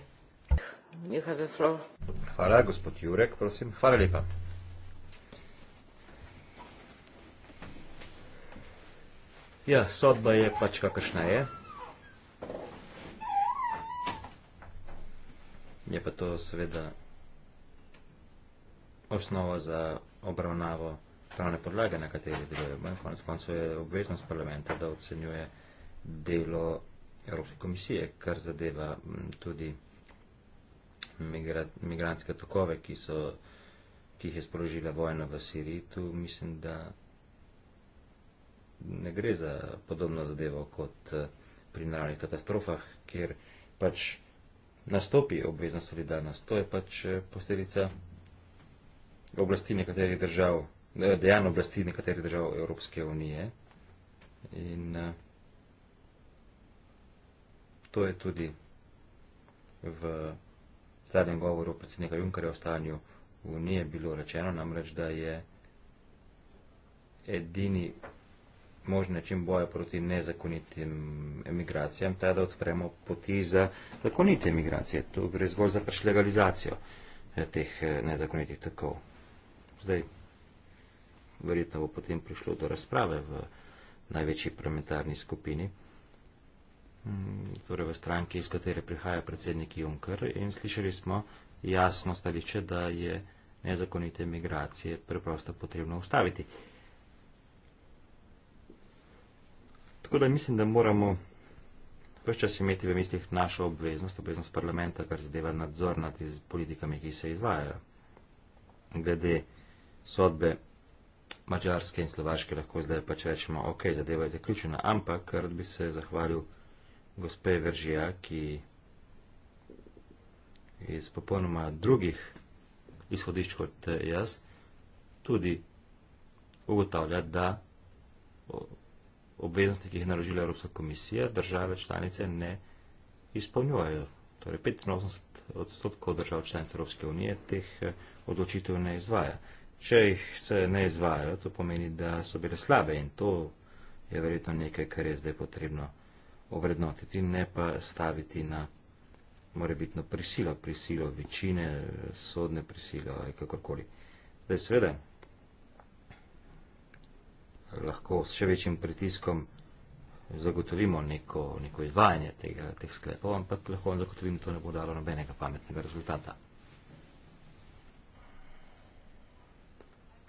Hvala, gospod Jurek, prosim. Hvala lepa. Ja, sodba je pač kakršna je. je pa to seveda osnova za obravnavo pravne podlage, na kateri delujemo. In konec koncev je obveznost parlamenta, da ocenjuje delo Evropske komisije, kar zadeva tudi migrat, migrantske tokove, ki, so, ki jih je sporožila vojna v Siriji. Tu mislim, da ne gre za podobno zadevo kot pri naravnih katastrofah, kjer pač nastopi obvezna solidarnost. To je pač eh, posledica oblasti nekaterih držav, eh, dejan oblasti nekaterih držav Evropske unije. In eh, to je tudi v zadnjem govoru predsednika Junkarja o stanju unije bilo rečeno, namreč, da je edini možen način boja proti nezakonitim emigracijam, ta, da odpremo poti za zakonite emigracije. Tu gre zgolj za pač legalizacijo eh, teh eh, nezakonitih takov. Zdaj, verjetno bo potem prišlo do razprave v največji parlamentarni skupini, mm, torej v stranki, iz katere prihaja predsednik Juncker in slišali smo jasno stališče, da je nezakonite migracije preprosto potrebno ustaviti. Tako da mislim, da moramo vse čas imeti v mislih našo obveznost, obveznost parlamenta, kar zadeva nadzor nad politikami, ki se izvajajo. Glede sodbe mačarske in slovaške lahko zdaj pač rečemo, ok, zadeva je zaključena, ampak rad bi se zahvalil gospe Veržija, ki iz popolnoma drugih izhodišč kot jaz, tudi ugotavlja, da obveznosti, ki jih je naložila Evropska komisija, države članice ne izpolnjujejo. Torej 85 odstotkov držav članic Evropske unije teh eh, odločitev ne izvaja. Če jih se ne izvajajo, to pomeni, da so bile slabe in to je verjetno nekaj, kar je zdaj potrebno ovrednotiti, ne pa staviti na morebitno prisilo, prisilo večine, sodne prisilo ali kakorkoli. Zdaj seveda lahko s še večjim pritiskom zagotovimo neko, neko izvajanje tega, teh sklepov, ampak lahko vam zagotovim, da to ne bo dalo nobenega pametnega rezultata.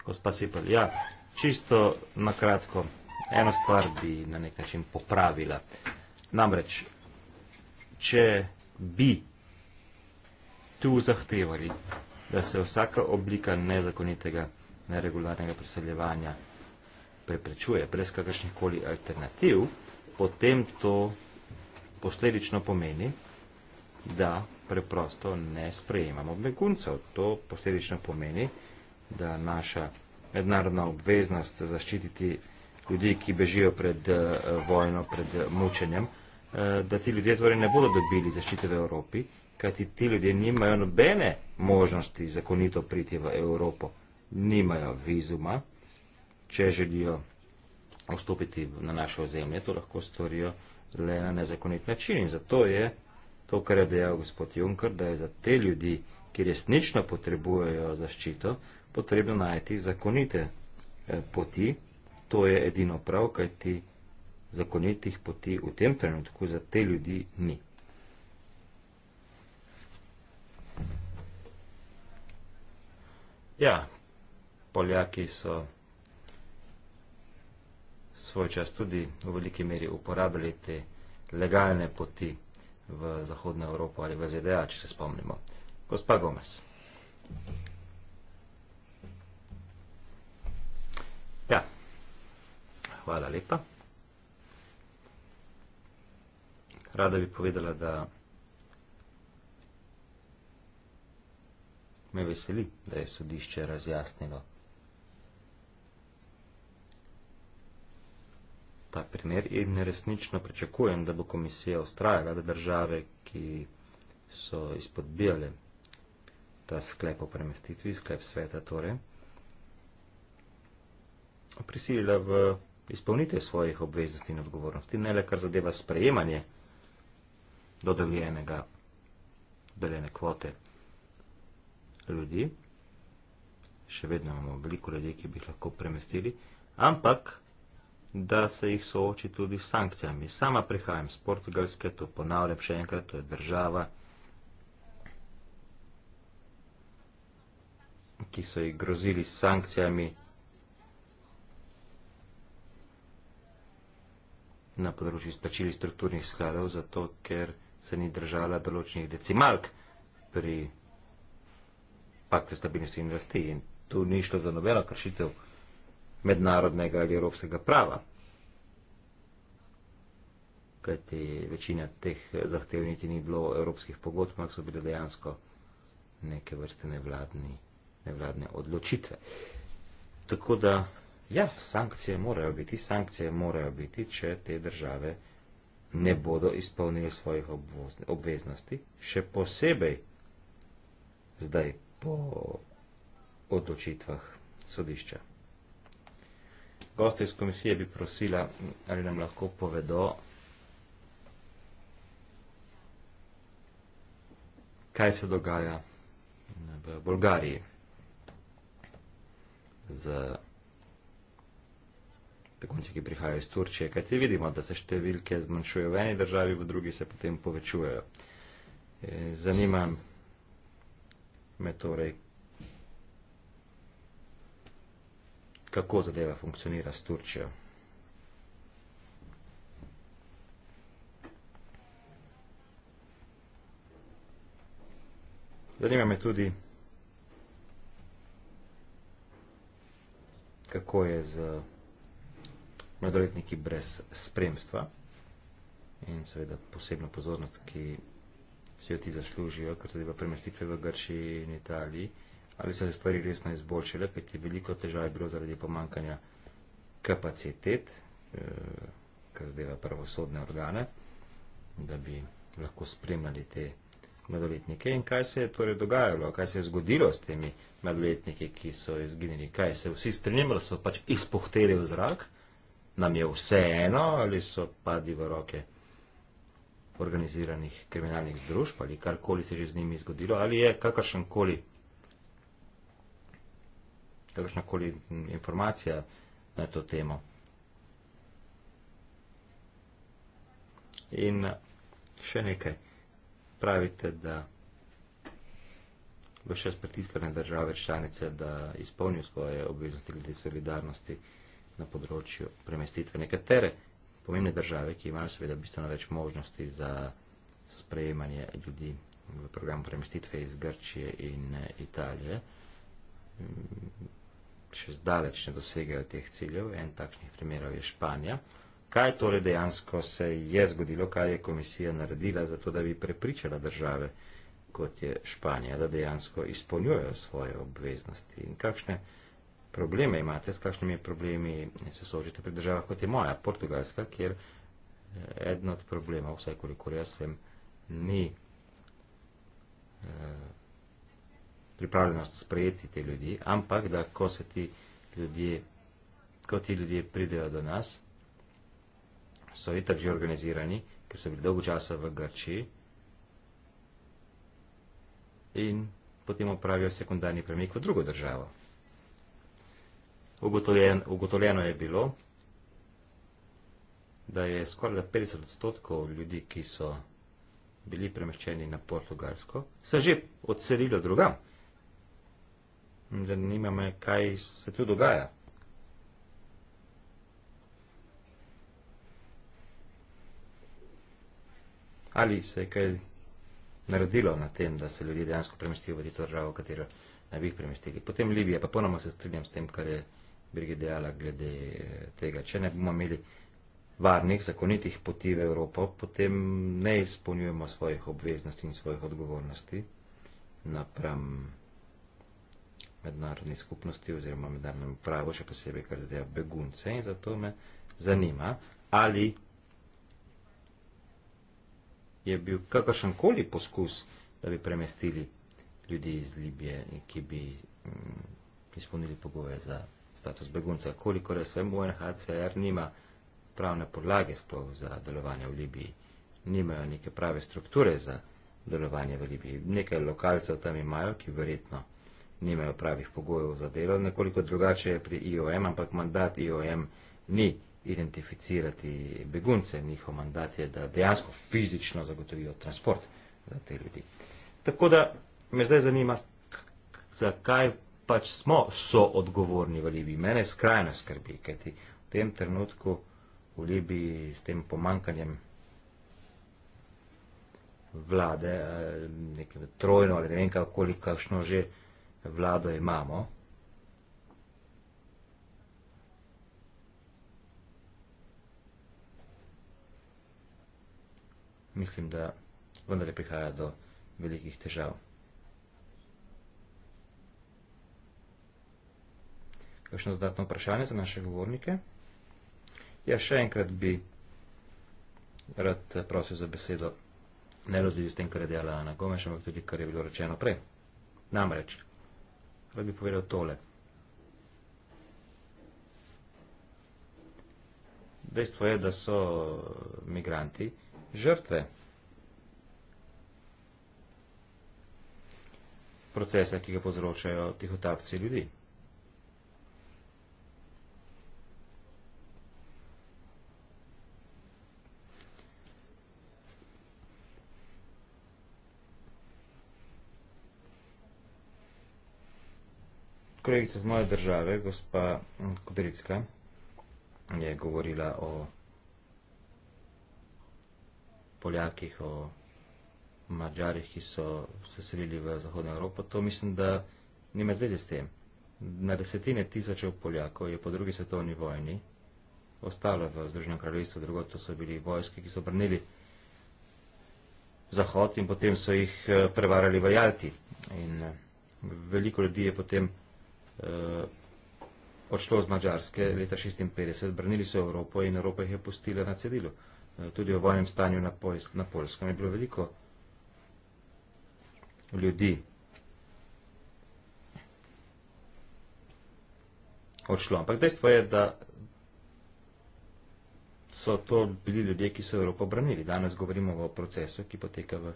Gospa Sipel, ja, čisto na kratko, eno stvar bi na nek način popravila. Namreč, če bi tu zahtevali, da se vsaka oblika nezakonitega, neregularnega preseljevanja preprečuje brez kakršnih koli alternativ, potem to posledično pomeni, da preprosto ne sprejemamo beguncev. To posledično pomeni, da naša mednarodna obveznost zaščititi ljudi, ki bežijo pred eh, vojno, pred mučenjem, eh, da ti ljudje torej ne bodo dobili zaščite v Evropi, kajti ti ljudje nimajo nobene možnosti zakonito priti v Evropo. Nimajo vizuma, če želijo vstopiti na našo ozemlje, to lahko storijo le na nezakonit način. In zato je to, kar je dejal gospod Juncker, da je za te ljudi, ki resnično potrebujejo zaščito, potrebno najti zakonite eh, poti. To je edino prav, kajti zakonitih poti v tem trenutku za te ljudi ni. Ja, Poljaki so svoj čas tudi v veliki meri uporabljali te legalne poti v Zahodno Evropo ali v ZDA, če se spomnimo. Gospa Gomez. Ja, hvala lepa. Rada bi povedala, da me veseli, da je sodišče razjasnilo ta primer in resnično pričakujem, da bo komisija ustrajala, da države, ki so izpodbijale ta sklep o premestitvi, sklep sveta torej, prisilila v izpolnitev svojih obveznosti in odgovornosti, ne le kar zadeva sprejemanje dodeljenega, dodeljene kvote ljudi, še vedno imamo veliko ljudi, ki bi jih lahko premestili, ampak da se jih sooči tudi s sankcijami. Sama prihajam iz Portugalske, to ponavljam še enkrat, to je država, ki so jih grozili s sankcijami. na področju izplačili strukturnih skladov, zato ker se ni držala določenih decimalk pri paktu stabilnosti in rasti. In tu ni šlo za nobeno kršitev mednarodnega ali evropskega prava. Kajti večina teh zahtev niti ni bilo evropskih pogodb, ampak so bile dejansko neke vrste nevladni, nevladne odločitve. Tako da, ja, sankcije morajo biti, sankcije morajo biti, če te države ne bodo izpolnili svojih obveznosti, še posebej zdaj po odločitvah sodišča. Gosti iz komisije bi prosila, ali nam lahko povedo, kaj se dogaja v Bolgariji z begunci, ki prihajajo iz Turčije. Kaj ti vidimo, da se številke zmanjšujejo v eni državi, v drugi se potem povečujejo. Eh, zanima me torej, kako zadeva funkcionira s Turčijo. Zanima me tudi, kako je z mladoletniki brez spremstva in seveda posebno pozornost, ki si jo ti zaslužijo, ker tudi v premestitve v Grči in Italiji ali so se stvari resno izboljšale, kaj ti veliko težav je bilo zaradi pomankanja kapacitet, eh, kar zdajva pravosodne organe, da bi lahko spremljali te mladoletnike in kaj se je torej dogajalo, kaj se je zgodilo s temi mladoletniki, ki so izginili, kaj se vsi strinjamo, da so pač izpohteli v zrak, nam je vse eno ali so padli v roke organiziranih kriminalnih družb ali karkoli se je že z njimi zgodilo ali je kakršenkoli koli kakršnakoli informacija na to temo. In še nekaj. Pravite, da bo še pritiskane države članice, da izpolnijo svoje obveznosti glede solidarnosti na področju premestitve. Nekatere pomembne države, ki imajo seveda bistveno več možnosti za sprejemanje ljudi v program premestitve iz Grčije in eh, Italije, še zdaleč ne dosegajo teh ciljev. En takšnih primerov je Španija. Kaj torej dejansko se je zgodilo, kaj je komisija naredila, zato da bi prepričala države, kot je Španija, da dejansko izpolnjujejo svoje obveznosti in kakšne probleme imate, s kakšnimi problemi se soočite pri državah, kot je moja, Portugalska, kjer eh, eden od problemov, vsaj kolikor jaz vem, ni. Eh, pripravljenost sprejeti te ljudi, ampak da ko se ti ljudje, ko ti ljudje pridejo do nas, so itak že organizirani, ker so bili dolgo časa v Grčiji in potem opravijo sekundarni premik v drugo državo. Ugotovljen, ugotovljeno je bilo, da je skoraj 50 odstotkov ljudi, ki so bili premeščeni na Portugalsko, se že odselilo drugam zanima me, kaj se tu dogaja. Ali se je kaj naredilo na tem, da se ljudje dejansko premestijo v tisto državo, v katero naj bi jih premestili. Potem Libija, pa ponoma se strinjam s tem, kar je Brigitte dejala glede eh, tega. Če ne bomo imeli varnih, zakonitih poti v Evropo, potem ne izpolnjujemo svojih obveznosti in svojih odgovornosti napram. No, mednarodni skupnosti oziroma mednarodnemu pravu, še posebej, kar zadeva begunce in zato me zanima, ali je bil kakršenkoli poskus, da bi premestili ljudi iz Libije, ki bi m, mm, izpolnili pogoje za status begunca, koliko je svem UNHCR nima pravne podlage sploh za delovanje v Libiji, nimajo neke prave strukture za delovanje v Libiji. Nekaj lokalcev tam imajo, ki verjetno nimajo pravih pogojev za delo. Nekoliko drugače je pri IOM, ampak mandat IOM ni identificirati begunce. Njihov mandat je, da dejansko fizično zagotovijo transport za te ljudi. Tako da me zdaj zanima, zakaj pač smo soodgovorni v Libiji. Mene skrajno skrbi, kajti v tem trenutku v Libiji s tem pomankanjem vlade, eh, nekaj trojno ali ne vem kakoli, kakšno že vlado imamo, mislim, da vendar je prihaja do velikih težav. Kakšno dodatno vprašanje za naše govornike? Ja, še enkrat bi rad eh, prosil za besedo ne razvizi s tem, kar je dejala Ana Gomeš, ampak tudi, kar je bilo rečeno prej. Namreč, Rad bi povedal tole. Dejstvo je, da so migranti žrtve procesa, ki ga povzročajo tihotapci ljudi. kolegica iz moje države, gospa mm, Kudricka, je govorila o Poljakih, o Mađarih, ki so se selili v Zahodno Evropo. To mislim, da nima zveze s tem. Na desetine tisočev Poljakov je po drugi svetovni vojni ostalo v Združenem kraljestvu, drugo to so bili vojske, ki so obrnili Zahod in potem so jih eh, prevarali v Jalti. In eh, veliko ljudi je potem eh, odšlo z Mačarske leta 1956, brnili so Evropo in Evropa jih je pustila na cedilu. Eh, tudi o vojnem stanju na, Pojs na Polskem je bilo veliko ljudi. Odšlo. Ampak dejstvo je, da so to bili ljudje, ki so Evropo branili. Danes govorimo o procesu, ki poteka v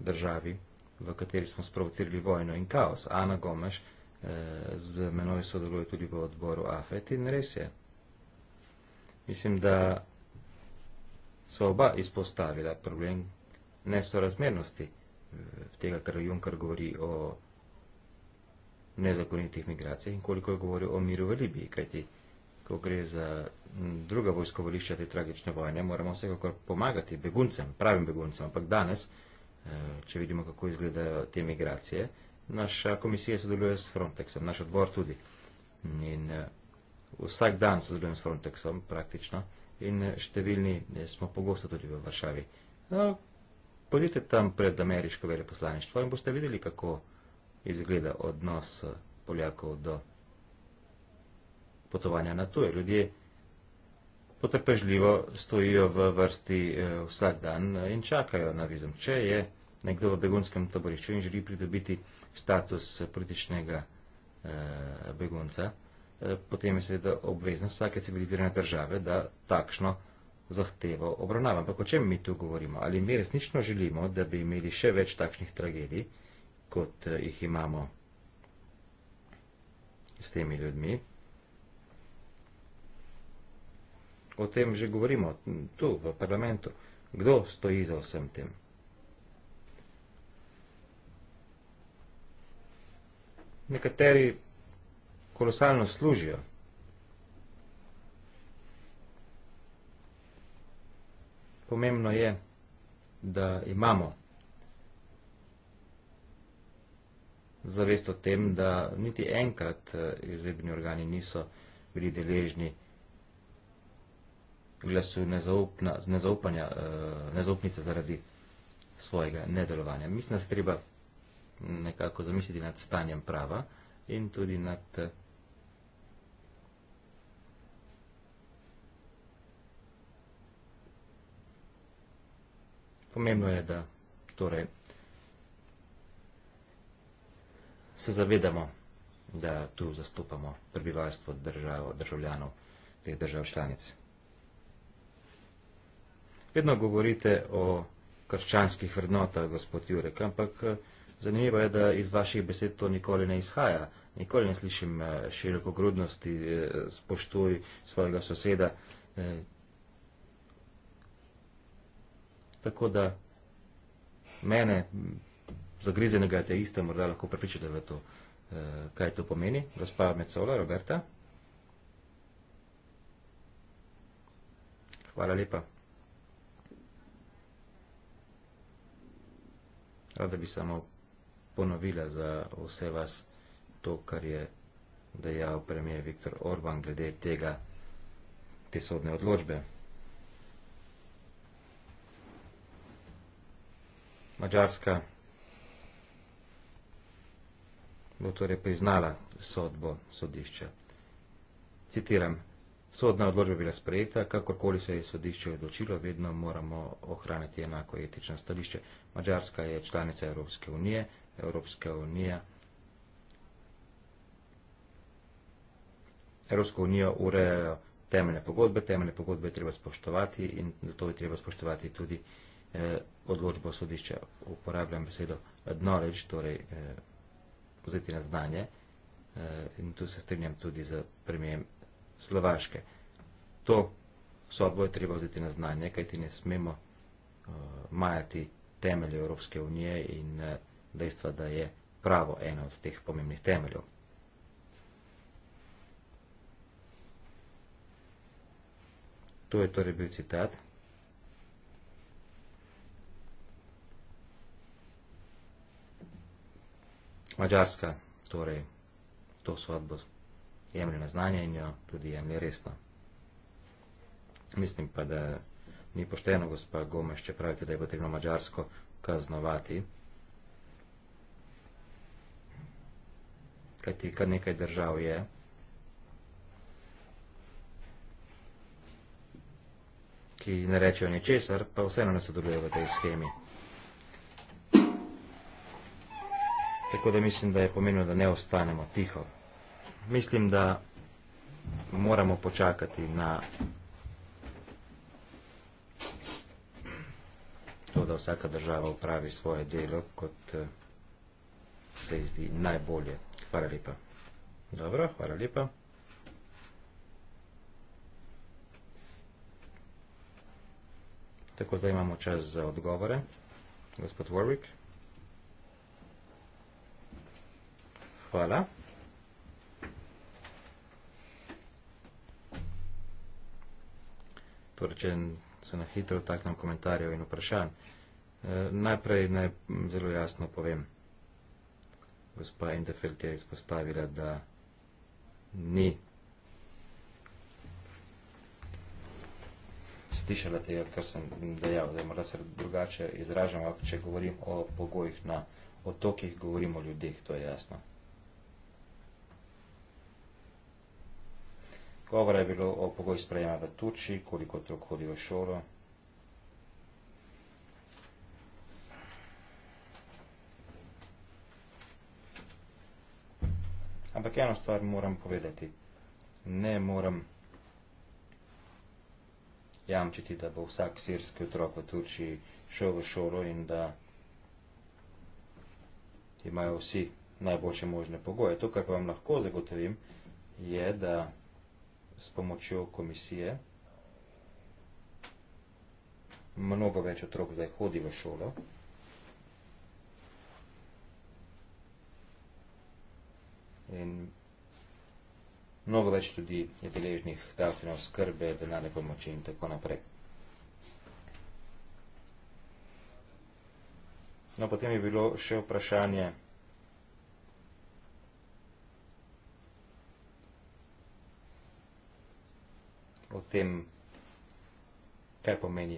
državi, v kateri smo sprovocirali vojno in kaos. Ana Gomeš, z menoj sodeluje tudi v odboru AFET in res je. Mislim, da so oba izpostavila problem nesorazmernosti eh, tega, kar Junker govori o nezakonitih migracijah in koliko je govoril o miru v Libiji, kajti ko gre za druga vojskovališča te tragične vojne, moramo vsekakor pomagati beguncem, pravim beguncem, ampak danes, eh, če vidimo, kako izgledajo te migracije, naša komisija sodeluje s Frontexom, naš odbor tudi. In eh, vsak dan sodelujem s Frontexom praktično in eh, številni eh, smo pogosto tudi v Varšavi. No, pojdite tam pred ameriško veleposlaništvo in boste videli, kako izgleda odnos Poljakov do potovanja na tuje. Ljudje potrpežljivo stojijo v vrsti vsak dan in čakajo na vizum. Če je nekdo v begunskem taborišču in želi pridobiti status političnega eh, begunca, eh, potem je seveda obveznost vsake civilizirane države, da takšno zahtevo obravnava. Ampak o čem mi tu govorimo? Ali mi resnično želimo, da bi imeli še več takšnih tragedij, kot eh, jih imamo s temi ljudmi? O tem že govorimo tu v parlamentu. Kdo stoji za vsem tem? nekateri kolosalno služijo. Pomembno je, da imamo zavest o tem, da niti enkrat eh, izvedbeni organi niso bili deležni glasu nezaupna, nezaupanja, eh, nezaupnice zaradi svojega nedelovanja. Mislim, da se treba nekako zamisliti nad stanjem prava in tudi nad Pomembno je, da torej, se zavedamo, da tu zastopamo prebivalstvo držav, državljanov teh držav članic. Vedno govorite o krščanskih vrednotah, gospod Jurek, ampak Zanimivo je, da iz vaših besed to nikoli ne izhaja. Nikoli ne slišim eh, široko grudnosti, eh, spoštuj svojega soseda. Eh. Tako da mene, zagrizenega ateista, morda lahko prepričate v to, kaj to pomeni. Gospa Mecola, Roberta. Hvala lepa. Rada bi samo ponovila za vse vas to, kar je dejal premijer Viktor Orban glede tega, te sodne odločbe. Mačarska bo torej priznala sodbo sodišča. Citiram, sodna odločba bila sprejeta, kakorkoli se je sodišče odločilo, vedno moramo ohraniti enako etično stališče. Mačarska je članica Evropske unije, Europska unija. Evropsko unijo urejajo temeljne pogodbe, temeljne pogodbe je treba spoštovati in zato je treba spoštovati tudi eh, odločbo sodišča. Uporabljam besedo knowledge, torej eh, vzeti na znanje eh, in tu se strinjam tudi z premijem Slovaške. To sodbo je treba vzeti na znanje, kajti ne smemo eh, majati temelje Evropske unije in eh, dejstva, da je pravo ena od teh pomembnih temeljev. To je torej bil citat. Mačarska torej to sodbo jemlje na znanje in jo tudi jemlje resno. Mislim pa, da ni pošteno, gospa Gomeš, če pravite, da je potrebno Mačarsko kaznovati. kajti kar nekaj držav je. ki ne rečejo ničesar, pa vseeno ne sodelujejo v tej schemi. Tako da mislim, da je pomembno, da ne ostanemo tiho. Mislim, da moramo počakati na to, da vsaka država upravi svoje delo, kot eh, se izdi najbolje. Hvala lepa. Dobro, hvala lepa. Tako, zdaj imamo čas za odgovore. Gospod Warwick. Hvala. Torej, če se na hitro taknem komentarjev in vprašanj. E, najprej naj zelo jasno povem gospa Endefeld je izpostavila, da ni slišala tega, kar sem dejal, da morda se drugače izražam, ampak če govorim o pogojih na otokih, govorim o ljudeh, to je jasno. Govora je bilo o pogojih sprejema v Turčiji, koliko otrok hodi v šolo. Ampak eno stvar moram povedati. Ne moram jamčiti, da bo vsak sirski otrok v Turčiji šel v šolo in da imajo vsi najboljše možne pogoje. To, kar pa vam lahko zagotovim, je, da s pomočjo komisije mnogo več otrok zdaj hodi v šolo. in mnogo več ljudi je deležnih zdravstvene oskrbe, denarne pomoči in tako naprej. No, potem je bilo še vprašanje, o tem, kaj pomeni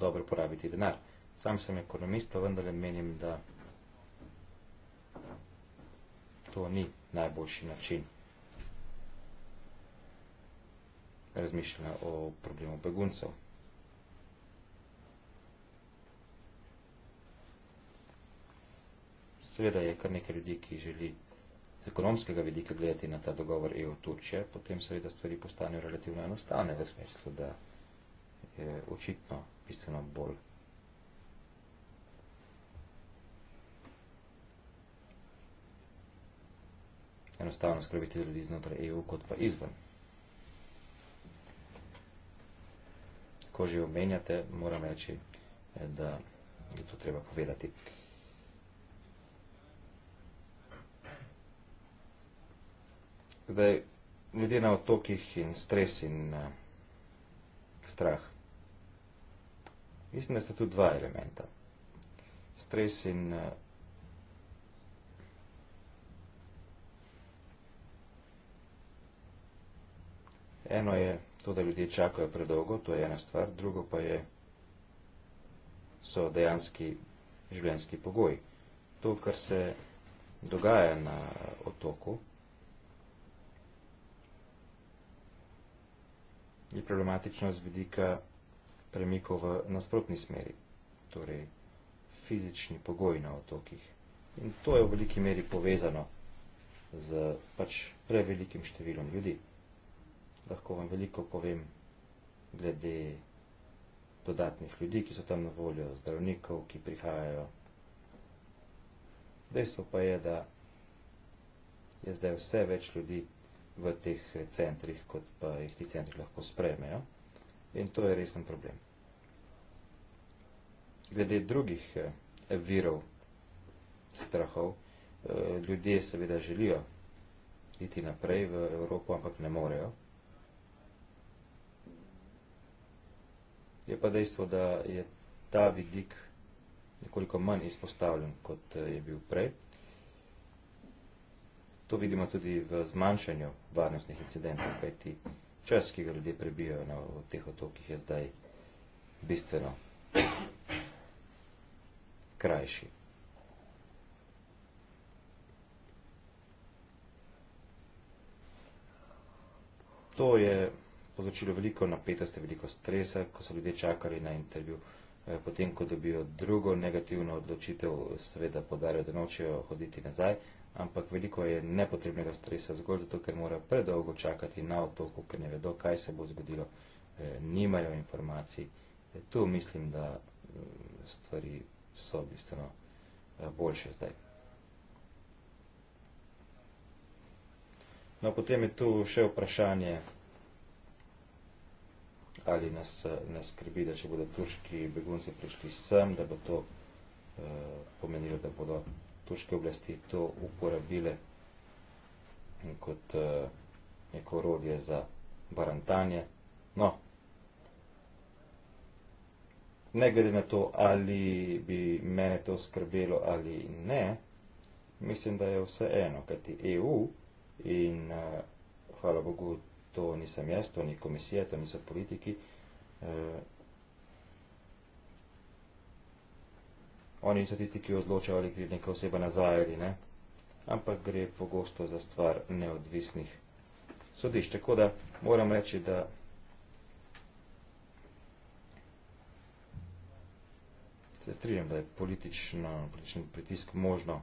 dobro porabiti denar. Sam sem ekonomist, pa vendar menim, da to ni najboljši način. Razmišljajo o problemu beguncev. Seveda je kar nekaj ljudi, ki želi z ekonomskega vidika gledati na ta dogovor EU-Turčije, potem seveda stvari postanejo relativno enostavne, v smislu, da je očitno bistveno bolj enostavno skrbiti za ljudi znotraj EU, kot pa izven. Ko že omenjate, moram reči, da je to treba povedati. Zdaj, ljudje na otokih in stres in uh, strah. Mislim, da sta tu dva elementa. Stres in uh, Eno je to, da ljudje čakajo predolgo, to je ena stvar, drugo pa je, so dejanski življenjski pogoji. To, kar se dogaja na otoku, je problematično z vidika premikov v nasprotni smeri, torej fizični pogoj na otokih. In to je v veliki meri povezano z pač prevelikim številom ljudi lahko vam veliko povem glede dodatnih ljudi, ki so tam na voljo, zdravnikov, ki prihajajo. Dejstvo pa je, da je zdaj vse več ljudi v teh centrih, kot pa jih ti centri lahko sprejmejo. In to je resen problem. Glede drugih eh, virov strahov, eh, ljudje seveda želijo iti naprej v Evropo, ampak ne morejo. Je pa dejstvo, da je ta vidik nekoliko manj izpostavljen, kot eh, je bil prej. To vidimo tudi v zmanjšanju varnostnih incidentov, kajti čas, ki ga ljudje prebijajo na teh otokih, je zdaj bistveno krajši. To je povzročilo veliko napetosti, veliko stresa, ko so ljudje čakali na intervju. Eh, potem, ko dobijo drugo negativno odločitev, seveda podarijo, da nočejo hoditi nazaj, ampak veliko je nepotrebnega stresa zgolj zato, ker morajo predolgo čakati na otoku, ker ne vedo, kaj se bo zgodilo, eh, nimajo informacij. Eh, tu mislim, da mm, stvari so bistveno boljše zdaj. No, potem je tu še vprašanje ali nas ne skrbi, da če bodo turški begunci prišli sem, da bo to eh, pomenilo, da bodo turške oblasti to uporabile kot eh, neko orodje za barantanje. No, ne glede na to, ali bi mene to skrbelo ali ne, mislim, da je vse eno, kajti EU in eh, hvala Bogu, to nisem jaz, to ni komisija, to niso politiki. Eh, oni so tisti, ki odločajo, ali gre neka oseba nazaj ali ne, ampak gre pogosto za stvar neodvisnih sodišč. Tako da moram reči, da se strinjam, da je politično, politični pritisk možno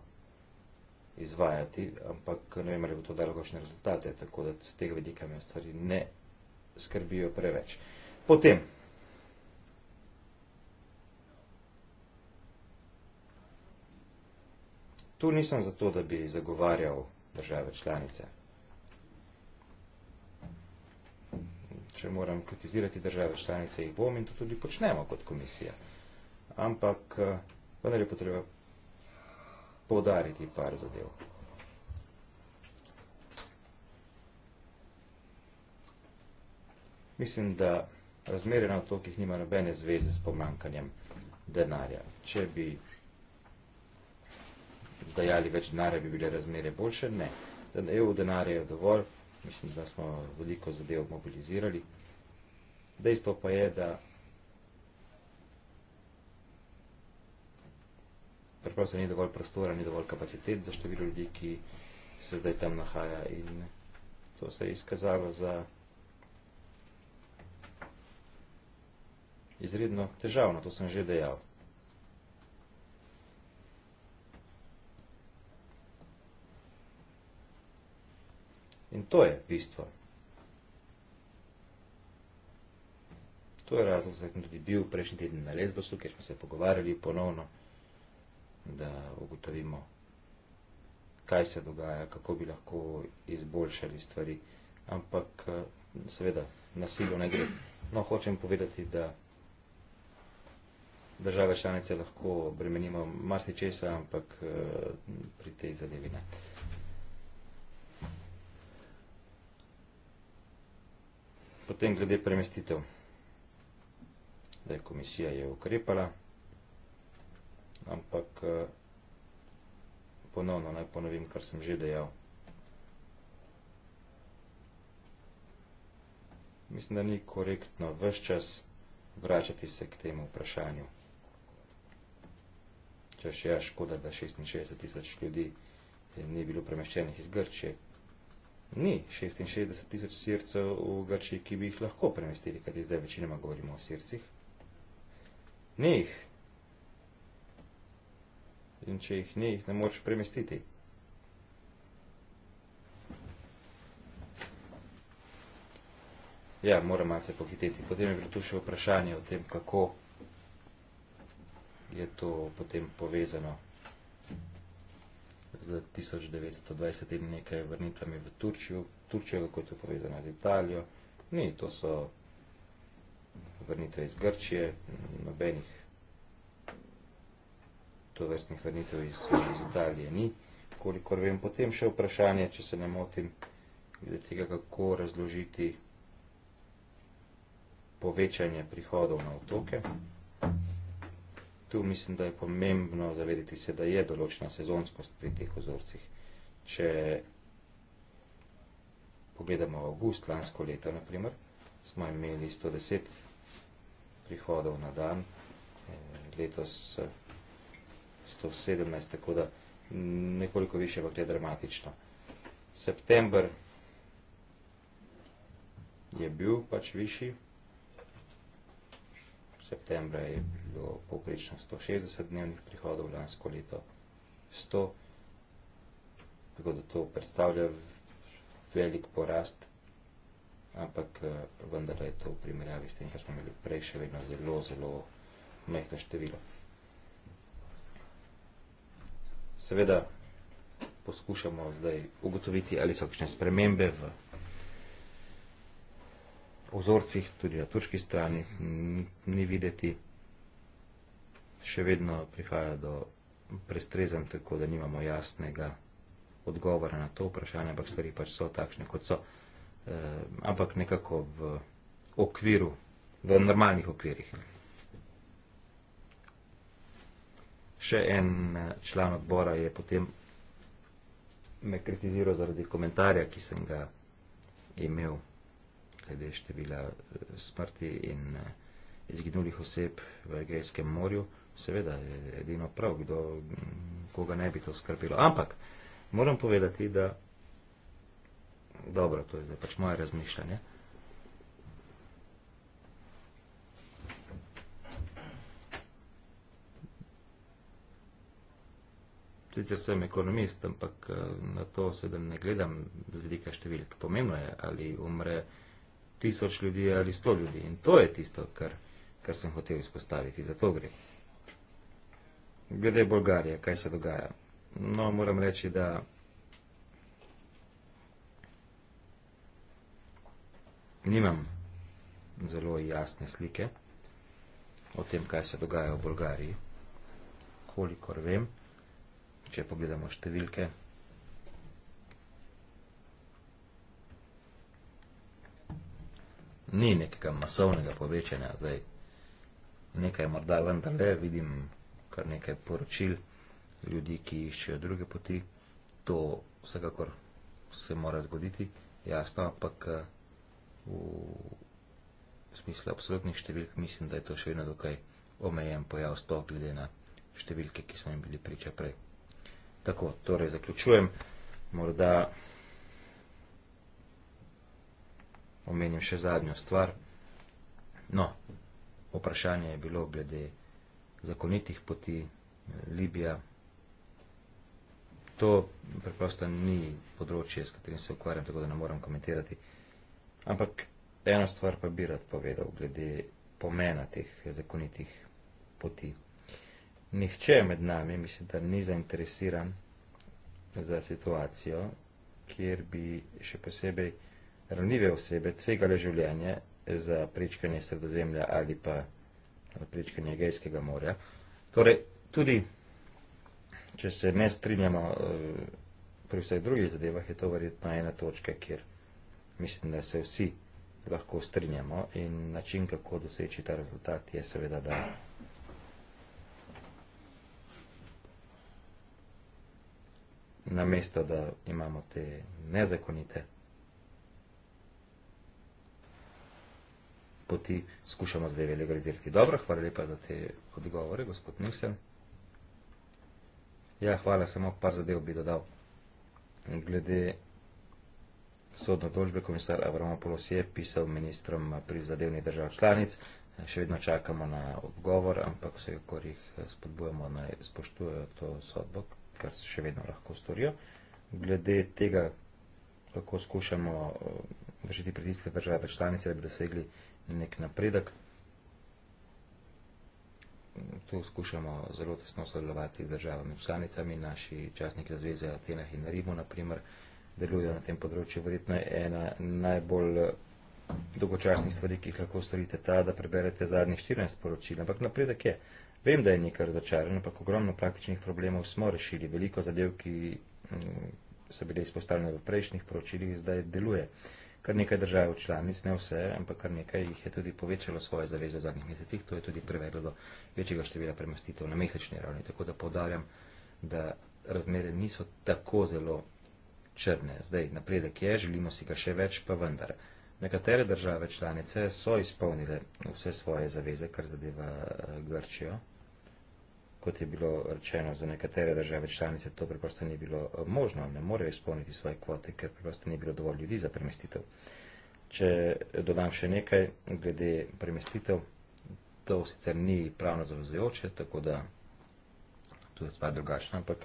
izvajati, ampak ne vem, ali bo to dalo kakšne rezultate, tako da z tega vidika me stvari ne skrbijo preveč. Potem. Tu nisem zato, da bi zagovarjal države članice. Če moram kritizirati države članice, jih bom in to tudi počnemo kot komisija. Ampak, eh, vendar je potreba podariti par zadev. Mislim, da razmere na otokih nima nobene zveze s pomankanjem denarja. Če bi dajali več denarja, bi bile razmere boljše? Ne. EU denarja je dovolj, mislim, da smo veliko zadev mobilizirali. Dejstvo pa je, da preprosto ni dovolj prostora, ni dovolj kapacitet za število ljudi, ki se zdaj tam nahaja. In to se je izkazalo za izredno težavno, to sem že dejal. In to je bistvo. To je razlog, zakaj sem tudi bil prejšnji teden na Lesbosu, kjer smo se pogovarjali ponovno da ugotovimo, kaj se dogaja, kako bi lahko izboljšali stvari. Ampak eh, seveda nasilje ne gre. No, hočem povedati, da države članice lahko bremenimo marsičesa, ampak eh, pri tej zadevi ne. Potem glede premestitev. Zdaj komisija je ukrepala ampak eh, ponovno naj ponovim, kar sem že dejal. Mislim, da ni korektno vse čas vračati se k temu vprašanju. Če še je ja, škoda, da 66 tisoč ljudi eh, ni bilo premeščenih iz Grčije. Ni 66 tisoč sircev v Grčiji, ki bi jih lahko premestili, kajti zdaj večinoma govorimo o sircih. Ni jih in če jih ni, jih ne moreš premestiti. Ja, moram malce pohiteti. Potem je bilo tu še vprašanje o tem, kako je to potem povezano z 1920 in nekaj vrnitvami v Turčijo. Turčijo, kako je to povezano z Italijo. Ni, to so vrnitve iz Grčije, nobenih to vrstnih vrnitev iz, iz Italije ni, kolikor vem. Potem še vprašanje, če se ne motim, glede tega, kako razložiti povečanje prihodov na otoke. Tu mislim, da je pomembno zavedeti se, da je določena sezonskost pri teh ozorcih. Če pogledamo avgust lansko leto, naprimer, smo imeli 110 prihodov na dan, eh, letos 117, tako da nekoliko više, ampak je dramatično. September je bil pač višji, septembra je bilo povprečno 160 dnevnih prihodov, lansko leto 100, tako da to predstavlja velik porast, ampak eh, vendar je to v primerjavi s tem, kar smo imeli prej, še vedno zelo, zelo mehto število. seveda poskušamo zdaj ugotoviti, ali so kakšne spremembe v ozorcih, tudi na turški strani ni videti. Še vedno prihaja do prestrezen, tako da nimamo jasnega odgovora na to vprašanje, ampak stvari pač so takšne, kot so. Eh, ampak nekako v okviru, v normalnih okvirih. Še en eh, član odbora je potem me kritiziral zaradi komentarja, ki sem ga imel, glede števila eh, smrti in eh, izginulih oseb v Egejskem morju. Seveda je edino prav, kdo, koga ne bi to skrbilo. Ampak moram povedati, da dobro, to je pač moje razmišljanje. sicer sem ekonomist, ampak eh, na to seveda ne gledam z vidika številk. Pomembno je, ali umre tisoč ljudi ali sto ljudi. In to je tisto, kar, kar sem hotel izpostaviti. Za to gre. Glede Bolgarije, kaj se dogaja. No, moram reči, da. Nimam zelo jasne slike o tem, kaj se dogaja v Bolgariji, kolikor vem če pogledamo številke. Ni nekega masovnega povečanja, zdaj nekaj morda vendarle, vidim kar nekaj poročil ljudi, ki iščejo druge poti, to vsekakor se mora zgoditi, jasno, ampak eh, v smislu absolutnih številk mislim, da je to še vedno dokaj omejen pojav sploh glede na številke, ki smo jim bili priča prej. Tako, torej zaključujem, morda omenim še zadnjo stvar. No, vprašanje je bilo glede zakonitih poti Libija. To preprosto ni področje, s katerim se ukvarjam, tako da ne moram komentirati. Ampak eno stvar pa bi rad povedal glede pomena teh zakonitih poti nihče med nami, mislim, da ni zainteresiran za situacijo, kjer bi še posebej ranljive osebe tvegale življenje za prečkanje sredozemlja ali pa prečkanje Gejskega morja. Torej, tudi če se ne strinjamo eh, pri vseh drugih zadevah, je to verjetno ena točka, kjer mislim, da se vsi lahko strinjamo in način, kako doseči ta rezultat, je seveda, da namesto da imamo te nezakonite poti, skušamo zdaj legalizirati. Dobro, hvala lepa za te odgovore, gospod Nisen. Ja, hvala, samo par zadev bi dodal. Glede sodno dožbe, komisar Avramopoulos je pisal ministrom pri zadevnih držav članic, še vedno čakamo na odgovor, ampak vsekakor jih eh, spodbujamo, naj spoštujejo to sodbo, kar še vedno lahko storijo, glede tega, kako skušamo eh, vršiti pritiske države pa članice, da bi dosegli nek napredek. Tu skušamo zelo tesno sodelovati z državami članicami, naši častniki za zveze Atenah in Rimu, naprimer, delujejo na tem področju. Verjetno je ena najbolj eh, dolgočasnih stvari, ki jih lahko storite ta, da preberete zadnjih 14 poročil, ampak napredek je. Vem, da je nekaj razočaran, ampak ogromno praktičnih problemov smo rešili. Veliko zadev, ki mm, so bile izpostavljene v prejšnjih poročilih, zdaj deluje. Kar nekaj držav članic, ne vse, ampak kar nekaj jih je tudi povečalo svoje zaveze v zadnjih mesecih. To je tudi privedlo do večjega števila premestitev na mesečni ravni. Tako da povdarjam, da razmere niso tako zelo črne. Zdaj napredek je, želimo si ga še več, pa vendar. Nekatere države članice so izpolnile vse svoje zaveze, kar zadeva eh, Grčijo kot je bilo rečeno, za nekatere države članice to preprosto ni bilo eh, možno, ne morejo izpolniti svoje kvote, ker preprosto ni bilo dovolj ljudi za premestitev. Če dodam še nekaj glede premestitev, to sicer ni pravno zavezujoče, tako da tu je stvar drugačna, ampak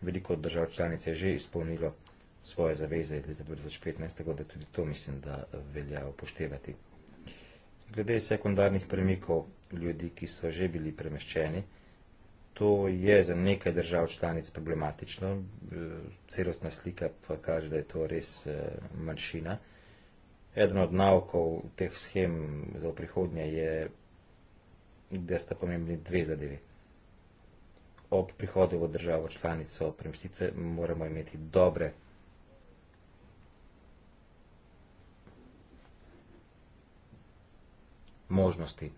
veliko držav članic je že izpolnilo svoje zaveze iz leta 2015, tako da tudi to mislim, da eh, velja upoštevati. Glede sekundarnih premikov ljudi, ki so že bili premeščeni, to je za nekaj držav članic problematično. E, celostna slika pa kaže, da je to res e, manjšina. Eden od navkov teh schem za prihodnje je, da sta pomembni dve zadevi. Ob prihodu v državo članico premestitve moramo imeti dobre možnosti,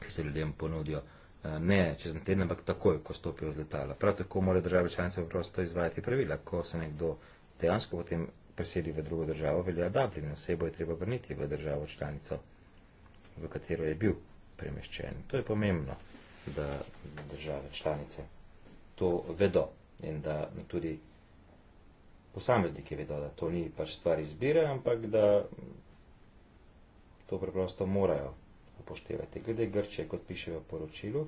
ki se ljudem ponudijo. Eh, ne čez en teden, ampak takoj, ko stopijo od letala. Prav tako morajo države članice preprosto izvajati pravila. Ko se nekdo dejansko potem preseli v drugo državo, velja Dublin. Osebo je treba vrniti v državo članico, v katero je bil premeščen. To je pomembno, da države članice to vedo in da tudi posamezniki vedo, da to ni pač stvar izbire, ampak da to preprosto morajo upoštevati. Glede Grčije, kot piše v poročilu,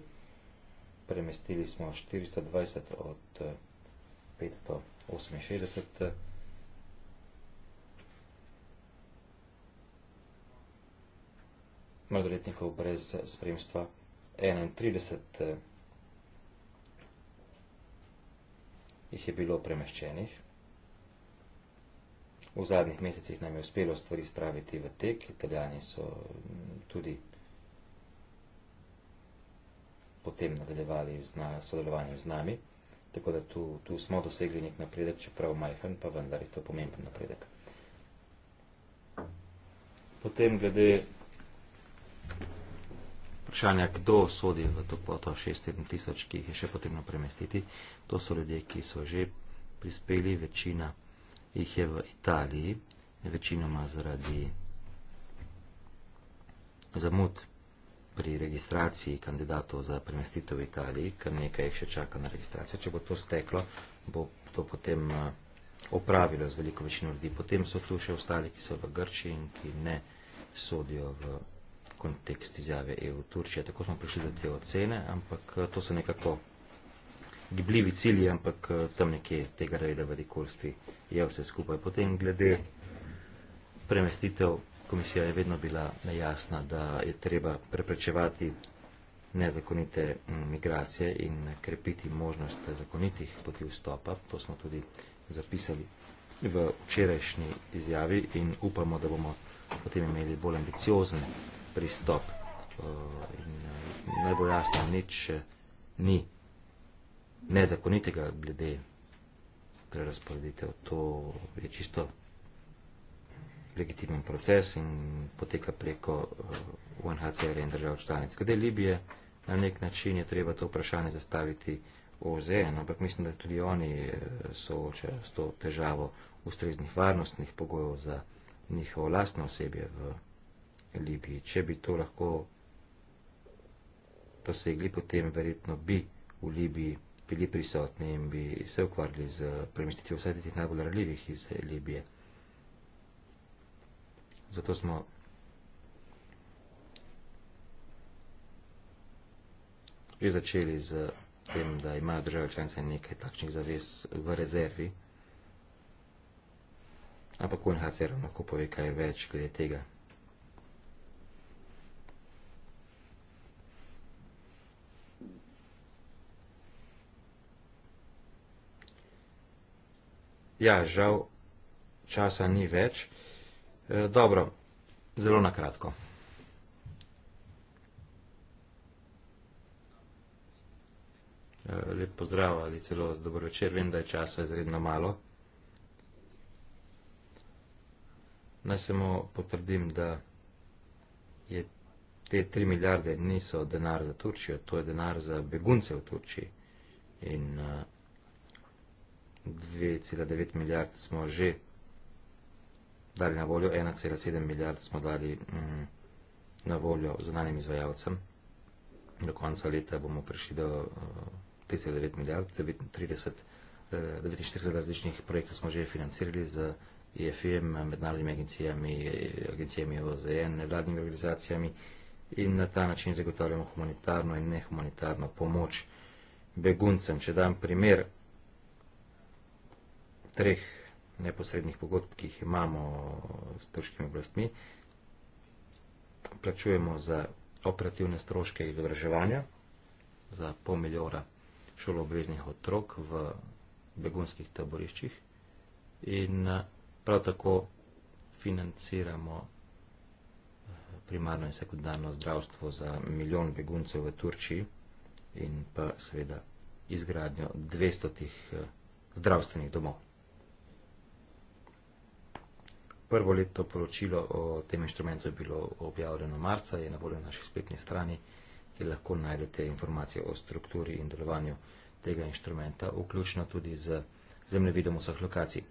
premestili smo 420 od 568 eh, eh, mladoletnikov brez spremstva, 31 eh, jih je bilo premeščenih. V zadnjih mesecih nam je uspelo stvari spraviti v tek, italijani so tudi premeščeni, potem nadaljevali z na, sodelovanjem z nami. Tako da tu, tu smo dosegli nek napredek, čeprav majhen, pa vendar je to pomemben napredek. Potem glede vprašanja, kdo sodi v to kvoto 6-7 tisoč, ki jih je še potrebno premestiti. To so ljudje, ki so že prispeli, večina jih je v Italiji, večinoma zaradi zamud pri registraciji kandidatov za premestitev v Italiji, ker nekaj jih še čaka na registracijo. Če bo to steklo, bo to potem eh, opravilo z veliko večino ljudi. Potem so tu še ostali, ki so v Grčiji in ki ne sodijo v kontekst izjave EU Turčije. Tako smo prišli do te ocene, ampak eh, to so nekako gibljivi cilji, ampak eh, tam nekje tega reda velikosti je vse skupaj. Potem glede premestitev komisija je vedno bila jasna, da je treba preprečevati nezakonite mm, migracije in krepiti možnost zakonitih poti vstopa. To smo tudi zapisali v včerajšnji izjavi in upamo, da bomo potem imeli bolj ambiciozen pristop. Eh, in eh, najbolj jasno, nič eh, ni nezakonitega glede prerasporeditev. To je čisto legitimen proces in poteka preko eh, UNHCR in držav članic. Glede Libije, na nek način je treba to vprašanje zastaviti v OZN, ampak mislim, da tudi oni eh, soočajo s to težavo ustreznih varnostnih pogojev za njihovo lastno osebje v Libiji. Če bi to lahko dosegli, potem verjetno bi v Libiji bili prisotni in bi se ukvarjali z premestitvijo vseh tistih najbolj ranljivih iz Libije zato smo že začeli z tem, da imajo države članice nekaj takšnih zavez v rezervi, ampak UNHCR lahko pove kaj več glede tega. Ja, žal, časa ni več. E, dobro, zelo na kratko. E, lep pozdrav ali celo dobro večer, vem, da je časa izredno malo. Naj samo potrdim, da je te 3 milijarde niso denar za Turčijo, to je denar za begunce v Turčiji. In 2,9 e, milijard smo že vsega dali na voljo, 1,7 milijard smo dali mm, na voljo zunanjem izvajalcem. Do konca leta bomo prišli do 39 eh, milijard, 39, 49 eh, različnih projektov smo že financirali z e IFM, mednarodnimi agencijami, agencijami OZN, nevladnimi organizacijami in na ta način zagotavljamo humanitarno in nehumanitarno pomoč beguncem. Če dam primer treh neposrednih pogodb, ki jih imamo s turškimi oblastmi, plačujemo za operativne stroške izobraževanja za pol milijona šoloobveznih otrok v begunskih taboriščih in eh, prav tako financiramo eh, primarno in sekundarno zdravstvo za milijon beguncev v Turčiji in pa seveda izgradnjo 200 eh, zdravstvenih domov prvo leto poročilo o tem inštrumentu je bilo objavljeno marca, je na voljo na naši spletni strani, kjer lahko najdete informacije o strukturi in delovanju tega inštrumenta, vključno tudi z zemljevidom vseh lokacij.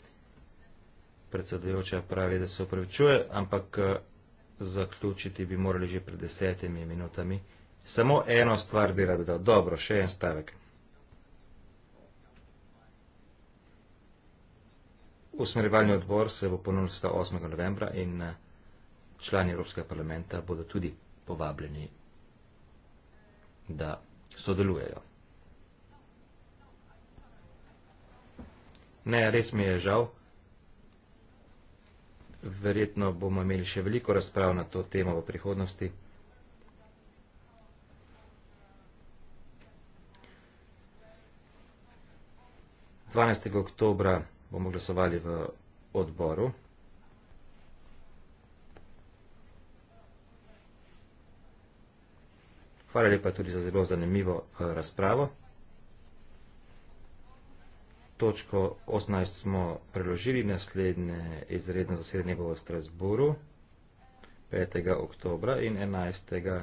Predsedujoča pravi, da se upravičuje, ampak zaključiti bi morali že pred desetimi minutami. Samo eno stvar bi rada dal. Dobro, še en stavek. Usmerjevalni odbor se bo ponovno sestal 8. novembra in eh, člani Evropskega parlamenta bodo tudi povabljeni, da sodelujejo. Ne, res mi je žal. Verjetno bomo imeli še veliko razprav na to temo v prihodnosti. 12. oktobra bomo glasovali v odboru. Hvala lepa tudi za zelo zanimivo eh, razpravo. Točko 18 smo preložili, naslednje izredno zasedanje bo v Strasburu 5. oktobra in 11.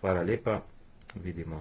Hvala lepa, vidimo.